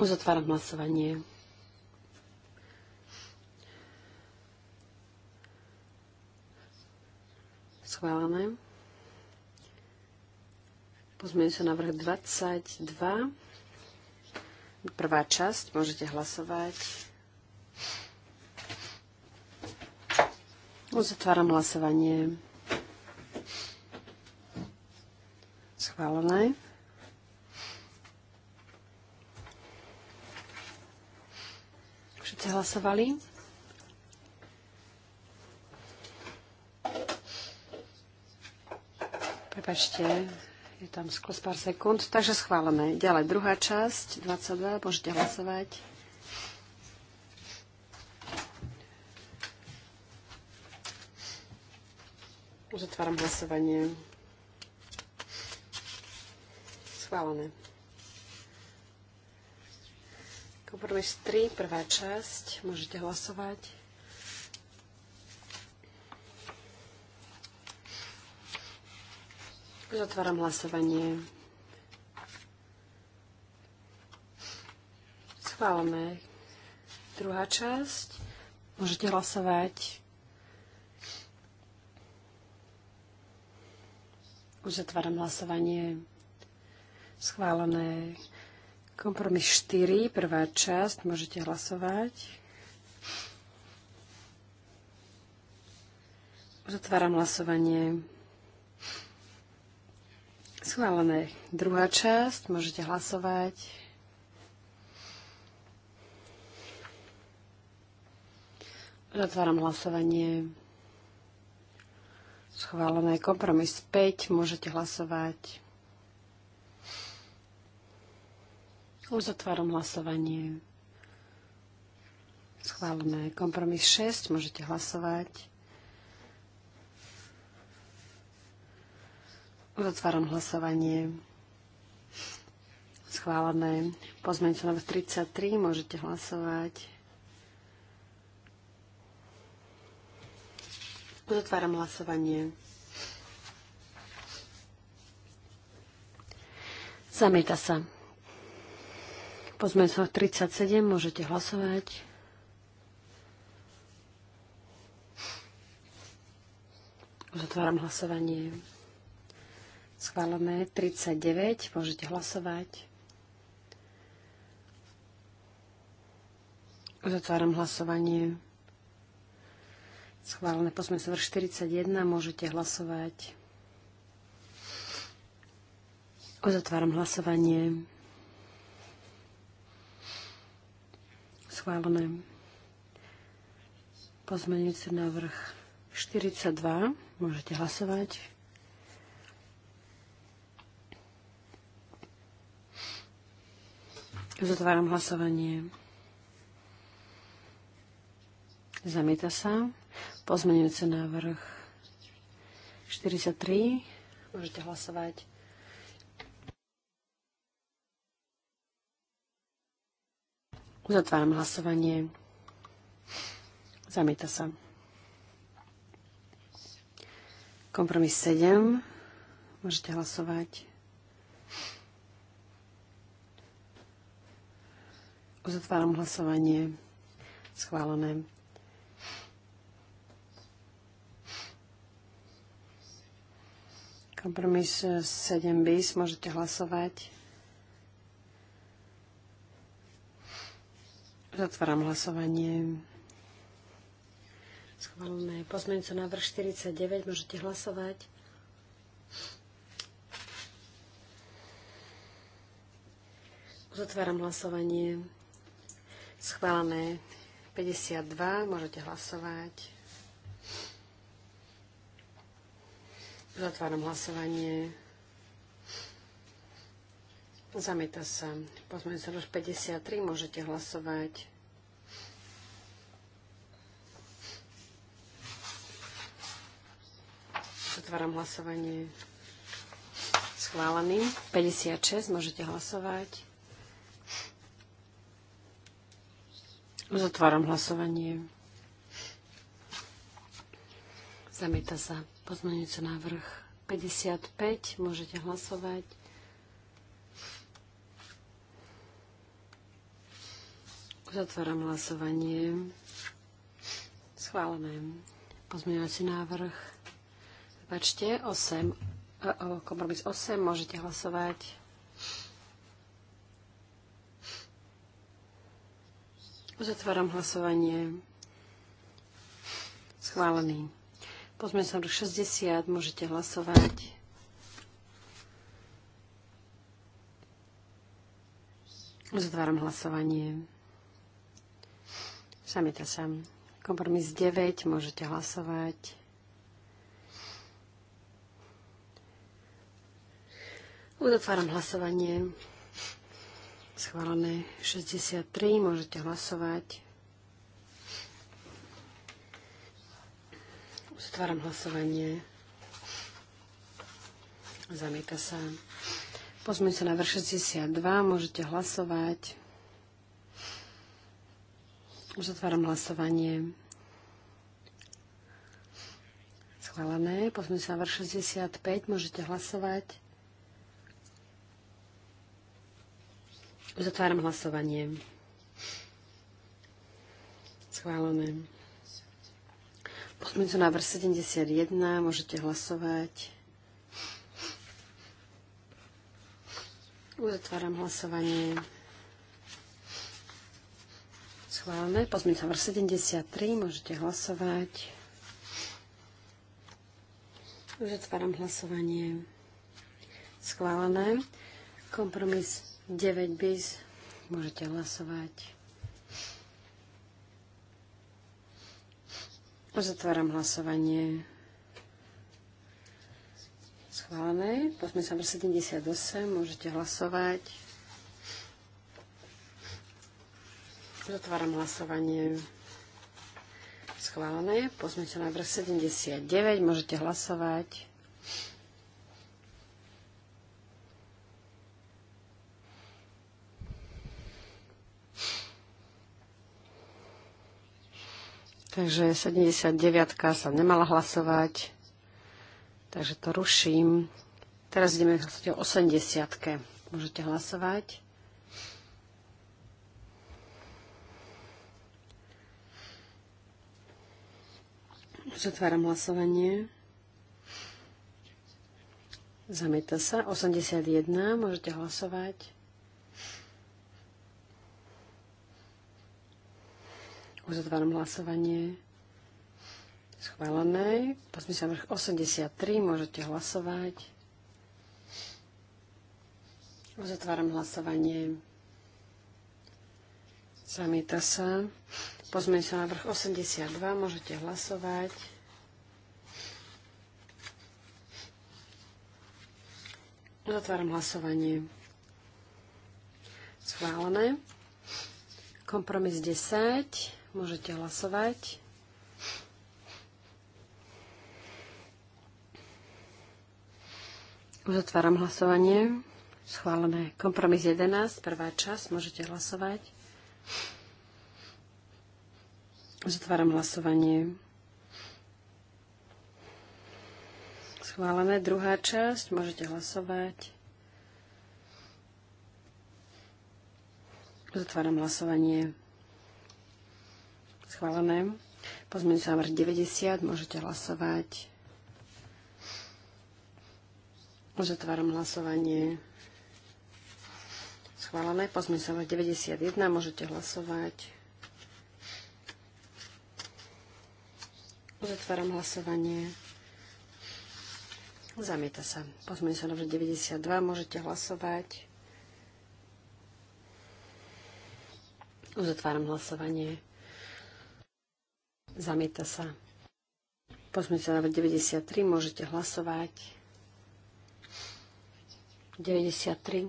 D: Uzatváram hlasovanie. Schválené. Pozmeňujem sa návrh 22. Prvá časť. Môžete hlasovať. Uzatváram hlasovanie. Schválené. Všetci hlasovali. Prepačte, je tam sklos pár sekúnd. Takže schválené. Ďalej druhá časť, 22, môžete hlasovať. Uzatváram hlasovanie. Schválené. Kompromis 3, prvá časť. Môžete hlasovať. Zatváram hlasovanie. Schválené. Druhá časť. Môžete hlasovať. Uzatváram hlasovanie. Schválené. Kompromis 4, prvá časť. Môžete hlasovať. Zatváram hlasovanie. Schválené. Druhá časť. Môžete hlasovať. Zatváram hlasovanie. Schválené. Kompromis 5. Môžete hlasovať. Uzatváram hlasovanie. Schválené. Kompromis 6. Môžete hlasovať. Uzatváram hlasovanie. Schválené. Pozmeňte na 33. Môžete hlasovať. Uzatváram hlasovanie. Zamieta sa. Pozme sa 37, môžete hlasovať. Zatváram hlasovanie. Schválame 39, môžete hlasovať. Zatváram hlasovanie. Schválené posme sa 41, môžete hlasovať. Uzatváram hlasovanie. schválené. Pozmenujúci návrh 42. Môžete hlasovať. Zatváram hlasovanie. Zamieta sa. Pozmenujúci návrh 43. Môžete hlasovať. Uzatváram hlasovanie. Zamieta sa. Kompromis 7. Môžete hlasovať. Uzatváram hlasovanie. Schválené. Kompromis 7 bis. Môžete hlasovať. Zatváram hlasovanie. Schválené. Pozmeňujúce návrh 49. Môžete hlasovať. Uzatváram hlasovanie. Schválené. 52. Môžete hlasovať. Uzatváram hlasovanie. Zamieta sa. Pozmeň sa 53, môžete hlasovať. Zatváram hlasovanie. Schválený. 56, môžete hlasovať. Zatváram hlasovanie. Zamieta sa pozmeňujúci návrh 55. Môžete hlasovať. Zatváram hlasovanie. Schválené. Pozmeňovací návrh. Pačte, 8. E, e, kompromis 8. Môžete hlasovať. Uzatváram hlasovanie. Schválený. Pozmeňovací návrh 60. Môžete hlasovať. Uzatváram hlasovanie. Zamieta sa. Kompromis 9, môžete hlasovať. Udotváram hlasovanie. Schválené 63, môžete hlasovať. Uzatváram hlasovanie. Zamieta sa. Pozmeň sa na vrch 62, môžete hlasovať. Uzatváram hlasovanie. Schválené. Pozme sa vrch 65. Môžete hlasovať. Uzatváram hlasovanie. Schválené. Pozmeňte návrh 71, môžete hlasovať. Uzatváram hlasovanie. Schválne. Pozmeň sa 73. Môžete hlasovať. Už otváram hlasovanie. Schválené. Kompromis 9 bis. Môžete hlasovať. Uzatváram hlasovanie. Schválené. Pozme sa 78. Môžete hlasovať. Zatváram hlasovanie. Schválené. sa návrh 79. Môžete hlasovať. Takže 79 sa nemala hlasovať, takže to ruším. Teraz ideme hlasovať o 80. Môžete hlasovať. Zatváram hlasovanie. Zamieta sa. 81. Môžete hlasovať. Uzatváram hlasovanie. Schválené. Pozmi sa vrch 83. Môžete hlasovať. Uzatváram hlasovanie. Zamieta sa. Pozmeň sa na vrch 82, môžete hlasovať. Zatváram hlasovanie. Schválené. Kompromis 10, môžete hlasovať. Uzatváram hlasovanie. Schválené. Kompromis 11, prvá časť, môžete hlasovať. Zatváram hlasovanie. Schválené. Druhá časť. Môžete hlasovať. Zatváram hlasovanie. Schválené. Pozmeň sa návrh 90. Môžete hlasovať. Zatváram hlasovanie. Schválené. Pozmeň sa návrh 91. Môžete hlasovať. Uzatváram hlasovanie. Zamieta sa. Pozmeň sa návrh 92. Môžete hlasovať. Uzatváram hlasovanie. Zamieta sa. Pozmeň sa návrh 93. Môžete hlasovať. 93.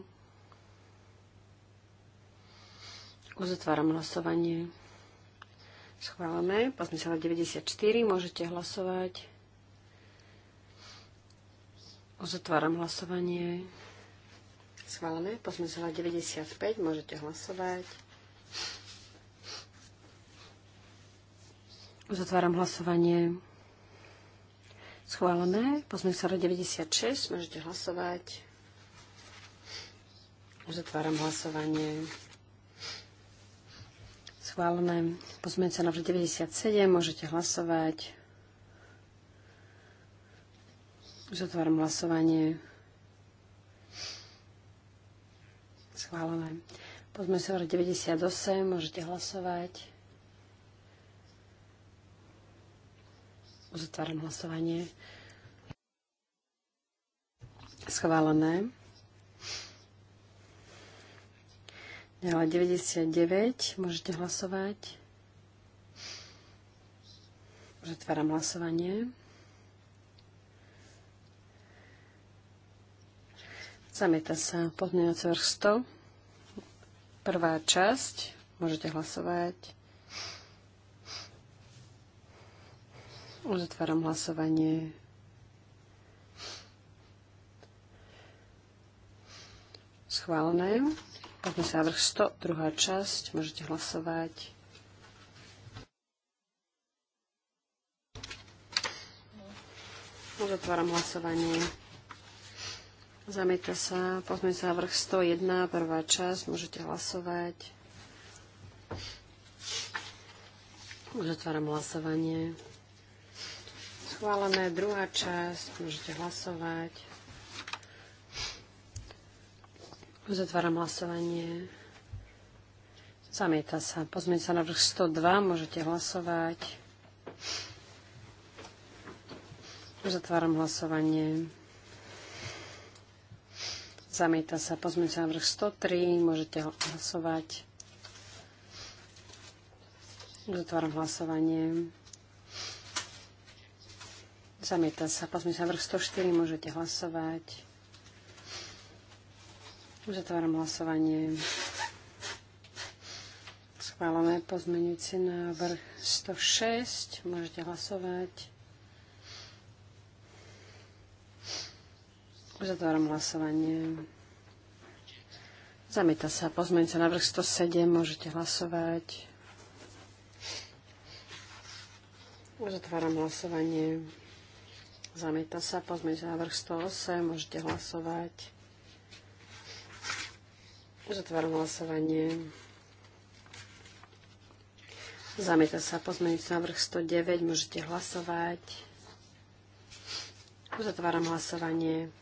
D: Uzatváram hlasovanie. Schválené. Pozme sa na 94. Môžete hlasovať. Uzatváram hlasovanie. Schválené. Pozme sa na 95. Môžete hlasovať. Uzatváram hlasovanie. Schválené. Pozme sa 96. Môžete hlasovať. Uzatváram hlasovanie. Schválené. Pozmeňujúce návrh 97. Môžete hlasovať. Zatváram hlasovanie. Schválené. Pozmeňujúce návrh 98. Môžete hlasovať. Uzatváram hlasovanie. Schválené. Ďalej 99, môžete hlasovať. Zatváram hlasovanie. Zamieta sa podmienovací vrch 100. Prvá časť, môžete hlasovať. Uzatváram hlasovanie. Schválené. Poďme sa návrh 100, druhá časť. Môžete hlasovať. Uzatváram hlasovanie. Zamieta sa. Poďme sa vrch 101, prvá časť. Môžete hlasovať. Uzatváram hlasovanie. Schválené druhá časť. Môžete hlasovať. Uzatváram hlasovanie. Zamieta sa. Pozmeň sa na vrch 102. Môžete hlasovať. Uzatváram hlasovanie. Zamieta sa. Pozmeň sa na vrch 103. Môžete hlasovať. Uzatváram hlasovanie. Zamieta sa. Pozmeň sa na vrch 104. Môžete hlasovať. Uzatváram hlasovanie. Schválame pozmenujúci návrh 106. Môžete hlasovať. Uzatváram hlasovanie. Zamieta sa pozmenujúci návrh 107. Môžete hlasovať. Uzatváram hlasovanie. Zamieta sa pozmenujúci návrh 108. Môžete hlasovať. Zatváram hlasovanie. Zamieta sa pozmeniť návrh 109. Môžete hlasovať. Zatváram hlasovanie.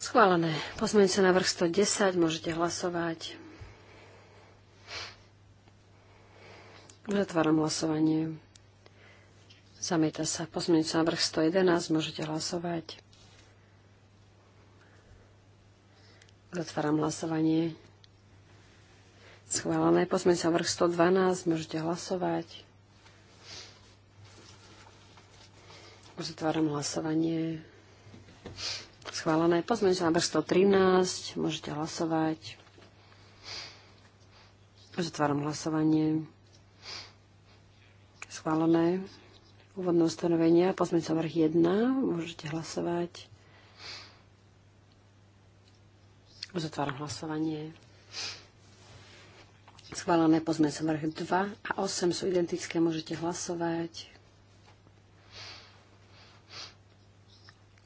D: Schválené. sa návrh 110. Môžete hlasovať. Zatváram hlasovanie. Zamieta sa. sa návrh 111. Môžete hlasovať. Zatváram hlasovanie. Schválené. Pozmeň sa vrch 112. Môžete hlasovať. Uzatváram hlasovanie. Schválené. Pozmeň sa vrch 113. Môžete hlasovať. Uzatváram hlasovanie. Schválené. Úvodné ustanovenia. Pozmeň sa vrch 1. Môžete hlasovať. Zatváram hlasovanie. Schválené pozmeňujúce návrhy 2 a 8 sú identické, môžete hlasovať.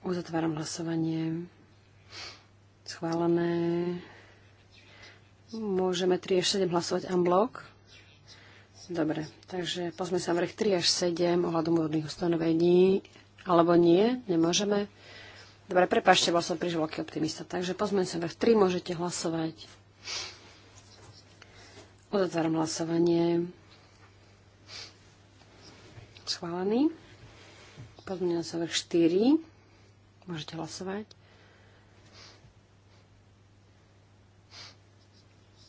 D: Uzatváram hlasovanie. Schválené. Môžeme 3 až 7 hlasovať blok. Dobre, takže pozme sa vrch 3 až 7 ohľadom úvodných ustanovení, alebo nie, nemôžeme. Dobre, prepáčte, bol som príliš veľký optimista. Takže pozmeň sa vrch 3, môžete hlasovať. Uzatváram hlasovanie. Schválený. Pozmeň sa vrch 4, môžete hlasovať.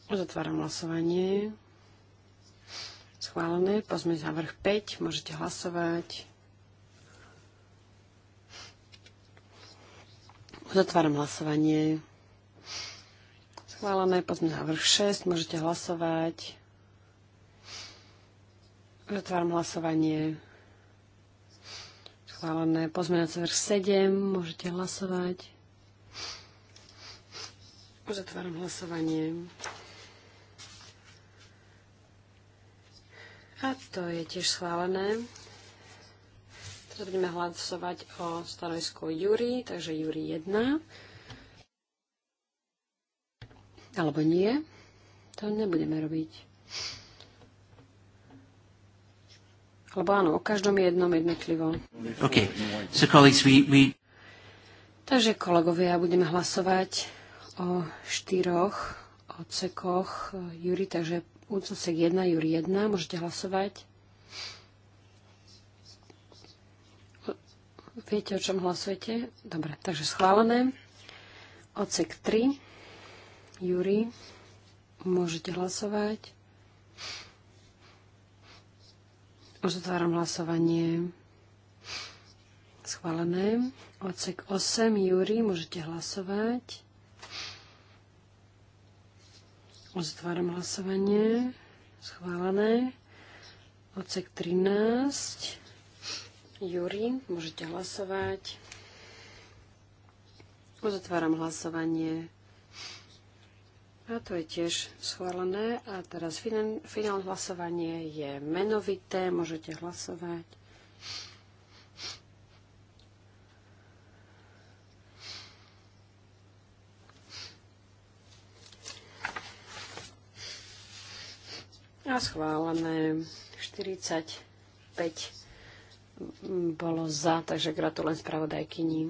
D: Uzatváram hlasovanie. Schválené. Pozmeň sa vrch 5, môžete hlasovať. Uzatváram hlasovanie. Schválené pozme návrh 6. Môžete hlasovať. Uzatváram hlasovanie. Schválené pozmeňovací návrh 7. Môžete hlasovať. Uzatváram hlasovanie. A to je tiež schválené. Teraz budeme hlasovať o stanovisku Júri, takže Júri 1. Alebo nie. To nebudeme robiť. Alebo áno, o každom jednom jednotlivo.
A: Okay. So colleagues, we, we...
D: Takže kolegovia, budeme hlasovať o štyroch odsekoch Júri, takže úcosek 1, Júri 1, môžete hlasovať. Viete, o čom hlasujete? Dobre, takže schválené. Ocek 3. Júri, môžete hlasovať. Uzatváram hlasovanie. Schválené. Ocek 8. Júri, môžete hlasovať. Uzatváram hlasovanie. Schválené. Ocek 13. Júri, môžete hlasovať. Uzatváram hlasovanie. A to je tiež schválené. A teraz finálne finál hlasovanie je menovité. Môžete hlasovať. A schválené 45 bolo za, takže gratulujem spravodajkyni.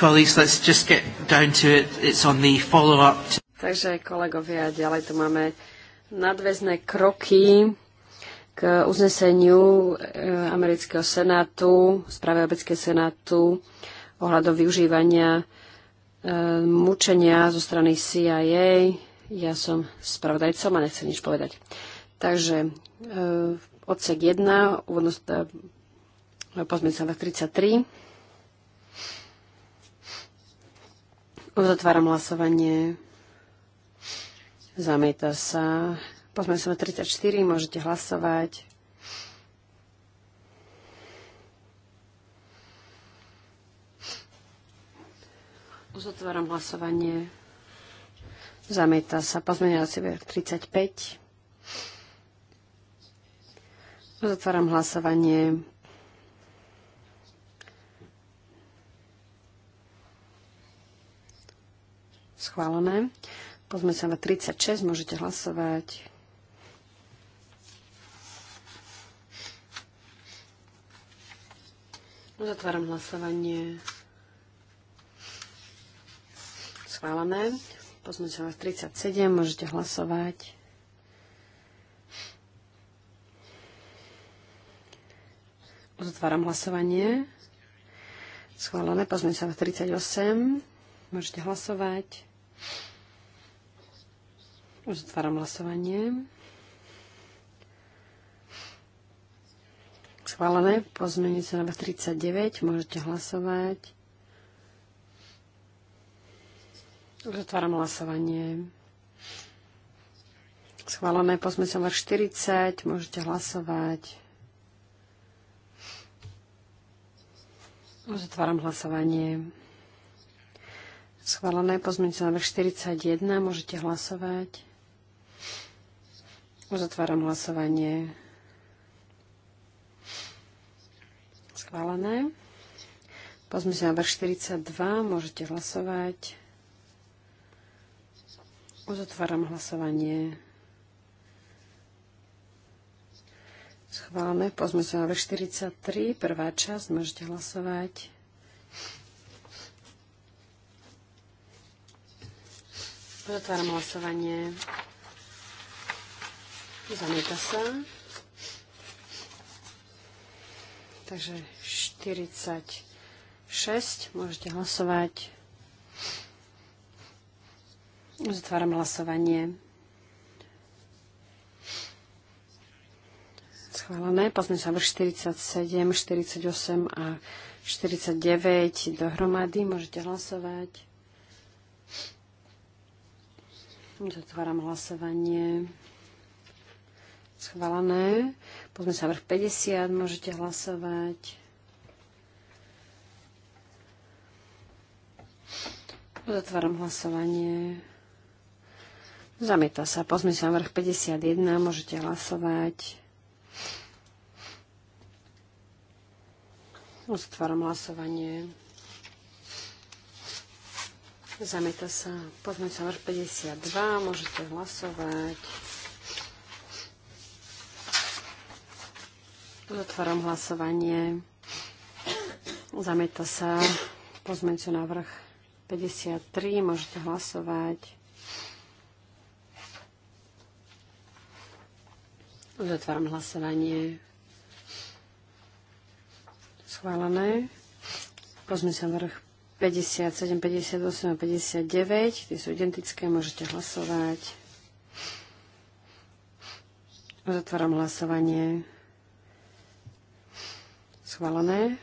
A: Colleagues, let's just get down to it. It's on the follow-up.
D: Takže kolegovia, ďalej tu máme nadväzné kroky k uzneseniu eh, amerického senátu, správe obecké senátu ohľadom využívania eh, mučenia zo strany CIA. Ja som spravodajcom a nechcem nič povedať. Takže eh, odsek 1, pozmeň sa 33. Uzatváram hlasovanie. Zamieta sa Pozme sa 34, môžete hlasovať. Uzatváram hlasovanie. Zamieta sa na sebe 35. Uzatváram hlasovanie. Schválené. Pozme sa na 36, môžete hlasovať. Uzatváram hlasovanie. Schválené. Pozmeň sa vás 37, môžete hlasovať. Uzatváram hlasovanie. Schválené. Pozmeň sa vás 38, môžete hlasovať. Uzatváram hlasovanie. Schválené. Pozmeniť sa na 39. Môžete hlasovať. Zatváram hlasovanie. Schválené sa na 40. Môžete hlasovať. Zatváram hlasovanie. Schválené sa na 41. Môžete hlasovať. Uzatváram hlasovanie. Schválené. Pozme sa návrh 42. Môžete hlasovať. Uzatváram hlasovanie. Schválené. Pozme sa návrh 43. Prvá časť. Môžete hlasovať. Uzatváram hlasovanie. Zamieta sa. Takže 46. Môžete hlasovať. Zatváram hlasovanie. Schválené. Pozme sa vrch 47, 48 a 49 dohromady. Môžete hlasovať. Zatváram hlasovanie. Schválené. Pozme sa vrch 50, môžete hlasovať. Zatváram hlasovanie. Zamieta sa. Pozme sa vrch 51, môžete hlasovať. Zatváram hlasovanie. Zamieta sa. Pozme sa vrch 52, môžete hlasovať. Uzatváram hlasovanie. Zamieta sa pozmeňujúci návrh 53. Môžete hlasovať. Uzatváram hlasovanie. Schválené. Pozmeňujúci návrh 57, 58 a 59. Tie sú identické. Môžete hlasovať. Uzatváram hlasovanie schválené.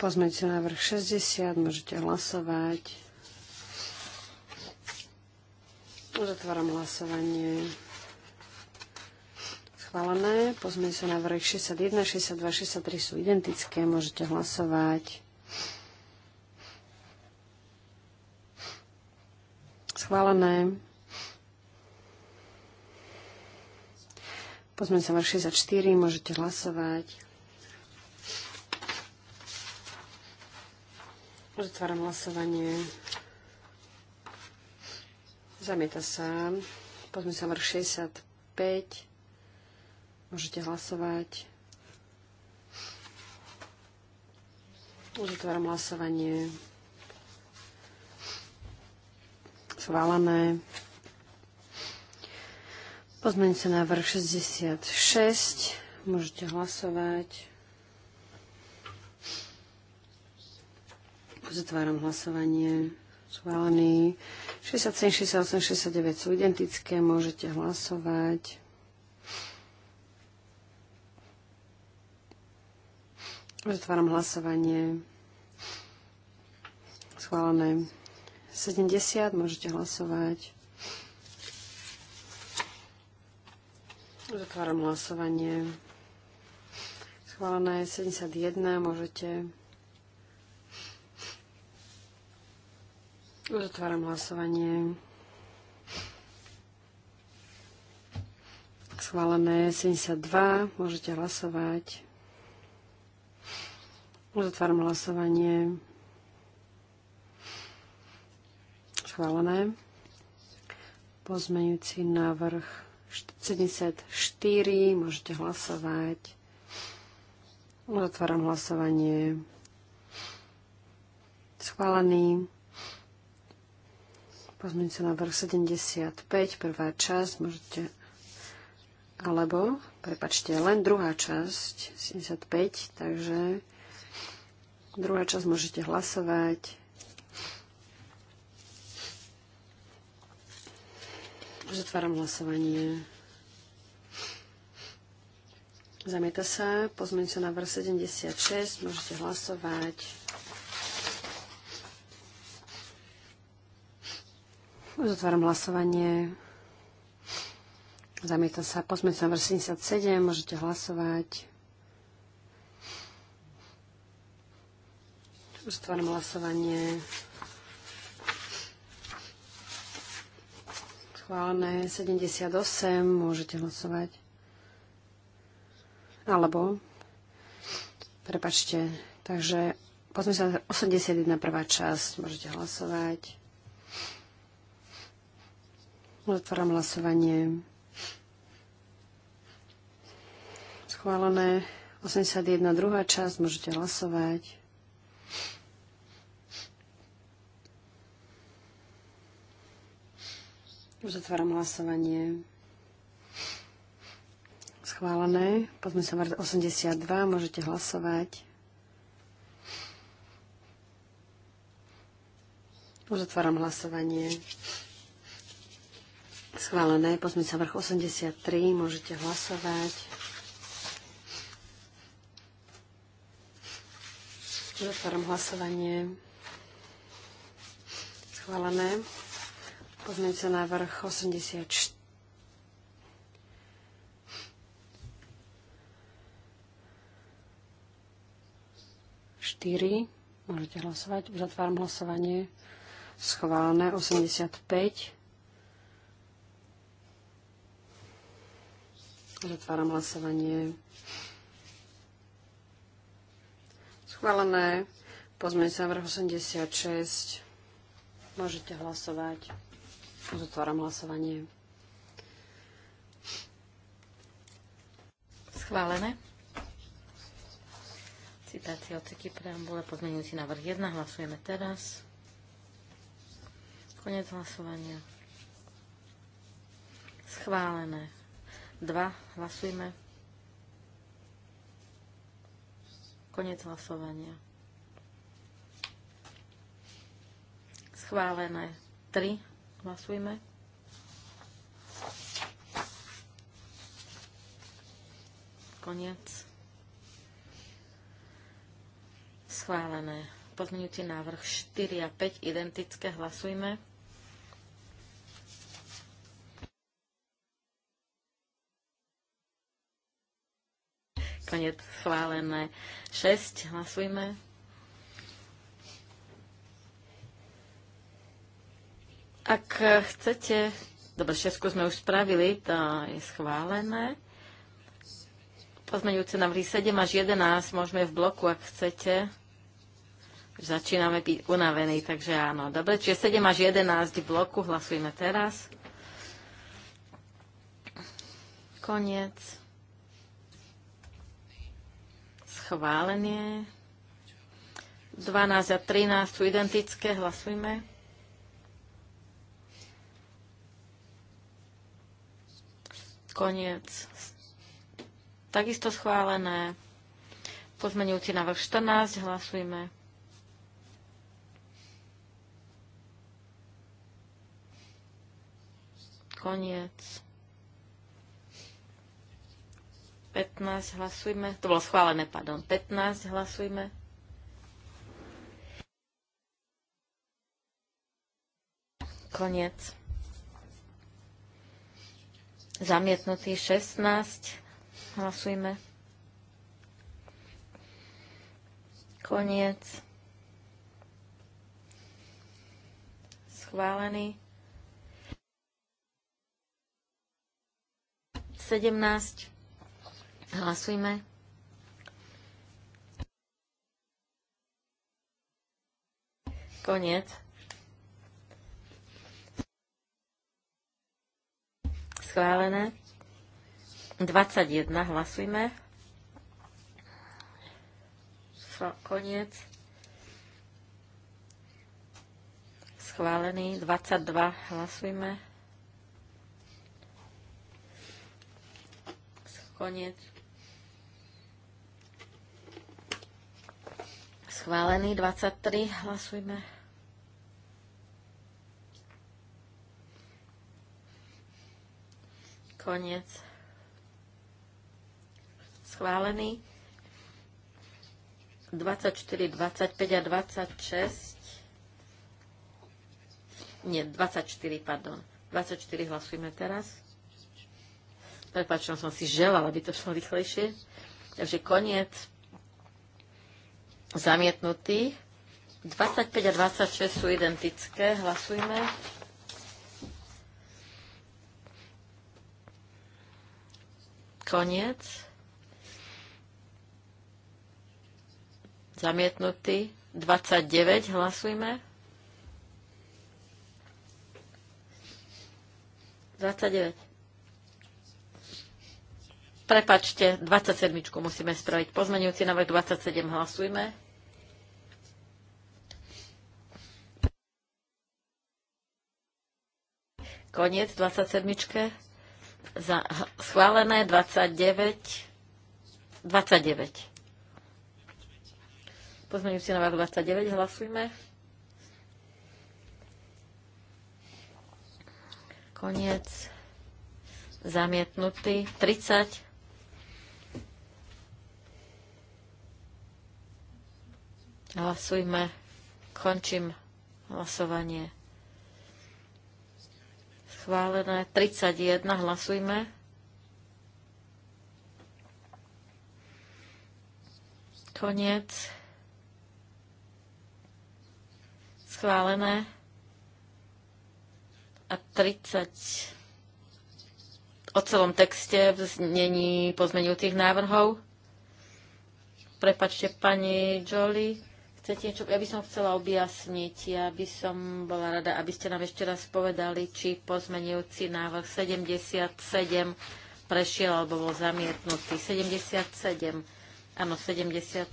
D: Pozmeňte návrh 60, môžete hlasovať. Zatváram hlasovanie. Schválené. Pozmeňte návrh 61, 62, 63 sú identické, môžete hlasovať. Schválené. Pozme sa vrch 64, môžete hlasovať. Zatváram hlasovanie. Zamieta sa. Pozme sa vrch 65. Môžete hlasovať. Uzatváram hlasovanie. Schválené. Pozmeň sa návrh 66. Môžete hlasovať. Zatváram hlasovanie. Schválený. 67, 68, 69 sú identické. Môžete hlasovať. Zatváram hlasovanie. Schválené. 70. Môžete hlasovať. Zatváram hlasovanie. Schválené 71, môžete. Uzatváram hlasovanie. Schválené 72, môžete hlasovať. Uzatváram hlasovanie. Schválené. Pozmeňujúci návrh 74, môžete hlasovať. Uzatváram hlasovanie. Schválený. sa na vrch 75, prvá časť, môžete alebo, prepačte, len druhá časť, 75, takže druhá časť môžete hlasovať. otváram hlasovanie. Zamieta sa. Pozmeň sa na vrch 76. Môžete hlasovať. otváram hlasovanie. Zamieta sa. Pozmeň sa na vrch 77. Môžete hlasovať. otváram hlasovanie. Schválené 78, môžete hlasovať. Alebo, prepačte, takže pozme sa 81 prvá časť, môžete hlasovať. Otváram hlasovanie. Schválené 81 druhá časť, môžete hlasovať. Zatváram hlasovanie. Schválené. Poďme sa 82. Môžete hlasovať. Uzatváram hlasovanie. Schválené. Pozmeň sa vrch 83. Môžete hlasovať. Uzatváram hlasovanie. Schválené. Pozmeňujúci návrh 84. Môžete hlasovať. Uzatváram hlasovanie. Schválené 85. Zatváram hlasovanie. Schválené. Pozmeňujúci sa vrch 86. Môžete hlasovať. Uzatváram hlasovanie.
B: Schválené. Citácie odseky preambule, pozmeňujúci návrh 1. Hlasujeme teraz. Konec hlasovania. Schválené. 2. Hlasujeme. Konec hlasovania. Schválené. 3. Hlasujme. Koniec. Schválené. Pozmeňujúci návrh 4 a 5 identické. Hlasujme. Koniec schválené. 6. Hlasujme. Ak chcete, dobre, šesku sme už spravili, to je schválené. Pozmeňujúce návrhy 7 až 11 môžeme v bloku, ak chcete. Začíname byť unavení, takže áno. Dobre, čiže 7 až 11 v bloku, hlasujeme teraz. Koniec. Schválenie. 12 a 13 sú identické, hlasujme. Koniec. Takisto schválené. Pozmenujúci návrh 14. Hlasujme. Koniec. 15 hlasujme. To bolo schválené, pardon. 15 hlasujme. Koniec. Zamietnutý 16. Hlasujme. Koniec. Schválený. 17. Hlasujme. Koniec. Schválené. 21. Hlasujme. Koniec. Schválený. 22. Hlasujme. Koniec. Schválený. 23. Hlasujme. Koniec. Schválený. 24, 25 a 26. Nie, 24, pardon. 24 hlasujeme teraz. Prepačujem, som si želala, aby to šlo rýchlejšie. Takže koniec zamietnutý. 25 a 26 sú identické. Hlasujme. Koniec. Zamietnutý. 29. Hlasujme. 29. Prepačte, 27 musíme spraviť. Pozmenujúci návrh 27 hlasujme. Koniec 27 za schválené 29. 29. Pozmeňujúci návrh 29, hlasujme. Koniec. Zamietnutý. 30. Hlasujme. Končím hlasovanie schválené. 31 hlasujme. Koniec. Schválené. A 30 o celom texte v znení pozmenutých návrhov. Prepačte, pani Jolie. Chcete niečo? Ja by som chcela objasniť. Ja by som bola rada, aby ste nám ešte raz povedali, či pozmenujúci návrh 77 prešiel alebo bol zamietnutý. 77. Áno, 77.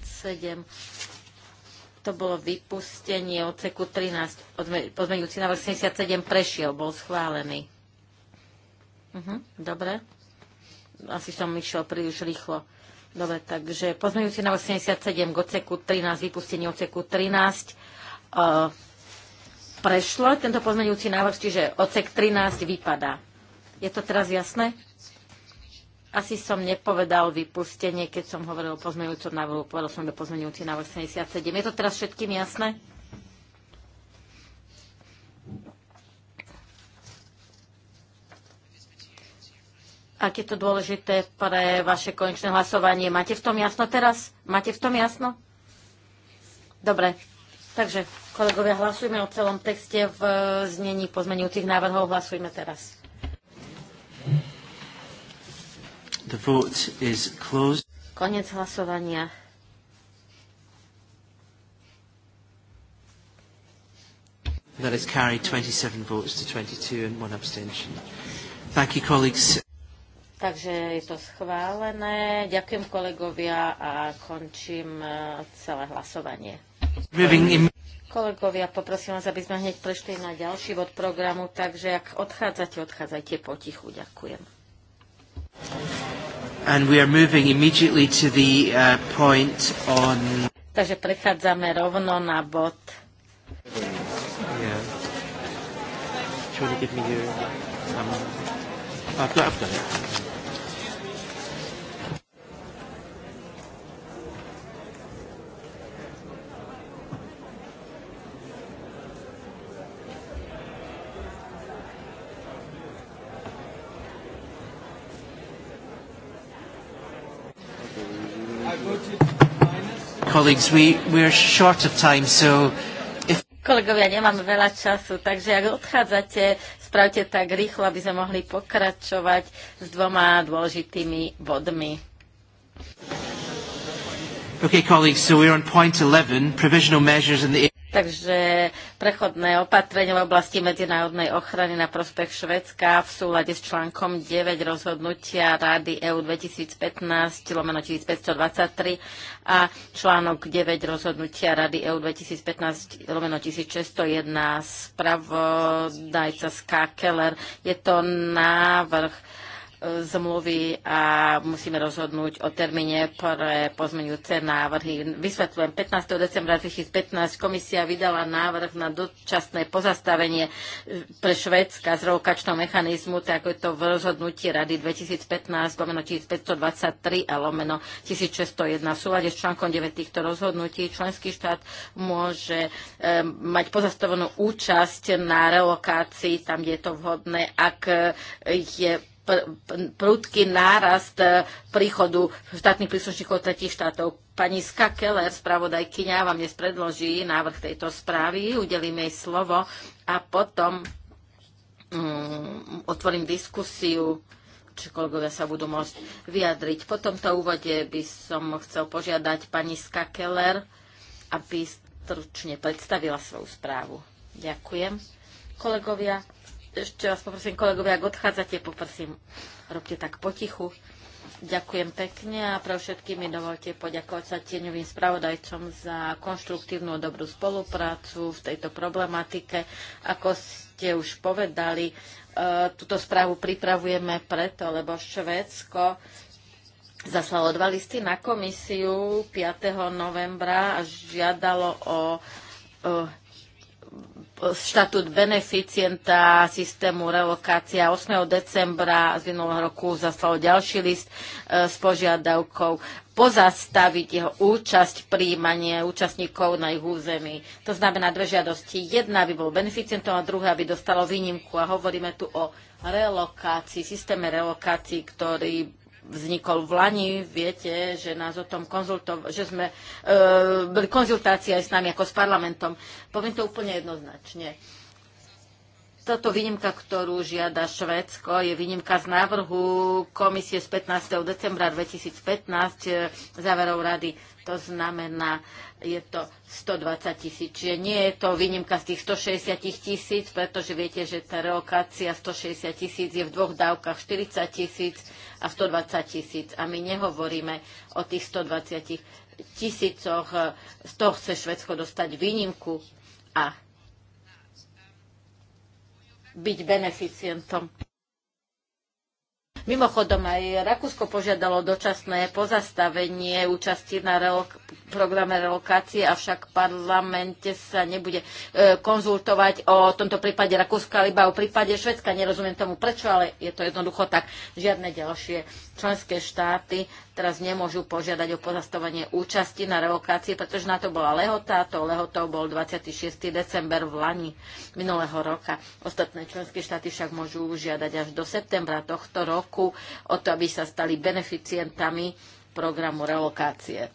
B: To bolo vypustenie odseku 13. Pozmenujúci návrh 77 prešiel, bol schválený. Uh-huh, dobre. Asi som išiel príliš rýchlo. Dobre, takže pozmeňujúci na 87 k oceku 13, vypustenie oceku 13 uh, prešlo tento pozmeňujúci návrh, čiže ocek 13 vypadá. Je to teraz jasné? Asi som nepovedal vypustenie, keď som hovoril o pozmeňujúcom návrhu, povedal som iba pozmeňujúci návrh 77. Je to teraz všetkým jasné? ak je to dôležité pre vaše konečné hlasovanie. Máte v tom jasno teraz? Máte v tom jasno? Dobre. Takže, kolegovia, hlasujme o celom texte v e, znení pozmenujúcich návrhov. Hlasujme teraz.
A: The vote is closed.
B: Konec hlasovania.
A: That is carried 27 votes to 22 and one abstention. Thank you, colleagues.
B: Takže je to schválené. Ďakujem kolegovia a končím e, celé hlasovanie. Kolegovia, poprosím vás, aby sme hneď prešli na ďalší vod programu, takže ak odchádzate, odchádzajte potichu.
A: Ďakujem. And we are moving immediately to the uh, point on...
B: Takže prechádzame rovno na bod.
A: Yeah. Do you want to give me your... Um, I've got, I've got it. colleagues, we, we're short of time, so if...
B: Kolegovia, nemám veľa času, takže ak odchádzate, spravte tak rýchlo, aby sme mohli pokračovať s dvoma dôležitými bodmi.
A: Okay, colleagues, so we're on point 11, provisional measures in the...
B: Takže prechodné opatrenie v oblasti medzinárodnej ochrany na prospech Švedska v súlade s článkom 9 rozhodnutia Rady EU 2015 lomeno 1523 a článok 9 rozhodnutia Rady EU 2015 lomeno 1601 spravodajca Skakeler. Je to návrh zmluvy a musíme rozhodnúť o termíne pre pozmeňujúce návrhy. Vysvetľujem, 15. decembra 2015 komisia vydala návrh na dočasné pozastavenie pre Švédska z rokačného mechanizmu, tak ako je to v rozhodnutí Rady 2015 lomeno 1523 a lomeno 1601. V súlade s článkom 9 týchto rozhodnutí členský štát môže e, mať pozastavenú účasť na relokácii tam, kde je to vhodné, ak je prudký nárast e, príchodu štátnych príslušníkov tretich štátov. Pani Ska Keller, spravodajkyňa, vám dnes predloží návrh tejto správy, Udelím jej slovo a potom mm, otvorím diskusiu či kolegovia sa budú môcť vyjadriť. Po tomto úvode by som chcel požiadať pani Ska Keller, aby stručne predstavila svoju správu. Ďakujem. Kolegovia, ešte vás poprosím, kolegovia, ak odchádzate, poprosím, robte tak potichu. Ďakujem pekne a pre všetky mi dovolte poďakovať sa tieňovým spravodajcom za konštruktívnu a dobrú spoluprácu v tejto problematike. Ako ste už povedali, e, túto správu pripravujeme preto, lebo Švédsko zaslalo dva listy na komisiu 5. novembra a žiadalo o e, štatút beneficienta systému relokácia 8. decembra z minulého roku zaslal ďalší list e, s požiadavkou pozastaviť jeho účasť príjmanie účastníkov na ich území. To znamená dve žiadosti. Jedna by bol beneficientom a druhá by dostalo výnimku. A hovoríme tu o relokácii, systéme relokácií, ktorý vznikol v Lani. Viete, že nás o tom konzultovali, že sme, e, boli konzultácie aj s nami ako s parlamentom. Poviem to úplne jednoznačne. Toto výnimka, ktorú žiada Švédsko, je výnimka z návrhu komisie z 15. decembra 2015 e, záverov rady. To znamená, je to 120 tisíc. Čiže nie je to výnimka z tých 160 tisíc, pretože viete, že tá relokácia 160 tisíc je v dvoch dávkach 40 tisíc a 120 tisíc. A my nehovoríme o tých 120 tisícoch, z toho chce Švedsko dostať výnimku a byť beneficientom. Mimochodom aj Rakúsko požiadalo dočasné pozastavenie účasti na relo- programe relokácie, avšak v parlamente sa nebude e, konzultovať o tomto prípade Rakúska, iba o prípade Švedska. Nerozumiem tomu prečo, ale je to jednoducho tak. Žiadne ďalšie členské štáty teraz nemôžu požiadať o pozastavenie účasti na revokácii, pretože na to bola lehota, to lehotou bol 26. december v Lani minulého roka. Ostatné členské štáty však môžu žiadať až do septembra tohto roku o to, aby sa stali beneficientami programu relokácie.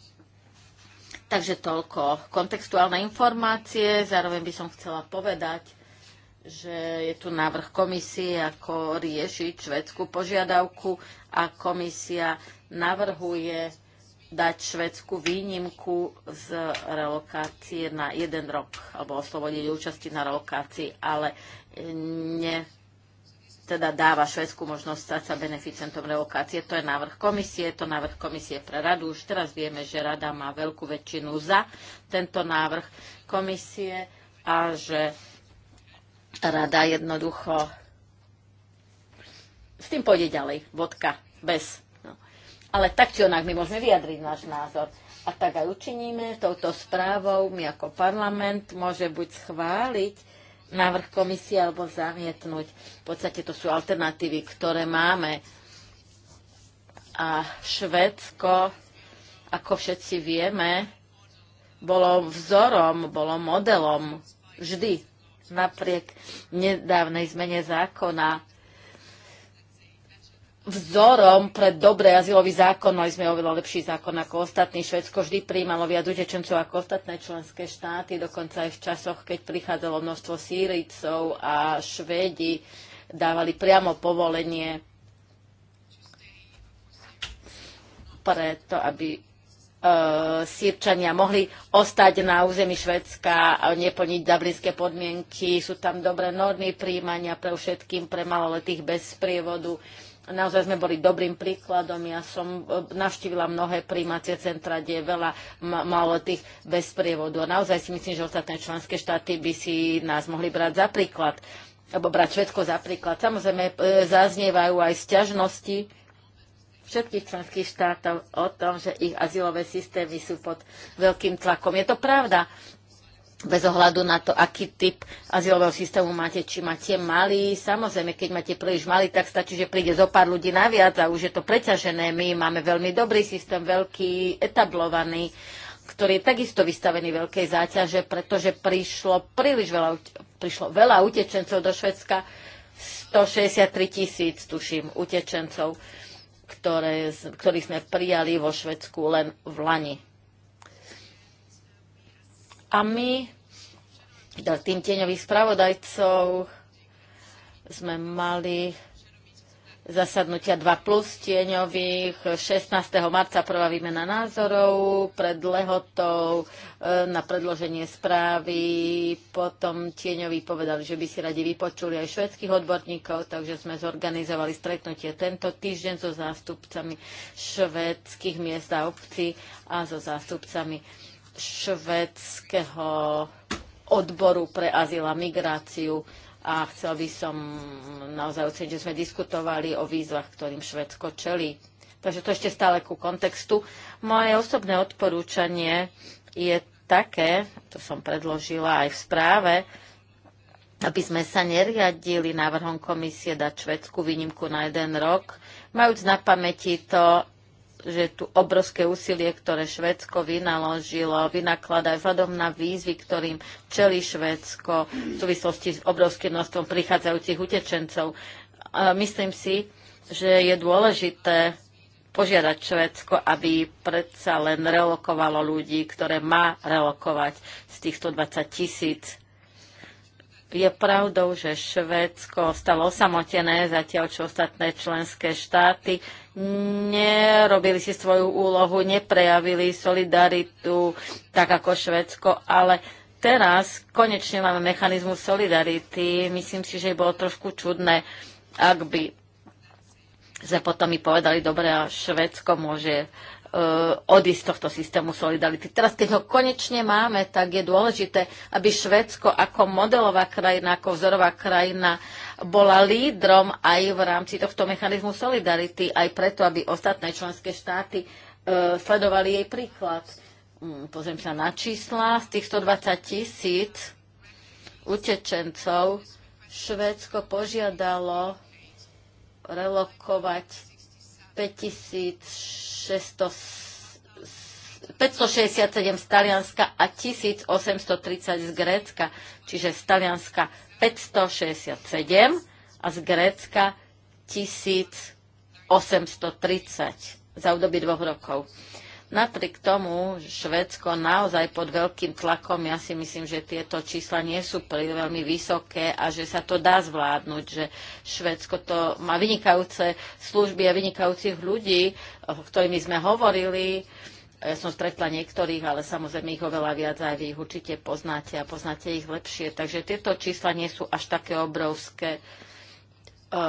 B: Takže toľko kontextuálne informácie. Zároveň by som chcela povedať, že je tu návrh komisie, ako riešiť švedskú požiadavku a komisia navrhuje dať švedskú výnimku z relokácie na jeden rok alebo oslobodiť účasti na relokácii, ale ne, teda dáva Švedsku možnosť stať sa beneficentom relokácie. To je návrh komisie, je to návrh komisie pre radu. Už teraz vieme, že rada má veľkú väčšinu za tento návrh komisie a že rada jednoducho s tým pôjde ďalej. Vodka. Bez. No. Ale tak či onak my môžeme vyjadriť náš názor. A tak aj učiníme touto správou. My ako parlament môže buď schváliť návrh komisie alebo zamietnúť. V podstate to sú alternatívy, ktoré máme. A Švedsko, ako všetci vieme, bolo vzorom, bolo modelom vždy napriek nedávnej zmene zákona vzorom pre dobrý azylový zákon. Mali sme oveľa lepší zákon ako ostatní. Švedsko vždy príjmalo viac utečencov ako ostatné členské štáty, dokonca aj v časoch, keď prichádzalo množstvo Sýricov a Švédi dávali priamo povolenie pre to, aby E, Sýrčania mohli ostať na území Švedska a e, neplniť dublinské podmienky. Sú tam dobré normy príjmania pre všetkým, pre maloletých bez sprievodu. Naozaj sme boli dobrým príkladom. Ja som e, navštívila mnohé príjmacie centra, kde je veľa maloletých bez sprievodu. A naozaj si myslím, že ostatné členské štáty by si nás mohli brať za príklad alebo brať Švedsko za príklad. Samozrejme, zaznievajú aj sťažnosti všetkých členských štátov o tom, že ich azylové systémy sú pod veľkým tlakom. Je to pravda bez ohľadu na to, aký typ azylového systému máte, či máte malý. Samozrejme, keď máte príliš malý, tak stačí, že príde zo pár ľudí naviac a už je to preťažené. My máme veľmi dobrý systém, veľký, etablovaný, ktorý je takisto vystavený veľkej záťaže, pretože prišlo príliš veľa, prišlo veľa utečencov do Švedska, 163 tisíc, tuším, utečencov ktoré, ktorých sme prijali vo Švedsku len v Lani. A my, teda tým tieňových spravodajcov, sme mali zasadnutia 2 plus tieňových 16. marca prvá výmena názorov pred lehotou e, na predloženie správy. Potom tieňoví povedali, že by si radi vypočuli aj švedských odborníkov, takže sme zorganizovali stretnutie tento týždeň so zástupcami švedských miest a obcí a so zástupcami švedského odboru pre azyl a migráciu a chcel by som naozaj oceniť, že sme diskutovali o výzvach, ktorým Švedsko čelí. Takže to ešte stále ku kontextu. Moje osobné odporúčanie je také, to som predložila aj v správe, aby sme sa neriadili návrhom komisie dať Švedsku výnimku na jeden rok, majúc na pamäti to, že tu obrovské úsilie, ktoré Švédsko vynaložilo, vynakladá vzhľadom na výzvy, ktorým čeli Švédsko v súvislosti s obrovským množstvom prichádzajúcich utečencov. A myslím si, že je dôležité požiadať Švedsko, aby predsa len relokovalo ľudí, ktoré má relokovať z tých 120 tisíc je pravdou, že Švédsko stalo osamotené, zatiaľ čo ostatné členské štáty nerobili si svoju úlohu, neprejavili solidaritu tak ako Švédsko, ale teraz konečne máme mechanizmus solidarity. Myslím si, že bolo trošku čudné, ak by sme potom mi povedali, dobre, a Švédsko môže Eh, odísť z tohto systému solidarity. Teraz, keď ho konečne máme, tak je dôležité, aby Švedsko ako modelová krajina, ako vzorová krajina bola lídrom aj v rámci tohto mechanizmu solidarity, aj preto, aby ostatné členské štáty eh, sledovali jej príklad. Mm, pozriem sa na čísla. Z tých 120 tisíc utečencov Švédsko požiadalo relokovať 567 z Talianska a 1830 z Grécka, čiže z Talianska 567 a z Grécka 1830 za obdobie dvoch rokov. Napriek tomu Švedsko naozaj pod veľkým tlakom, ja si myslím, že tieto čísla nie sú veľmi vysoké a že sa to dá zvládnuť, že Švedsko to má vynikajúce služby a vynikajúcich ľudí, o ktorými sme hovorili. Ja e, som stretla niektorých, ale samozrejme ich oveľa viac aj vy ich určite poznáte a poznáte ich lepšie. Takže tieto čísla nie sú až také obrovské. E,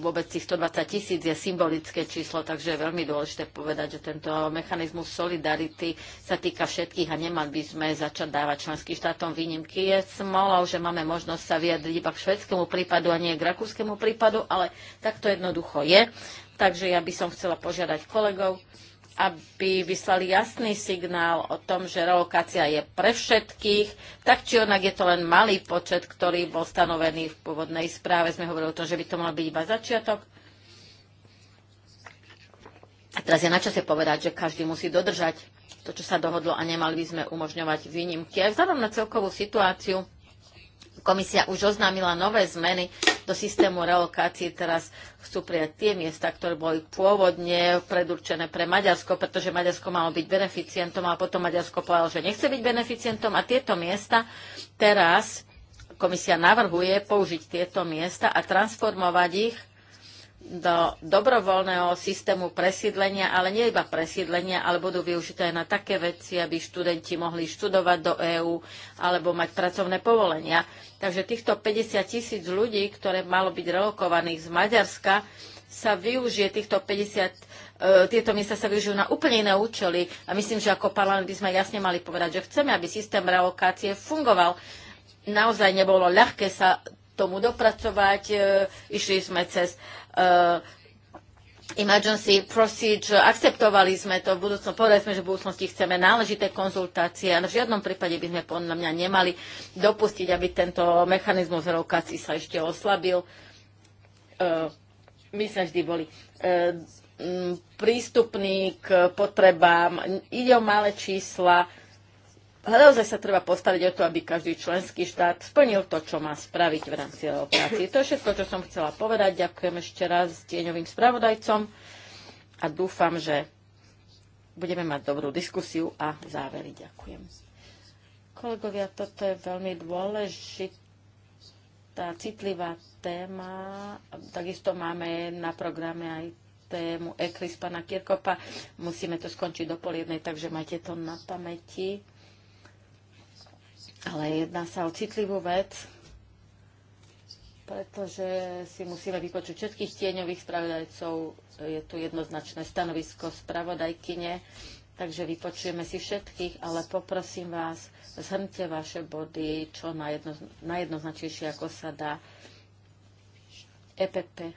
B: vôbec tých 120 tisíc je symbolické číslo, takže je veľmi dôležité povedať, že tento mechanizmus solidarity sa týka všetkých a nemali by sme začať dávať členským štátom výnimky. Je smolou, že máme možnosť sa vyjadriť iba k švedskému prípadu a nie k rakúskému prípadu, ale takto jednoducho je. Takže ja by som chcela požiadať kolegov, aby vyslali jasný signál o tom, že relokácia je pre všetkých. Tak či onak je to len malý počet, ktorý bol stanovený v pôvodnej správe. Sme hovorili o tom, že by to mal byť iba začiatok. A teraz je na čase povedať, že každý musí dodržať to, čo sa dohodlo a nemali by sme umožňovať výnimky. Aj vzhľadom na celkovú situáciu Komisia už oznámila nové zmeny do systému relokácie, Teraz chcú prijať tie miesta, ktoré boli pôvodne predurčené pre Maďarsko, pretože Maďarsko malo byť beneficientom a potom Maďarsko povedalo, že nechce byť beneficientom a tieto miesta teraz komisia navrhuje použiť tieto miesta a transformovať ich do dobrovoľného systému presídlenia, ale nie iba presídlenia, ale budú využité aj na také veci, aby študenti mohli študovať do EÚ alebo mať pracovné povolenia. Takže týchto 50 tisíc ľudí, ktoré malo byť relokovaných z Maďarska, sa využije týchto 50, e, tieto miesta sa využijú na úplne iné účely a myslím, že ako parlament by sme jasne mali povedať, že chceme, aby systém relokácie fungoval. Naozaj nebolo ľahké sa tomu dopracovať. E, išli sme cez e, emergency procedure, akceptovali sme to v budúcnosti, povedali sme, že v budúcnosti chceme náležité konzultácie ale v žiadnom prípade by sme podľa mňa nemali dopustiť, aby tento mechanizmus relokácií sa ešte oslabil. E, my sme vždy boli prístupní k potrebám. Ide o malé čísla, naozaj sa treba postaviť o to, aby každý členský štát splnil to, čo má spraviť v rámci operácie. To je všetko, čo som chcela povedať. Ďakujem ešte raz tieňovým spravodajcom a dúfam, že budeme mať dobrú diskusiu a závery. Ďakujem. Kolegovia, toto je veľmi dôležitá, citlivá téma. Takisto máme na programe aj tému ECRIS pana Kirkopa. Musíme to skončiť do poliednej, takže majte to na pamäti. Ale jedná sa o citlivú vec, pretože si musíme vypočuť všetkých tieňových spravodajcov. Je tu jednoznačné stanovisko spravodajkyne, takže vypočujeme si všetkých, ale poprosím vás, zhrňte vaše body čo najjedno, najjednoznačnejšie, ako sa dá. EPP.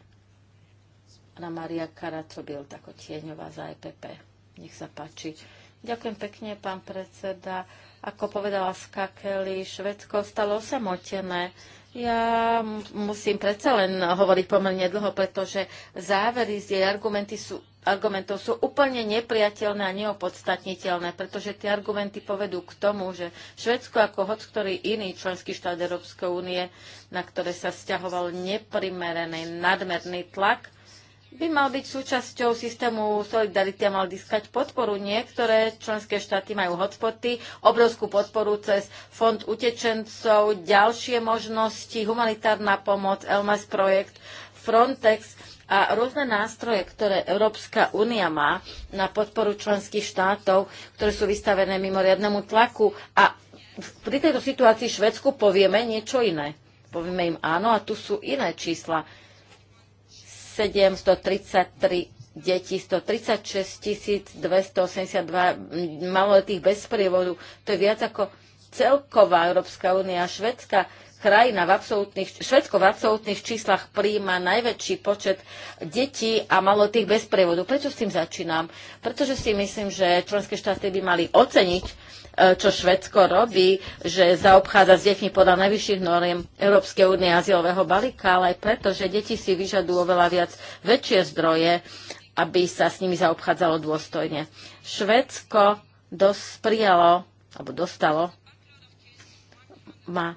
B: Na Maria Karacobilt ako tieňová za EPP. Nech sa páči. Ďakujem pekne, pán predseda. Ako povedala Skakeli, Švedsko stalo samotené. Ja musím predsa len hovoriť pomerne dlho, pretože závery z jej argumenty sú, argumentov sú úplne nepriateľné a neopodstatniteľné, pretože tie argumenty povedú k tomu, že Švedsko ako hoc ktorý iný členský štát Európskej únie, na ktoré sa stiahoval neprimeraný nadmerný tlak, by mal byť súčasťou systému solidarity a mal diskať podporu. Niektoré členské štáty majú hotspoty, obrovskú podporu cez fond utečencov, ďalšie možnosti, humanitárna pomoc, LMS projekt, Frontex a rôzne nástroje, ktoré Európska únia má na podporu členských štátov, ktoré sú vystavené mimoriadnemu tlaku. A pri tejto situácii Švedsku povieme niečo iné. Povieme im áno a tu sú iné čísla 733 detí, 136 282 maloletých bez prievodu. To je viac ako celková Európska únia. švedská krajina v absolútnych, Švedsko v absolútnych číslach príjma najväčší počet detí a malotých bez prievodu. Prečo s tým začínam? Pretože si myslím, že členské štáty by mali oceniť E, čo Švedsko robí, že zaobchádza s deťmi podľa najvyšších noriem Európskej únie azylového balíka, ale aj preto, že deti si vyžadujú oveľa viac väčšie zdroje, aby sa s nimi zaobchádzalo dôstojne. Švedsko dosprijalo, alebo dostalo, má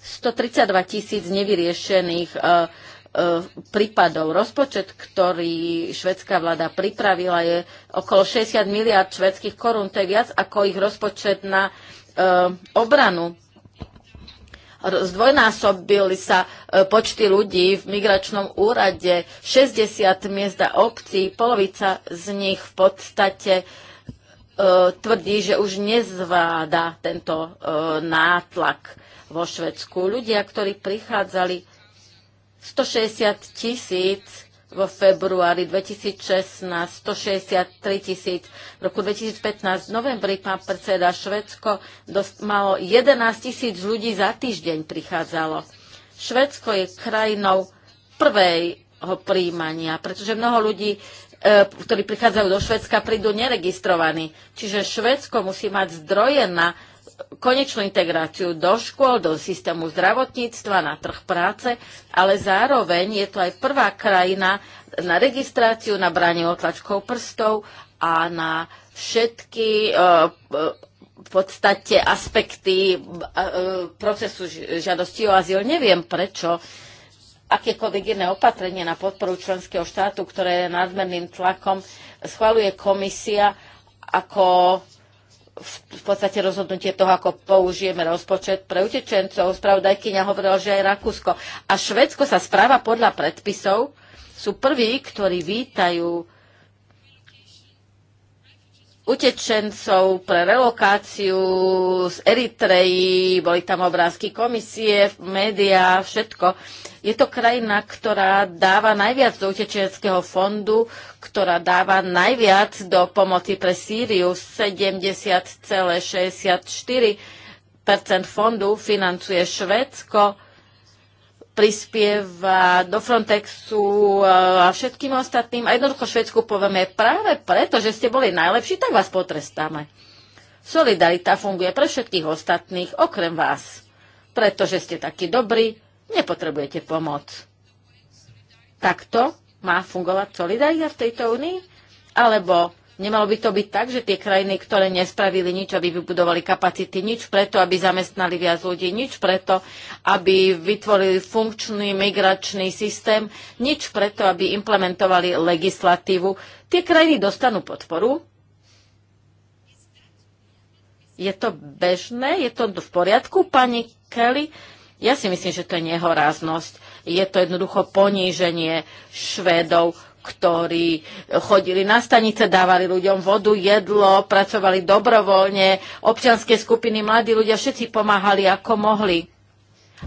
B: 132 tisíc nevyriešených uh, E, prípadov. Rozpočet, ktorý švedská vláda pripravila, je okolo 60 miliard švedských korún. To je viac ako ich rozpočet na e, obranu zdvojnásobili sa e, počty ľudí v migračnom úrade, 60 miest a obcí, polovica z nich v podstate tvrdí, že už nezváda tento nátlak vo Švedsku. Ľudia, ktorí prichádzali 160 tisíc vo februári 2016, 163 tisíc, v roku 2015, v novembri pán predseda Švedsko dost, malo 11 tisíc ľudí za týždeň prichádzalo. Švedsko je krajinou prvého príjmania, pretože mnoho ľudí, e, ktorí prichádzajú do Švedska, prídu neregistrovaní. Čiže Švedsko musí mať zdroje na konečnú integráciu do škôl, do systému zdravotníctva, na trh práce, ale zároveň je to aj prvá krajina na registráciu, na branie otlačkov prstov a na všetky e, e, v podstate aspekty e, procesu žiadosti o azyl. Neviem prečo akékoľvek iné opatrenie na podporu členského štátu, ktoré je nadmerným tlakom, schvaluje komisia ako v podstate rozhodnutie toho, ako použijeme rozpočet pre utečencov. Spravodajkyňa hovorila, že aj Rakúsko. A Švedsko sa správa podľa predpisov. Sú prví, ktorí vítajú utečencov pre relokáciu z Eritreji, boli tam obrázky komisie, médiá, všetko. Je to krajina, ktorá dáva najviac do utečenského fondu, ktorá dáva najviac do pomoci pre Sýriu, 70,64 fondu financuje Švédsko, prispieva do Frontexu e, a všetkým ostatným. A jednoducho Švedsku povieme, práve preto, že ste boli najlepší, tak vás potrestáme. Solidarita funguje pre všetkých ostatných, okrem vás. Pretože ste takí dobrí, nepotrebujete pomoc. Takto má fungovať solidarita v tejto únii? Alebo Nemalo by to byť tak, že tie krajiny, ktoré nespravili nič, aby vybudovali kapacity, nič preto, aby zamestnali viac ľudí, nič preto, aby vytvorili funkčný migračný systém, nič preto, aby implementovali legislatívu. Tie krajiny dostanú podporu, je to bežné? Je to v poriadku, pani Kelly? Ja si myslím, že to je nehoráznosť. Je to jednoducho poníženie Švédov ktorí chodili na stanice, dávali ľuďom vodu, jedlo, pracovali dobrovoľne, občianské skupiny, mladí ľudia, všetci pomáhali ako mohli.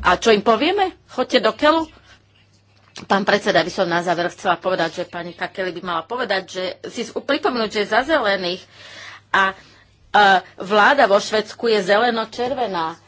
B: A čo im povieme? Chodte do Kelu. Pán predseda, by som na záver chcela povedať, že pani Kakeli by mala povedať, že si pripomenúť, že je za zelených a, a vláda vo Švedsku je zeleno-červená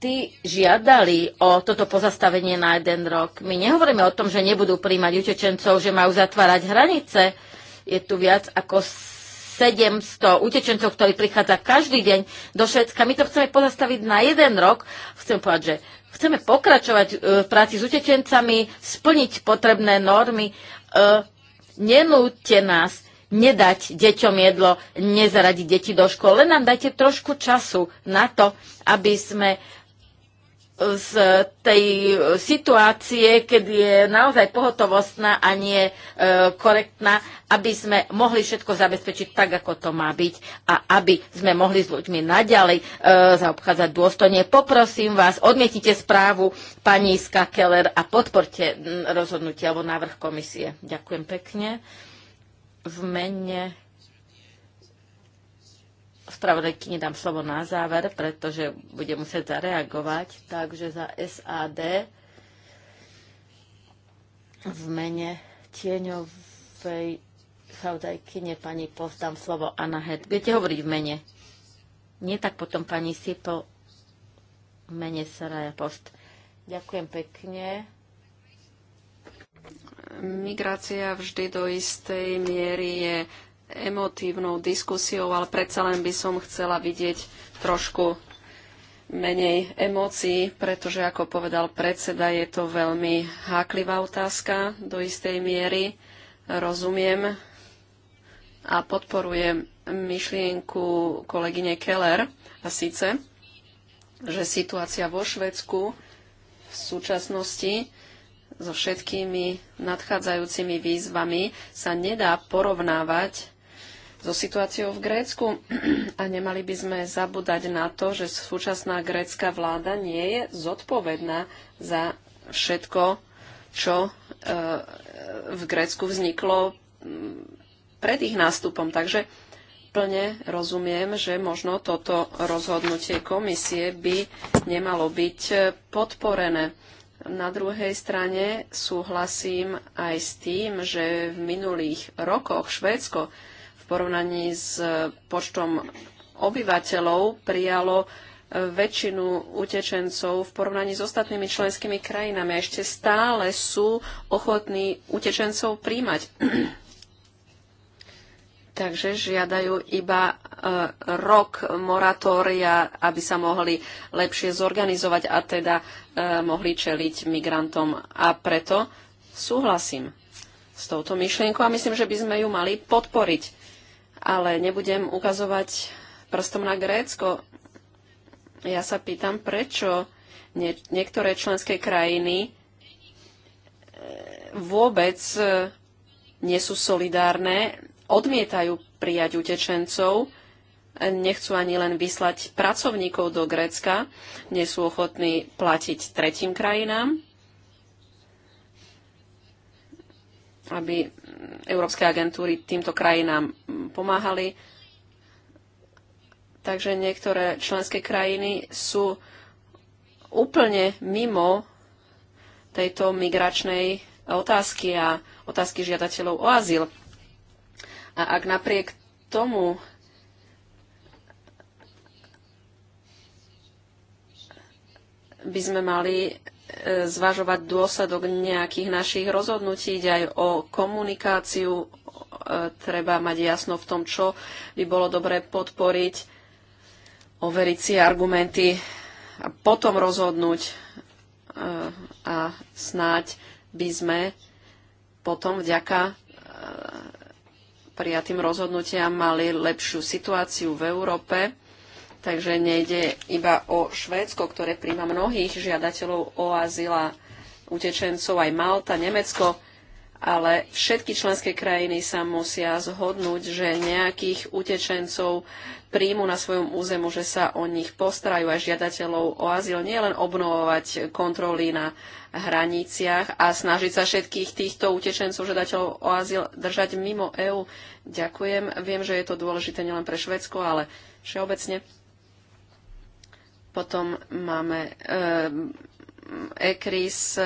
B: štáty žiadali o toto pozastavenie na jeden rok. My nehovoríme o tom, že nebudú príjmať utečencov, že majú zatvárať hranice. Je tu viac ako 700 utečencov, ktorí prichádza každý deň do Švedska. My to chceme pozastaviť na jeden rok. Chcem povedať, že chceme pokračovať e, v práci s utečencami, splniť potrebné normy. E, nenúďte nás nedať deťom jedlo, nezaradiť deti do škôl. Len nám dajte trošku času na to, aby sme z tej situácie, kedy je naozaj pohotovostná a nie e, korektná, aby sme mohli všetko zabezpečiť tak, ako to má byť a aby sme mohli s ľuďmi naďalej e, zaobchádzať dôstojne. Poprosím vás, odmietite správu pani Iska Keller a podporte rozhodnutie alebo návrh komisie. Ďakujem pekne. V mene spravodajky nedám slovo na záver, pretože bude musieť zareagovať. Takže za SAD v mene tieňovej spravodajkyne pani postám slovo Anna Hed. Budete hovoriť v mene? Nie, tak potom pani Sipo v mene Saraja Post.
C: Ďakujem pekne. Migrácia vždy do istej miery je emotívnou diskusiou, ale predsa len by som chcela vidieť trošku menej emócií, pretože, ako povedal predseda, je to veľmi háklivá otázka do istej miery. Rozumiem a podporujem myšlienku kolegyne Keller a síce, že situácia vo Švedsku v súčasnosti so všetkými nadchádzajúcimi výzvami sa nedá porovnávať so situáciou v Grécku a nemali by sme zabúdať na to, že súčasná grécka vláda nie je zodpovedná za všetko, čo e, v Grécku vzniklo pred ich nástupom. Takže plne rozumiem, že možno toto rozhodnutie komisie by nemalo byť e, podporené. Na druhej strane súhlasím aj s tým, že v minulých rokoch Švédsko porovnaní s počtom obyvateľov prijalo e, väčšinu utečencov v porovnaní s ostatnými členskými krajinami. A ešte stále sú ochotní utečencov príjmať. Takže žiadajú iba e, rok moratória, aby sa mohli lepšie zorganizovať a teda e, mohli čeliť migrantom. A preto súhlasím s touto myšlienkou a myslím, že by sme ju mali podporiť ale nebudem ukazovať prstom na Grécko. Ja sa pýtam, prečo niektoré členské krajiny e, vôbec e, nie sú solidárne, odmietajú prijať utečencov, e, nechcú ani len vyslať pracovníkov do Grécka, nie sú ochotní platiť tretím krajinám, aby európske agentúry týmto krajinám pomáhali. Takže niektoré členské krajiny sú úplne mimo tejto migračnej otázky a otázky žiadateľov o azyl. A ak napriek tomu by sme mali zvažovať dôsledok nejakých našich rozhodnutí, ide aj o komunikáciu, e, treba mať jasno v tom, čo by bolo dobre podporiť, overiť si argumenty a potom rozhodnúť e, a snáď by sme potom vďaka e, prijatým rozhodnutiam mali lepšiu situáciu v Európe Takže nejde iba o Švédsko, ktoré príjma mnohých žiadateľov o azyl a utečencov, aj Malta, Nemecko, ale všetky členské krajiny sa musia zhodnúť, že nejakých utečencov príjmu na svojom územu, že sa o nich postarajú aj žiadateľov o azyl, nielen obnovovať kontroly na hraniciach a snažiť sa všetkých týchto utečencov, žiadateľov o azyl držať mimo EÚ. Ďakujem. Viem, že je to dôležité nielen pre Švedsko, ale všeobecne. Potom máme ECRIS eh, eh,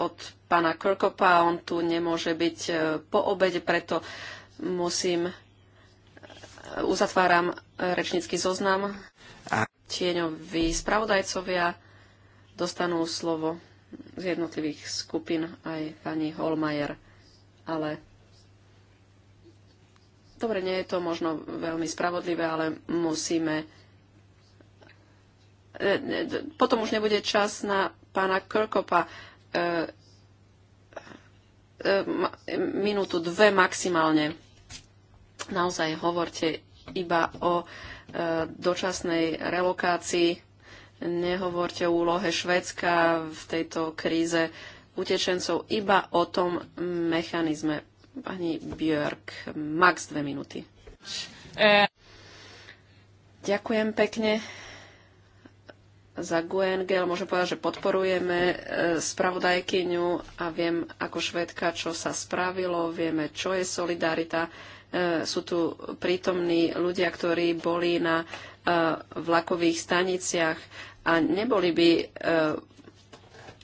C: od pána Krkopa, on tu nemôže byť eh, po obede, preto musím uzatváram rečnícky zoznam. Tieňoví spravodajcovia dostanú slovo z jednotlivých skupín aj pani Holmajer, ale dobre, nie je to možno veľmi spravodlivé, ale musíme E, potom už nebude čas na pána Krkopa. E, e, minútu, dve maximálne. Naozaj hovorte iba o dočasnej relokácii. Nehovorte o úlohe Švedska v tejto kríze utečencov, iba o tom mechanizme. Pani Björk, max dve minúty. Ďakujem pekne za Guengel môžem povedať, že podporujeme e, spravodajkyňu a viem ako švedka, čo sa spravilo, vieme, čo je solidarita. E, sú tu prítomní ľudia, ktorí boli na e, vlakových staniciach a neboli by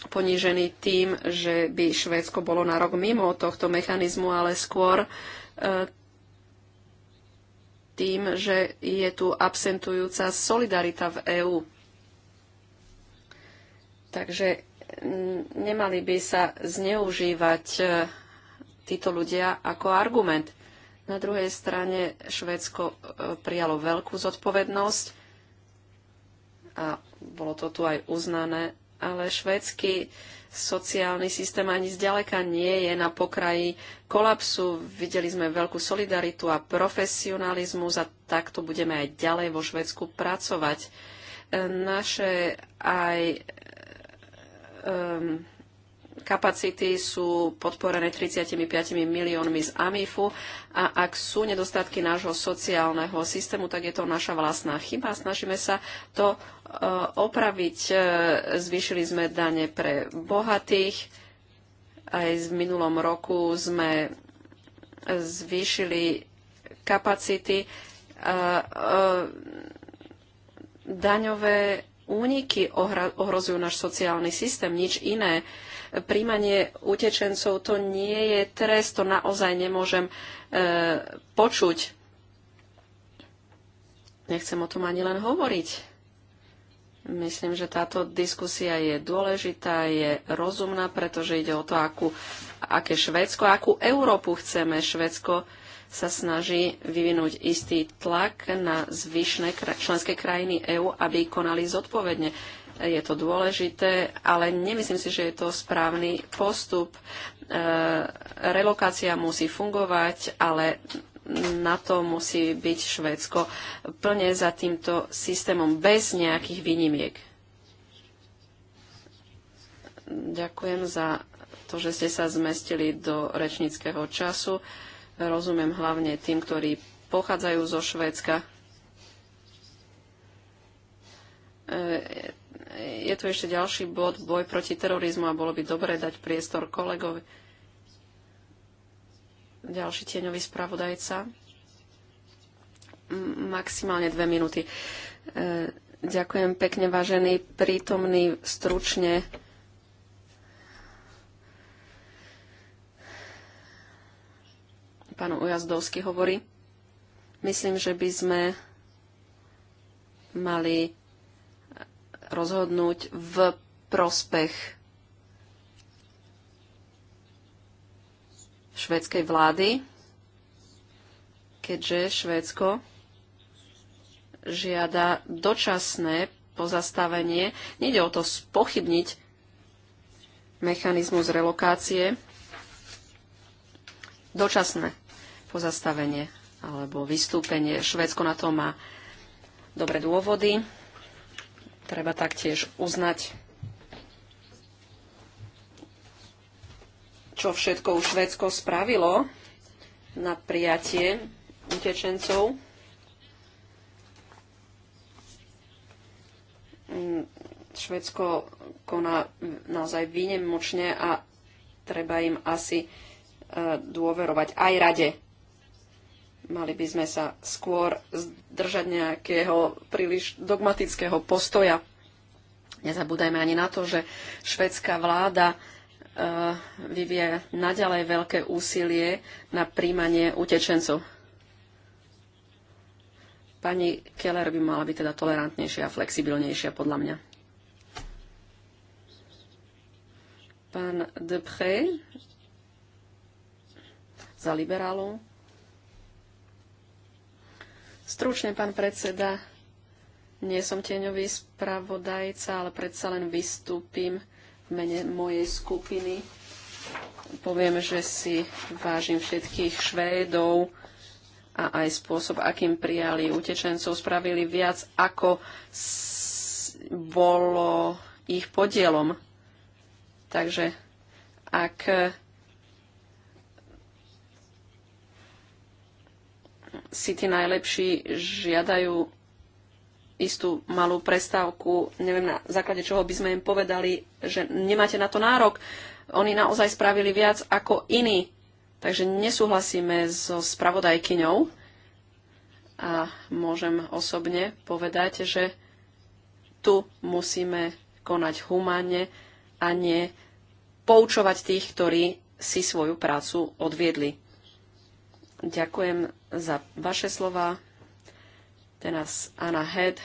C: ponížení tým, že by Švédsko bolo na rok mimo tohto mechanizmu, ale skôr tým, že je tu absentujúca solidarita v EÚ. Takže mm, nemali by sa zneužívať e, títo ľudia ako argument. Na druhej strane Švédsko e, prijalo veľkú zodpovednosť a bolo to tu aj uznané, ale švédsky sociálny systém ani zďaleka nie je na pokraji kolapsu. Videli sme veľkú solidaritu a profesionalizmus a takto budeme aj ďalej vo Švedsku pracovať. E, naše aj um, kapacity sú podporené 35 miliónmi z AMIFu a ak sú nedostatky nášho sociálneho systému, tak je to naša vlastná chyba. Snažíme sa to e, opraviť. E, zvýšili sme dane pre bohatých. Aj v minulom roku sme zvýšili kapacity. E, daňové úniky ohrozujú náš sociálny systém, nič iné. Príjmanie utečencov to nie je trest, to naozaj nemôžem e, počuť. Nechcem o tom ani len hovoriť. Myslím, že táto diskusia je dôležitá, je rozumná, pretože ide o to, akú, aké Švédsko, akú Európu chceme. Švédsko sa snaží vyvinúť istý tlak na zvyšné členské krajiny EÚ, aby konali zodpovedne. Je to dôležité, ale nemyslím si, že je to správny postup. E, relokácia musí fungovať, ale na to musí byť Švédsko plne za týmto systémom bez nejakých výnimiek. Ďakujem za to, že ste sa zmestili do rečníckého času. Rozumiem hlavne tým, ktorí pochádzajú zo Švédska. E, je tu ešte ďalší bod, boj proti terorizmu a bolo by dobré dať priestor kolegovi. Ďalší tieňový spravodajca. Maximálne dve minúty. E, ďakujem pekne, vážený prítomný, stručne pán Ujazdovský hovorí. Myslím, že by sme mali rozhodnúť v prospech švédskej vlády, keďže Švédsko žiada dočasné pozastavenie. Nede o to spochybniť mechanizmus relokácie. Dočasné pozastavenie alebo vystúpenie. Švédsko na to má dobré dôvody. Treba taktiež uznať, čo všetko už Švédsko spravilo na prijatie utečencov. Mm, Švedsko koná naozaj výnimočne a treba im asi e, dôverovať aj rade Mali by sme sa skôr zdržať nejakého príliš dogmatického postoja. Nezabúdajme ani na to, že švedská vláda e, vyvie naďalej veľké úsilie na príjmanie utečencov. Pani Keller by mala byť teda tolerantnejšia a flexibilnejšia podľa mňa. Pán Depré za liberálov. Stručne, pán predseda, nie som tieňový spravodajca, ale predsa len vystúpim v mene mojej skupiny. Poviem, že si vážim všetkých Švédov a aj spôsob, akým prijali utečencov, spravili viac, ako bolo ich podielom. Takže ak si tí najlepší žiadajú istú malú prestávku, neviem na základe čoho by sme im povedali, že nemáte na to nárok. Oni naozaj spravili viac ako iní. Takže nesúhlasíme so spravodajkyňou a môžem osobne povedať, že tu musíme konať humánne a nie poučovať tých, ktorí si svoju prácu odviedli. Ďakujem za vaše slova. Teraz Anna Head.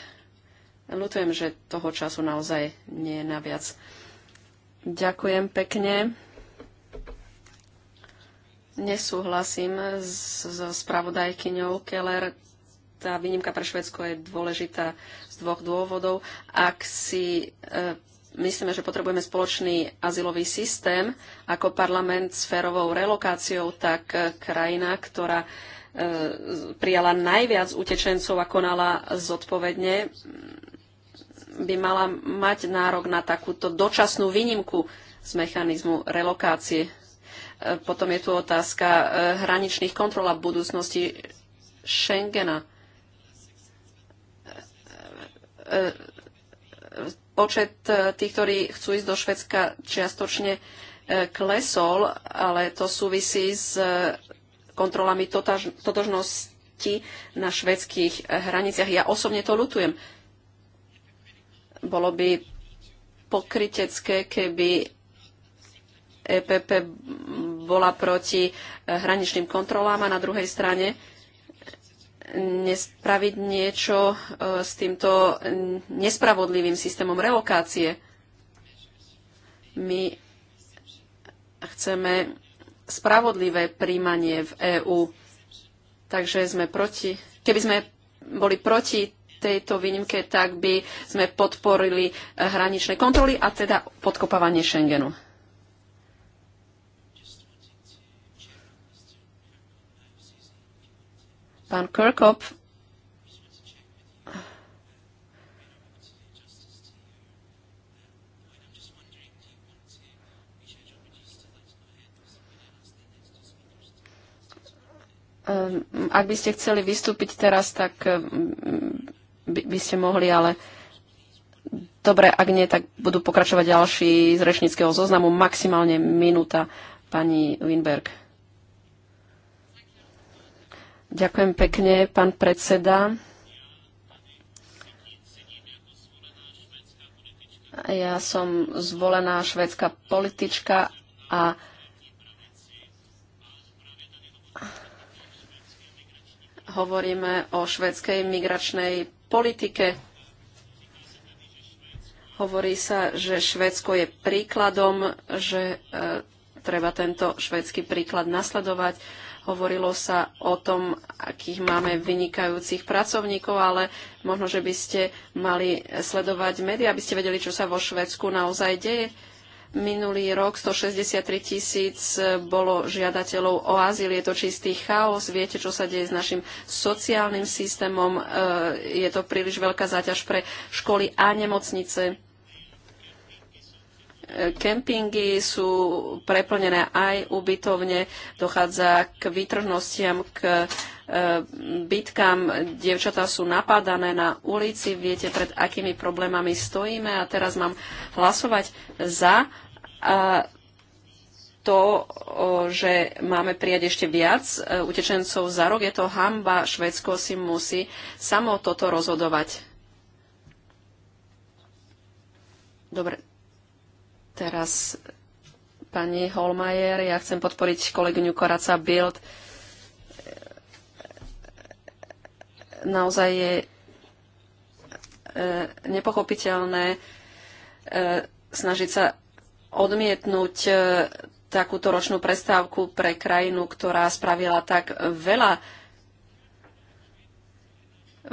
C: Lutujem, že toho času naozaj nie je naviac. Ďakujem pekne. Nesúhlasím so spravodajkyňou Keller. Tá výnimka pre Švedsko je dôležitá z dvoch dôvodov. Ak si e, myslíme, že potrebujeme spoločný azylový systém ako parlament s férovou relokáciou, tak eh, krajina, ktorá eh, prijala najviac utečencov a konala zodpovedne, mm, by mala mať nárok na takúto dočasnú výnimku z mechanizmu relokácie. Eh, potom je tu otázka hraničných kontrol a budúcnosti Schengena počet e, tých, ktorí chcú ísť do Švedska, čiastočne e, klesol, ale to súvisí s e, kontrolami totožnosti na švedských hraniciach. Ja osobne to lutujem. Bolo by pokrytecké, keby EPP bola proti hraničným kontrolám a na druhej strane nespraviť niečo e, s týmto nespravodlivým systémom relokácie. My chceme spravodlivé príjmanie v EÚ. Takže sme proti. Keby sme boli proti tejto výnimke, tak by sme podporili hraničné kontroly a teda podkopávanie Schengenu. Pán Kirkop ehm, ak by ste chceli vystúpiť teraz, tak ehm, by, by ste mohli, ale dobre, ak nie, tak budú pokračovať ďalší z rečníckého zoznamu, maximálne minúta pani Winberg. Ďakujem pekne, pán predseda. Ja som zvolená švedská politička a hovoríme o švedskej migračnej politike. Hovorí sa, že Švédsko je príkladom, že e, treba tento švédsky príklad nasledovať. Hovorilo sa o tom, akých máme vynikajúcich pracovníkov, ale možno, že by ste mali sledovať médiá, aby ste vedeli, čo sa vo Švedsku naozaj deje. Minulý rok 163 tisíc bolo žiadateľov o azyl. Je to čistý chaos. Viete, čo sa deje s našim sociálnym systémom. E, je to príliš veľká záťaž pre školy a nemocnice kempingy sú preplnené aj ubytovne, dochádza k výtržnostiam, k e, bytkám, dievčatá sú napadané na ulici, viete, pred akými problémami stojíme a teraz mám hlasovať za to, že máme prijať ešte viac e, utečencov za rok. Je to hamba, Švedsko si musí samo toto rozhodovať. Dobre, Teraz pani Holmajer, ja chcem podporiť kolegyňu Koraca Bild. Naozaj je e, nepochopiteľné e, snažiť sa odmietnúť e, takúto ročnú prestávku pre krajinu, ktorá spravila tak veľa.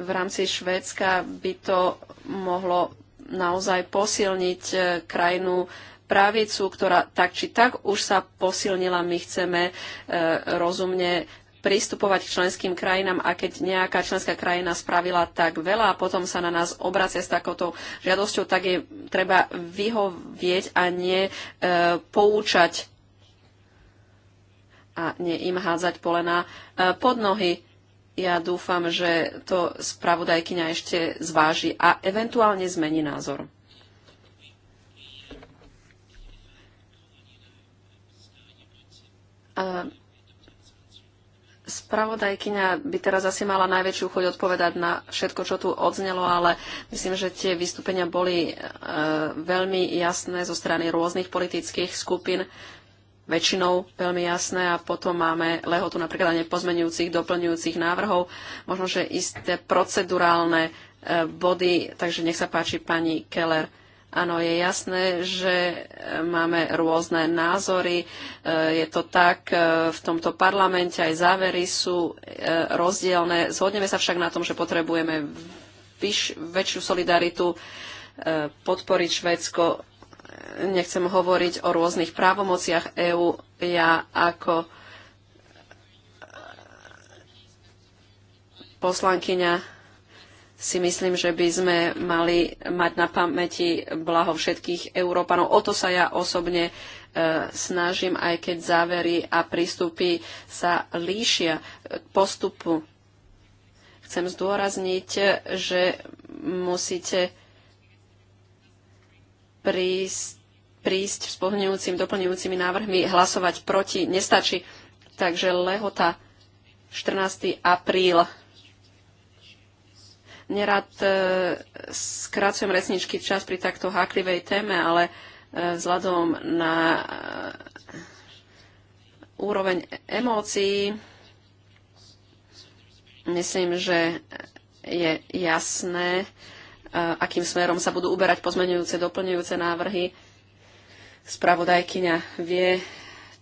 C: V rámci Švédska by to mohlo naozaj posilniť krajinu pravicu, ktorá tak či tak už sa posilnila. My chceme e, rozumne pristupovať k členským krajinám a keď nejaká členská krajina spravila tak veľa a potom sa na nás obracia s takouto žiadosťou, tak je treba vyhovieť a nie e, poučať a nie im hádzať polena e, pod nohy. Ja dúfam, že to spravodajkyňa ešte zváži a eventuálne zmení názor. Spravodajkyňa by teraz asi mala najväčšiu chuť odpovedať na všetko, čo tu odznelo, ale myslím, že tie vystúpenia boli e, veľmi jasné zo strany rôznych politických skupín, väčšinou veľmi jasné a potom máme lehotu napríklad aj pozmenujúcich, doplňujúcich návrhov, možno, že isté procedurálne e, body, takže nech sa páči pani Keller. Áno, je jasné, že e, máme rôzne názory. E, je to tak, e, v tomto parlamente aj závery sú rozdielne. Zhodneme sa však na tom, že potrebujeme vyš, väčšiu solidaritu, podporiť Švédsko. Nechcem hovoriť o rôznych právomociach EÚ. Ja ako poslankyňa si myslím, že by sme mali mať na pamäti blaho všetkých Európanov. O to sa ja osobne e, snažím, aj keď závery a prístupy sa líšia k postupu. Chcem zdôrazniť, že musíte prísť, prísť s pohnujúcim, doplňujúcimi návrhmi, hlasovať proti. Nestačí. Takže lehota 14. apríl Nerad e, skracujem resničky čas pri takto háklivej téme, ale e, vzhľadom na e, úroveň emócií myslím, že je jasné, akým smerom sa budú uberať pozmenujúce, doplňujúce návrhy. Spravodajkyňa vie,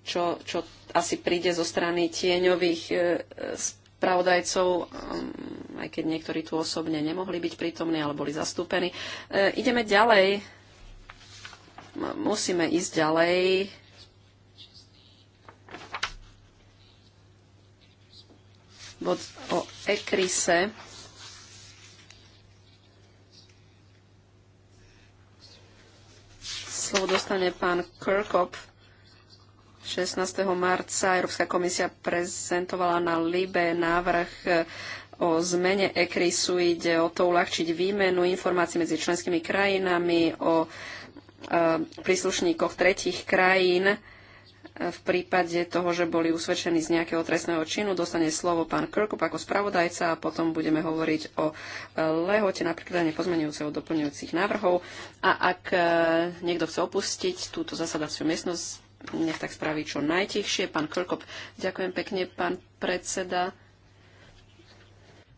C: čo, čo asi príde zo strany tieňových spravodajcov aj keď niektorí tu osobne nemohli byť prítomní, ale boli zastúpení. E, ideme ďalej. Musíme ísť ďalej. Bod o ekrise. Slovo dostane pán Kirkop. 16. marca Európska komisia prezentovala na Libe návrh e, o zmene ECRISu. Ide o to uľahčiť výmenu informácií medzi členskými krajinami, o e, príslušníkoch tretich krajín e, v prípade toho, že boli usvedčení z nejakého trestného činu, dostane slovo pán Krkup ako spravodajca a potom budeme hovoriť o e, lehote napríklad nepozmenujúceho doplňujúcich návrhov. A ak niekto chce opustiť túto zasadaciu miestnosť, nech tak spraví čo najtichšie. Pán Krkop, ďakujem pekne, pán predseda.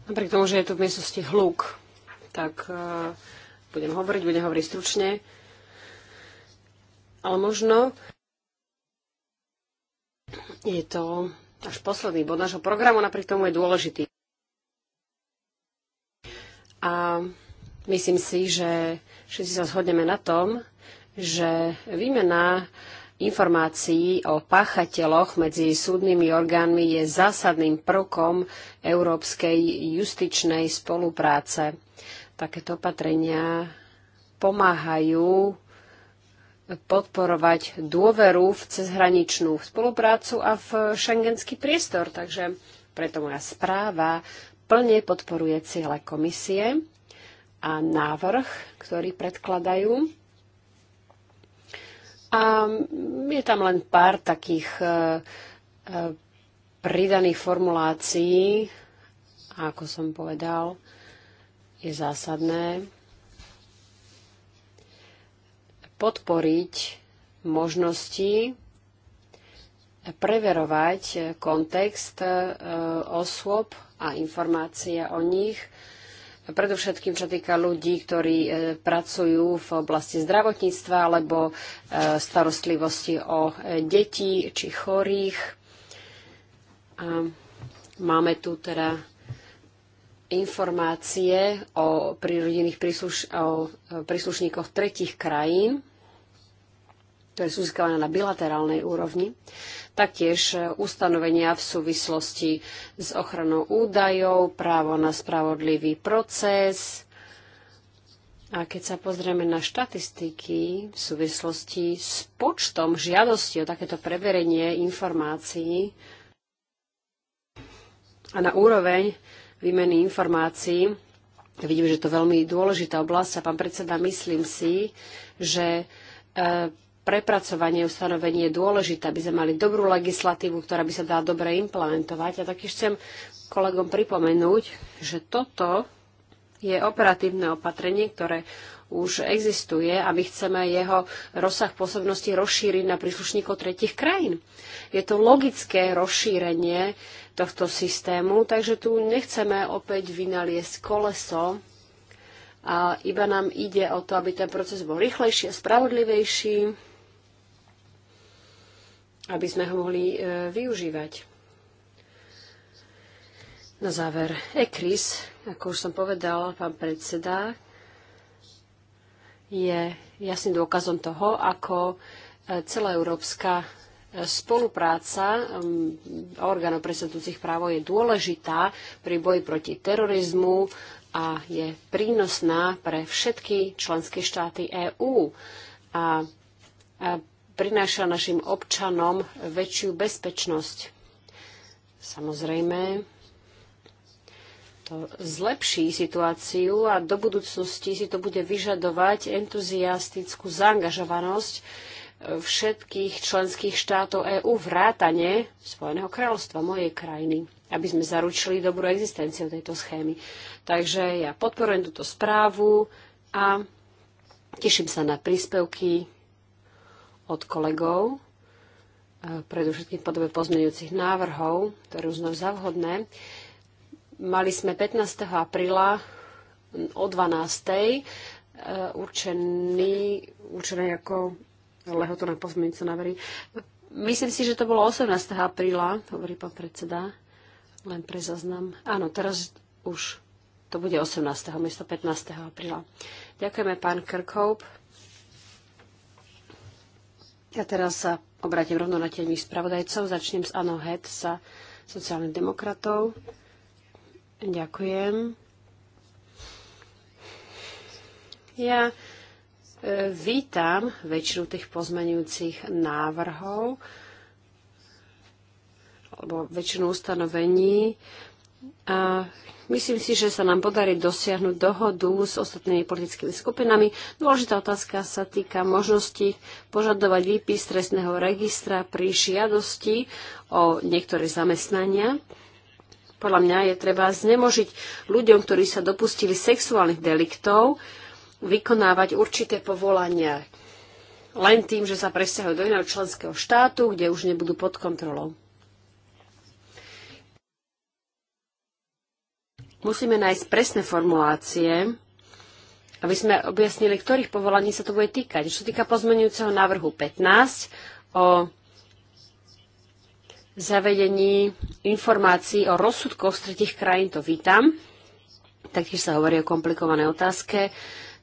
C: Napriek tomu, že je tu v miestnosti hluk,
D: tak uh, budem hovoriť, budem hovoriť stručne. Ale možno je to až posledný bod nášho programu, napriek tomu je dôležitý. A myslím si, že všetci sa zhodneme na tom, že výmena informácií o páchateľoch medzi súdnymi orgánmi je zásadným prvkom európskej justičnej spolupráce. Takéto opatrenia pomáhajú podporovať dôveru v cezhraničnú spoluprácu a v šengenský priestor. Takže preto moja správa plne podporuje cieľe komisie a návrh, ktorý predkladajú. A je tam len pár takých e, e, pridaných formulácií. A ako som povedal, je zásadné podporiť možnosti preverovať kontext e, osôb a informácie o nich, predovšetkým čo týka ľudí, ktorí e, pracujú v oblasti zdravotníctva alebo e, starostlivosti o e, deti či chorých. A máme tu teda informácie o, prísluš- o príslušníkoch tretich krajín ktoré sú získavané na bilaterálnej úrovni, taktiež e, ustanovenia v súvislosti s ochranou údajov, právo na spravodlivý proces. A keď sa pozrieme na štatistiky v súvislosti s počtom žiadosti o takéto preverenie informácií a na úroveň výmeny informácií, vidím, že to je veľmi dôležitá oblasť a pán predseda, myslím si, že e, prepracovanie ustanovení je dôležité, aby sme mali dobrú legislatívu, ktorá by sa dala dobre implementovať. A ja taktiež chcem kolegom pripomenúť, že toto je operatívne opatrenie, ktoré už existuje a my chceme jeho rozsah pôsobnosti rozšíriť na príslušníkov tretich krajín. Je to logické rozšírenie tohto systému, takže tu nechceme opäť vynaliesť koleso a iba nám ide o to, aby ten proces bol rýchlejší a spravodlivejší aby sme ho mohli e, využívať. Na záver, ECRIS, ako už som povedal, pán predseda, je jasným dôkazom toho, ako e, celá európska e, spolupráca orgánov presadzujúcich právo je dôležitá pri boji proti terorizmu a je prínosná pre všetky členské štáty EÚ. A, a prináša našim občanom väčšiu bezpečnosť. Samozrejme, to zlepší situáciu a do budúcnosti si to bude vyžadovať entuziastickú zaangažovanosť všetkých členských štátov EÚ vrátane Spojeného kráľovstva, mojej krajiny, aby sme zaručili dobrú existenciu tejto schémy. Takže ja podporujem túto správu a teším sa na príspevky od kolegov, e, predovšetkým v podobe pozmeňujúcich návrhov, ktoré uznám za vhodné. Mali sme 15. apríla o 12. E, určený, určený ako lehoto na pozmeňujúce návrhy. Myslím si, že to bolo 18. apríla, hovorí pán predseda, len pre zaznam. Áno, teraz už to bude 18. miesto 15. apríla. Ďakujeme, pán Kirkhope. Ja teraz sa obrátim rovno na tieňových spravodajcov. Začnem s Ano Het sa sociálnych demokratov. Ďakujem. Ja e, vítam väčšinu tých pozmenujúcich návrhov alebo väčšinu ustanovení a Myslím si, že sa nám podarí dosiahnuť dohodu s ostatnými politickými skupinami. Dôležitá otázka sa týka možnosti požadovať výpis trestného registra pri žiadosti o niektoré zamestnania. Podľa mňa je treba znemožiť ľuďom, ktorí sa dopustili sexuálnych deliktov, vykonávať určité povolania len tým, že sa presťahujú do iného členského štátu, kde už nebudú pod kontrolou. Musíme nájsť presné formulácie, aby sme objasnili, ktorých povolaní sa to bude týkať. Čo sa týka pozmenujúceho návrhu 15 o zavedení informácií o rozsudkoch z tretich krajín, to vítam. Taktiež sa hovorí o komplikované otázke,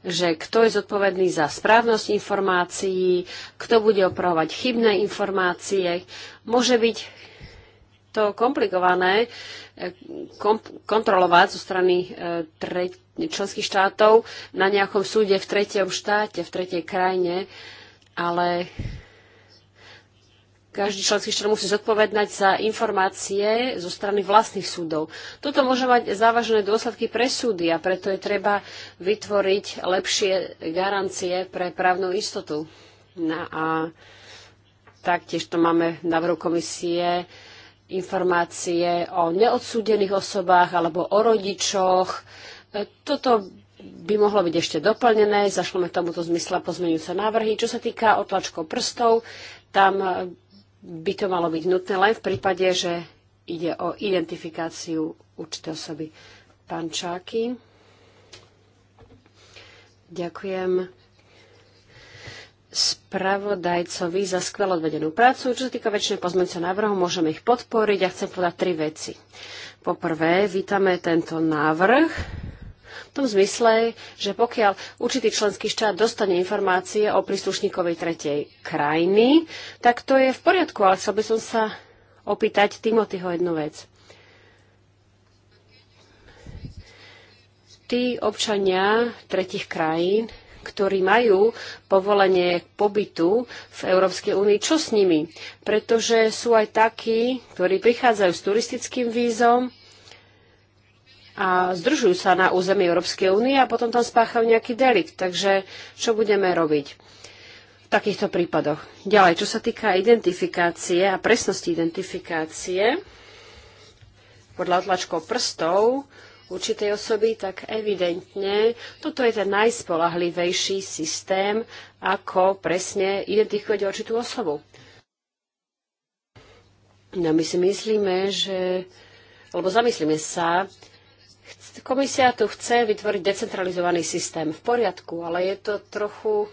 D: že kto je zodpovedný za správnosť informácií, kto bude opravovať chybné informácie. Môže byť to komplikované eh, kontrolovať zo strany eh, členských štátov na nejakom súde v tretom štáte, v tretej krajine, ale každý členský štát musí zodpovedať za informácie zo strany vlastných súdov. Toto môže mať závažné dôsledky pre súdy a preto je treba vytvoriť lepšie garancie pre právnu istotu. No a taktiež to máme návrhu komisie informácie o neodsúdených osobách alebo o rodičoch. E, toto by mohlo byť ešte doplnené, zašleme tomuto zmysle pozmeňujúce návrhy. Čo sa týka otlačkov prstov, tam by to malo byť nutné len v prípade, že ide o identifikáciu určitej osoby. Pán Čáky. Ďakujem spravodajcovi za skvelo odvedenú prácu. Čo sa týka väčšiny pozmeňcov návrhu, môžeme ich podporiť a ja chcem povedať tri veci. Poprvé, vítame tento návrh v tom zmysle, že pokiaľ určitý členský štát dostane informácie o príslušníkovi tretej krajiny, tak to je v poriadku, ale chcel by som sa opýtať Timothyho jednu vec. Tí občania tretich krajín, ktorí majú povolenie k pobytu v Európskej únii, čo s nimi? Pretože sú aj takí, ktorí prichádzajú s turistickým vízom a zdržujú sa na území Európskej únie a potom tam spáchajú nejaký delikt. Takže čo budeme robiť? v takýchto prípadoch. Ďalej, čo sa týka identifikácie a presnosti identifikácie, podľa otlačkov prstov určitej osoby, tak evidentne toto je ten najspolahlivejší systém, ako presne identifikovať určitú osobu. No my si myslíme, že, alebo zamyslíme sa, komisia tu chce vytvoriť decentralizovaný systém v poriadku, ale je to trochu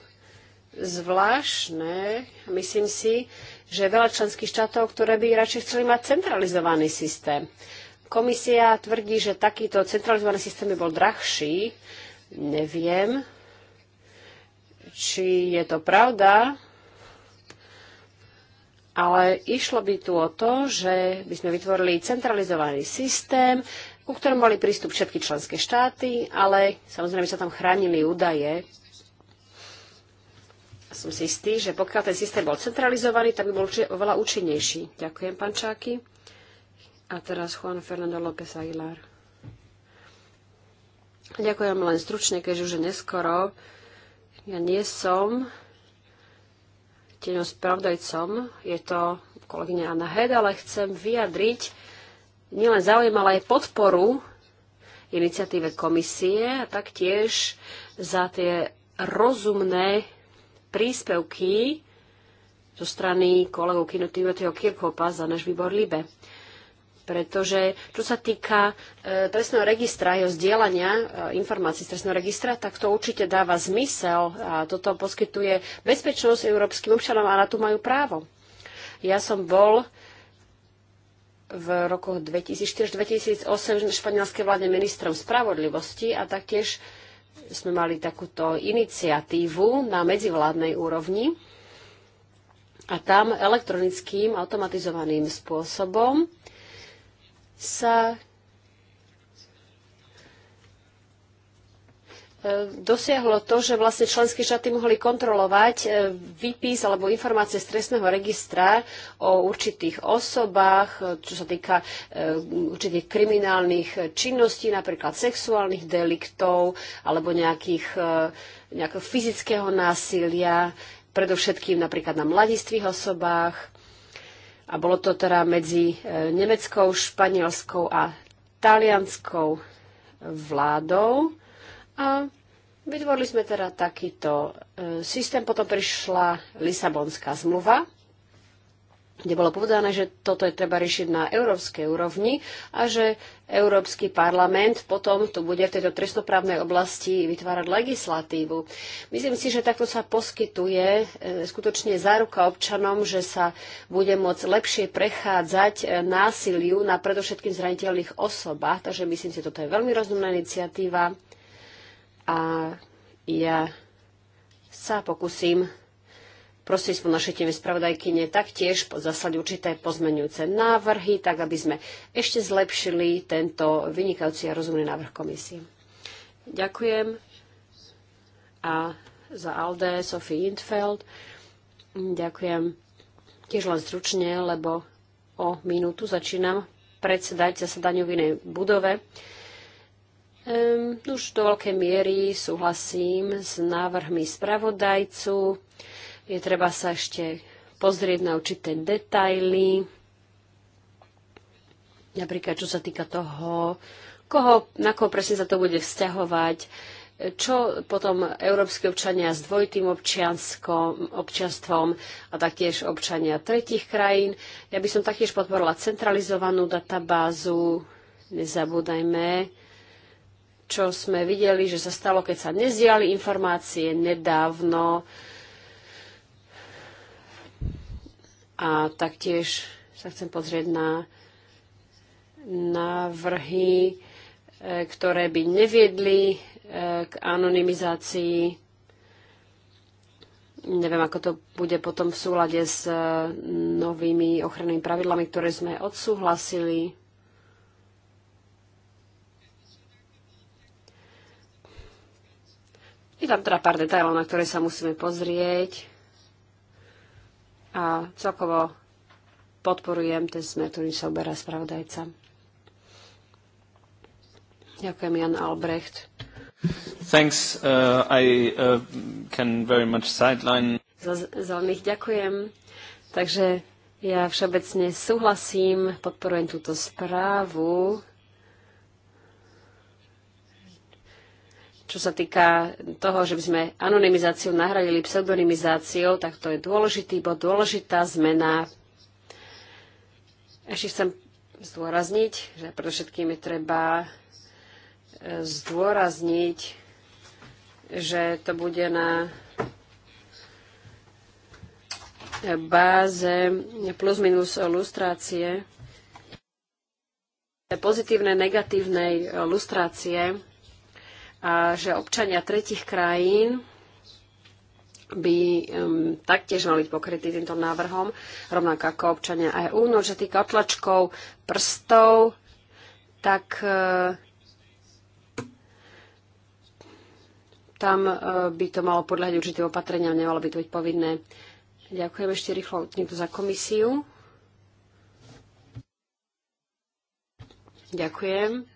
D: zvláštne, myslím si, že veľa členských štátov, ktoré by radšej chceli mať centralizovaný systém. Komisia tvrdí, že takýto centralizovaný systém by bol drahší. Neviem, či je to pravda, ale išlo by tu o to, že by sme vytvorili centralizovaný systém, ku ktorom mali prístup všetky členské štáty, ale samozrejme sa tam chránili údaje. Som si istý, že pokiaľ ten systém bol centralizovaný, tak by bol oveľa účinnejší. Ďakujem, pán Čáky. A teraz Juan Fernando López Aguilar. Ďakujem len stručne, keďže už je neskoro. Ja nie som tieňom spravdajcom, je to kolegyňa Anna Hed, ale chcem vyjadriť nielen záujem, ale aj podporu iniciatíve komisie a taktiež za tie rozumné príspevky zo strany kolegov Timothyho Kirchhoffa za náš výbor LIBE pretože čo sa týka e, trestného registra, jeho zdieľania e, informácií z trestného registra, tak to určite dáva zmysel a toto poskytuje bezpečnosť európskym občanom a na to majú právo. Ja som bol v rokoch 2004-2008 španielskej vláde ministrom spravodlivosti a taktiež sme mali takúto iniciatívu na medzivládnej úrovni a tam elektronickým automatizovaným spôsobom sa e, dosiahlo to, že vlastne členské štáty mohli kontrolovať e, výpis alebo informácie z trestného registra o určitých osobách, e, čo sa týka určitých kriminálnych činností, napríklad sexuálnych deliktov alebo nejakých, nejakého fyzického násilia, predovšetkým napríklad na mladistvých osobách. A bolo to teda medzi e, nemeckou, španielskou a talianskou vládou. A vytvorili sme teda takýto e, systém. Potom prišla Lisabonská zmluva, kde bolo povedané, že toto je treba riešiť na európskej úrovni a že Európsky parlament potom tu bude v tejto trestnoprávnej oblasti vytvárať legislatívu. Myslím si, že takto sa poskytuje e, skutočne záruka občanom, že sa bude môcť lepšie prechádzať e, násiliu na predovšetkým zraniteľných osobách. Takže myslím si, že toto je veľmi rozumná iniciatíva a ja sa pokúsim prostredníctvom našej tieme spravodajkyne taktiež zaslať určité pozmenujúce návrhy, tak aby sme ešte zlepšili tento vynikajúci a rozumný návrh komisie. Ďakujem. A za Alde, Sophie Intfeld. Ďakujem tiež len stručne, lebo o minútu začínam predsedať zasadaniu v inej budove. Ehm, už do veľkej miery súhlasím s návrhmi spravodajcu. Je treba sa ešte pozrieť na určité detaily, napríklad čo sa týka toho, koho, na koho presne sa to bude vzťahovať, čo potom európsky občania s dvojitým občianstvom a taktiež občania tretich krajín. Ja by som taktiež podporila centralizovanú databázu. Nezabúdajme, čo sme videli, že sa stalo, keď sa nezdiali informácie nedávno A taktiež sa chcem pozrieť na návrhy, e, ktoré by neviedli e, k anonymizácii. Neviem, ako to bude potom v súlade s e, novými ochrannými pravidlami, ktoré sme odsúhlasili. Je tam teda pár detajlov, na ktoré sa musíme pozrieť a celkovo podporujem ten smer, ktorý sa oberá spravodajca. Ďakujem, Jan Albrecht.
C: Thanks, uh, I uh, can very much sideline.
D: Za, Zelených ďakujem. Takže ja všeobecne súhlasím, podporujem túto správu. čo sa týka toho, že by sme anonymizáciu nahradili pseudonymizáciou, tak to je dôležitý bod, dôležitá zmena. Ešte chcem zdôrazniť, že predovšetkým je treba e, zdôrazniť, že to bude na e, báze plus minus lustrácie, pozitívne, negatívnej e, lustrácie a že občania tretich krajín by um, taktiež mali byť pokrytí týmto návrhom, rovnako ako občania EU. No, že týka otlačkov prstov, tak uh, tam uh, by to malo podľať určité opatrenia, nemalo by to byť povinné. Ďakujem ešte rýchlo niekto za komisiu. Ďakujem.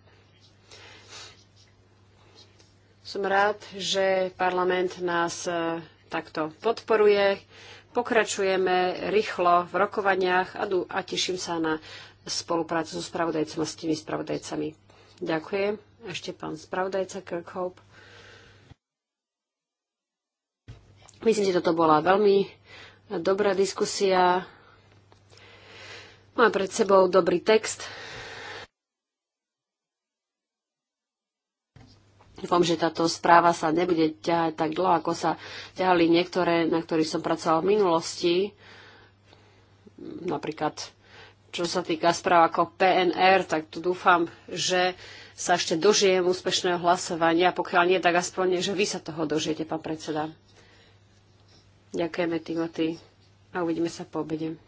D: Som rád, že parlament nás e, takto podporuje. Pokračujeme rýchlo v rokovaniach a, a teším sa na spoluprácu so spravodajcami a s tými spravodajcami. Ďakujem. Ešte pán spravodajca Kirkhope. Myslím, že toto bola veľmi dobrá diskusia. Mám pred sebou dobrý text, Dúfam, že táto správa sa nebude ťahať tak dlho, ako sa ťahali niektoré, na ktorých som pracoval v minulosti. Napríklad, čo sa týka správ ako PNR, tak tu dúfam, že sa ešte dožijem úspešného hlasovania. Pokiaľ nie, tak aspoň, že vy sa toho dožijete, pán predseda. Ďakujeme, Timothy. A uvidíme
B: sa po obede.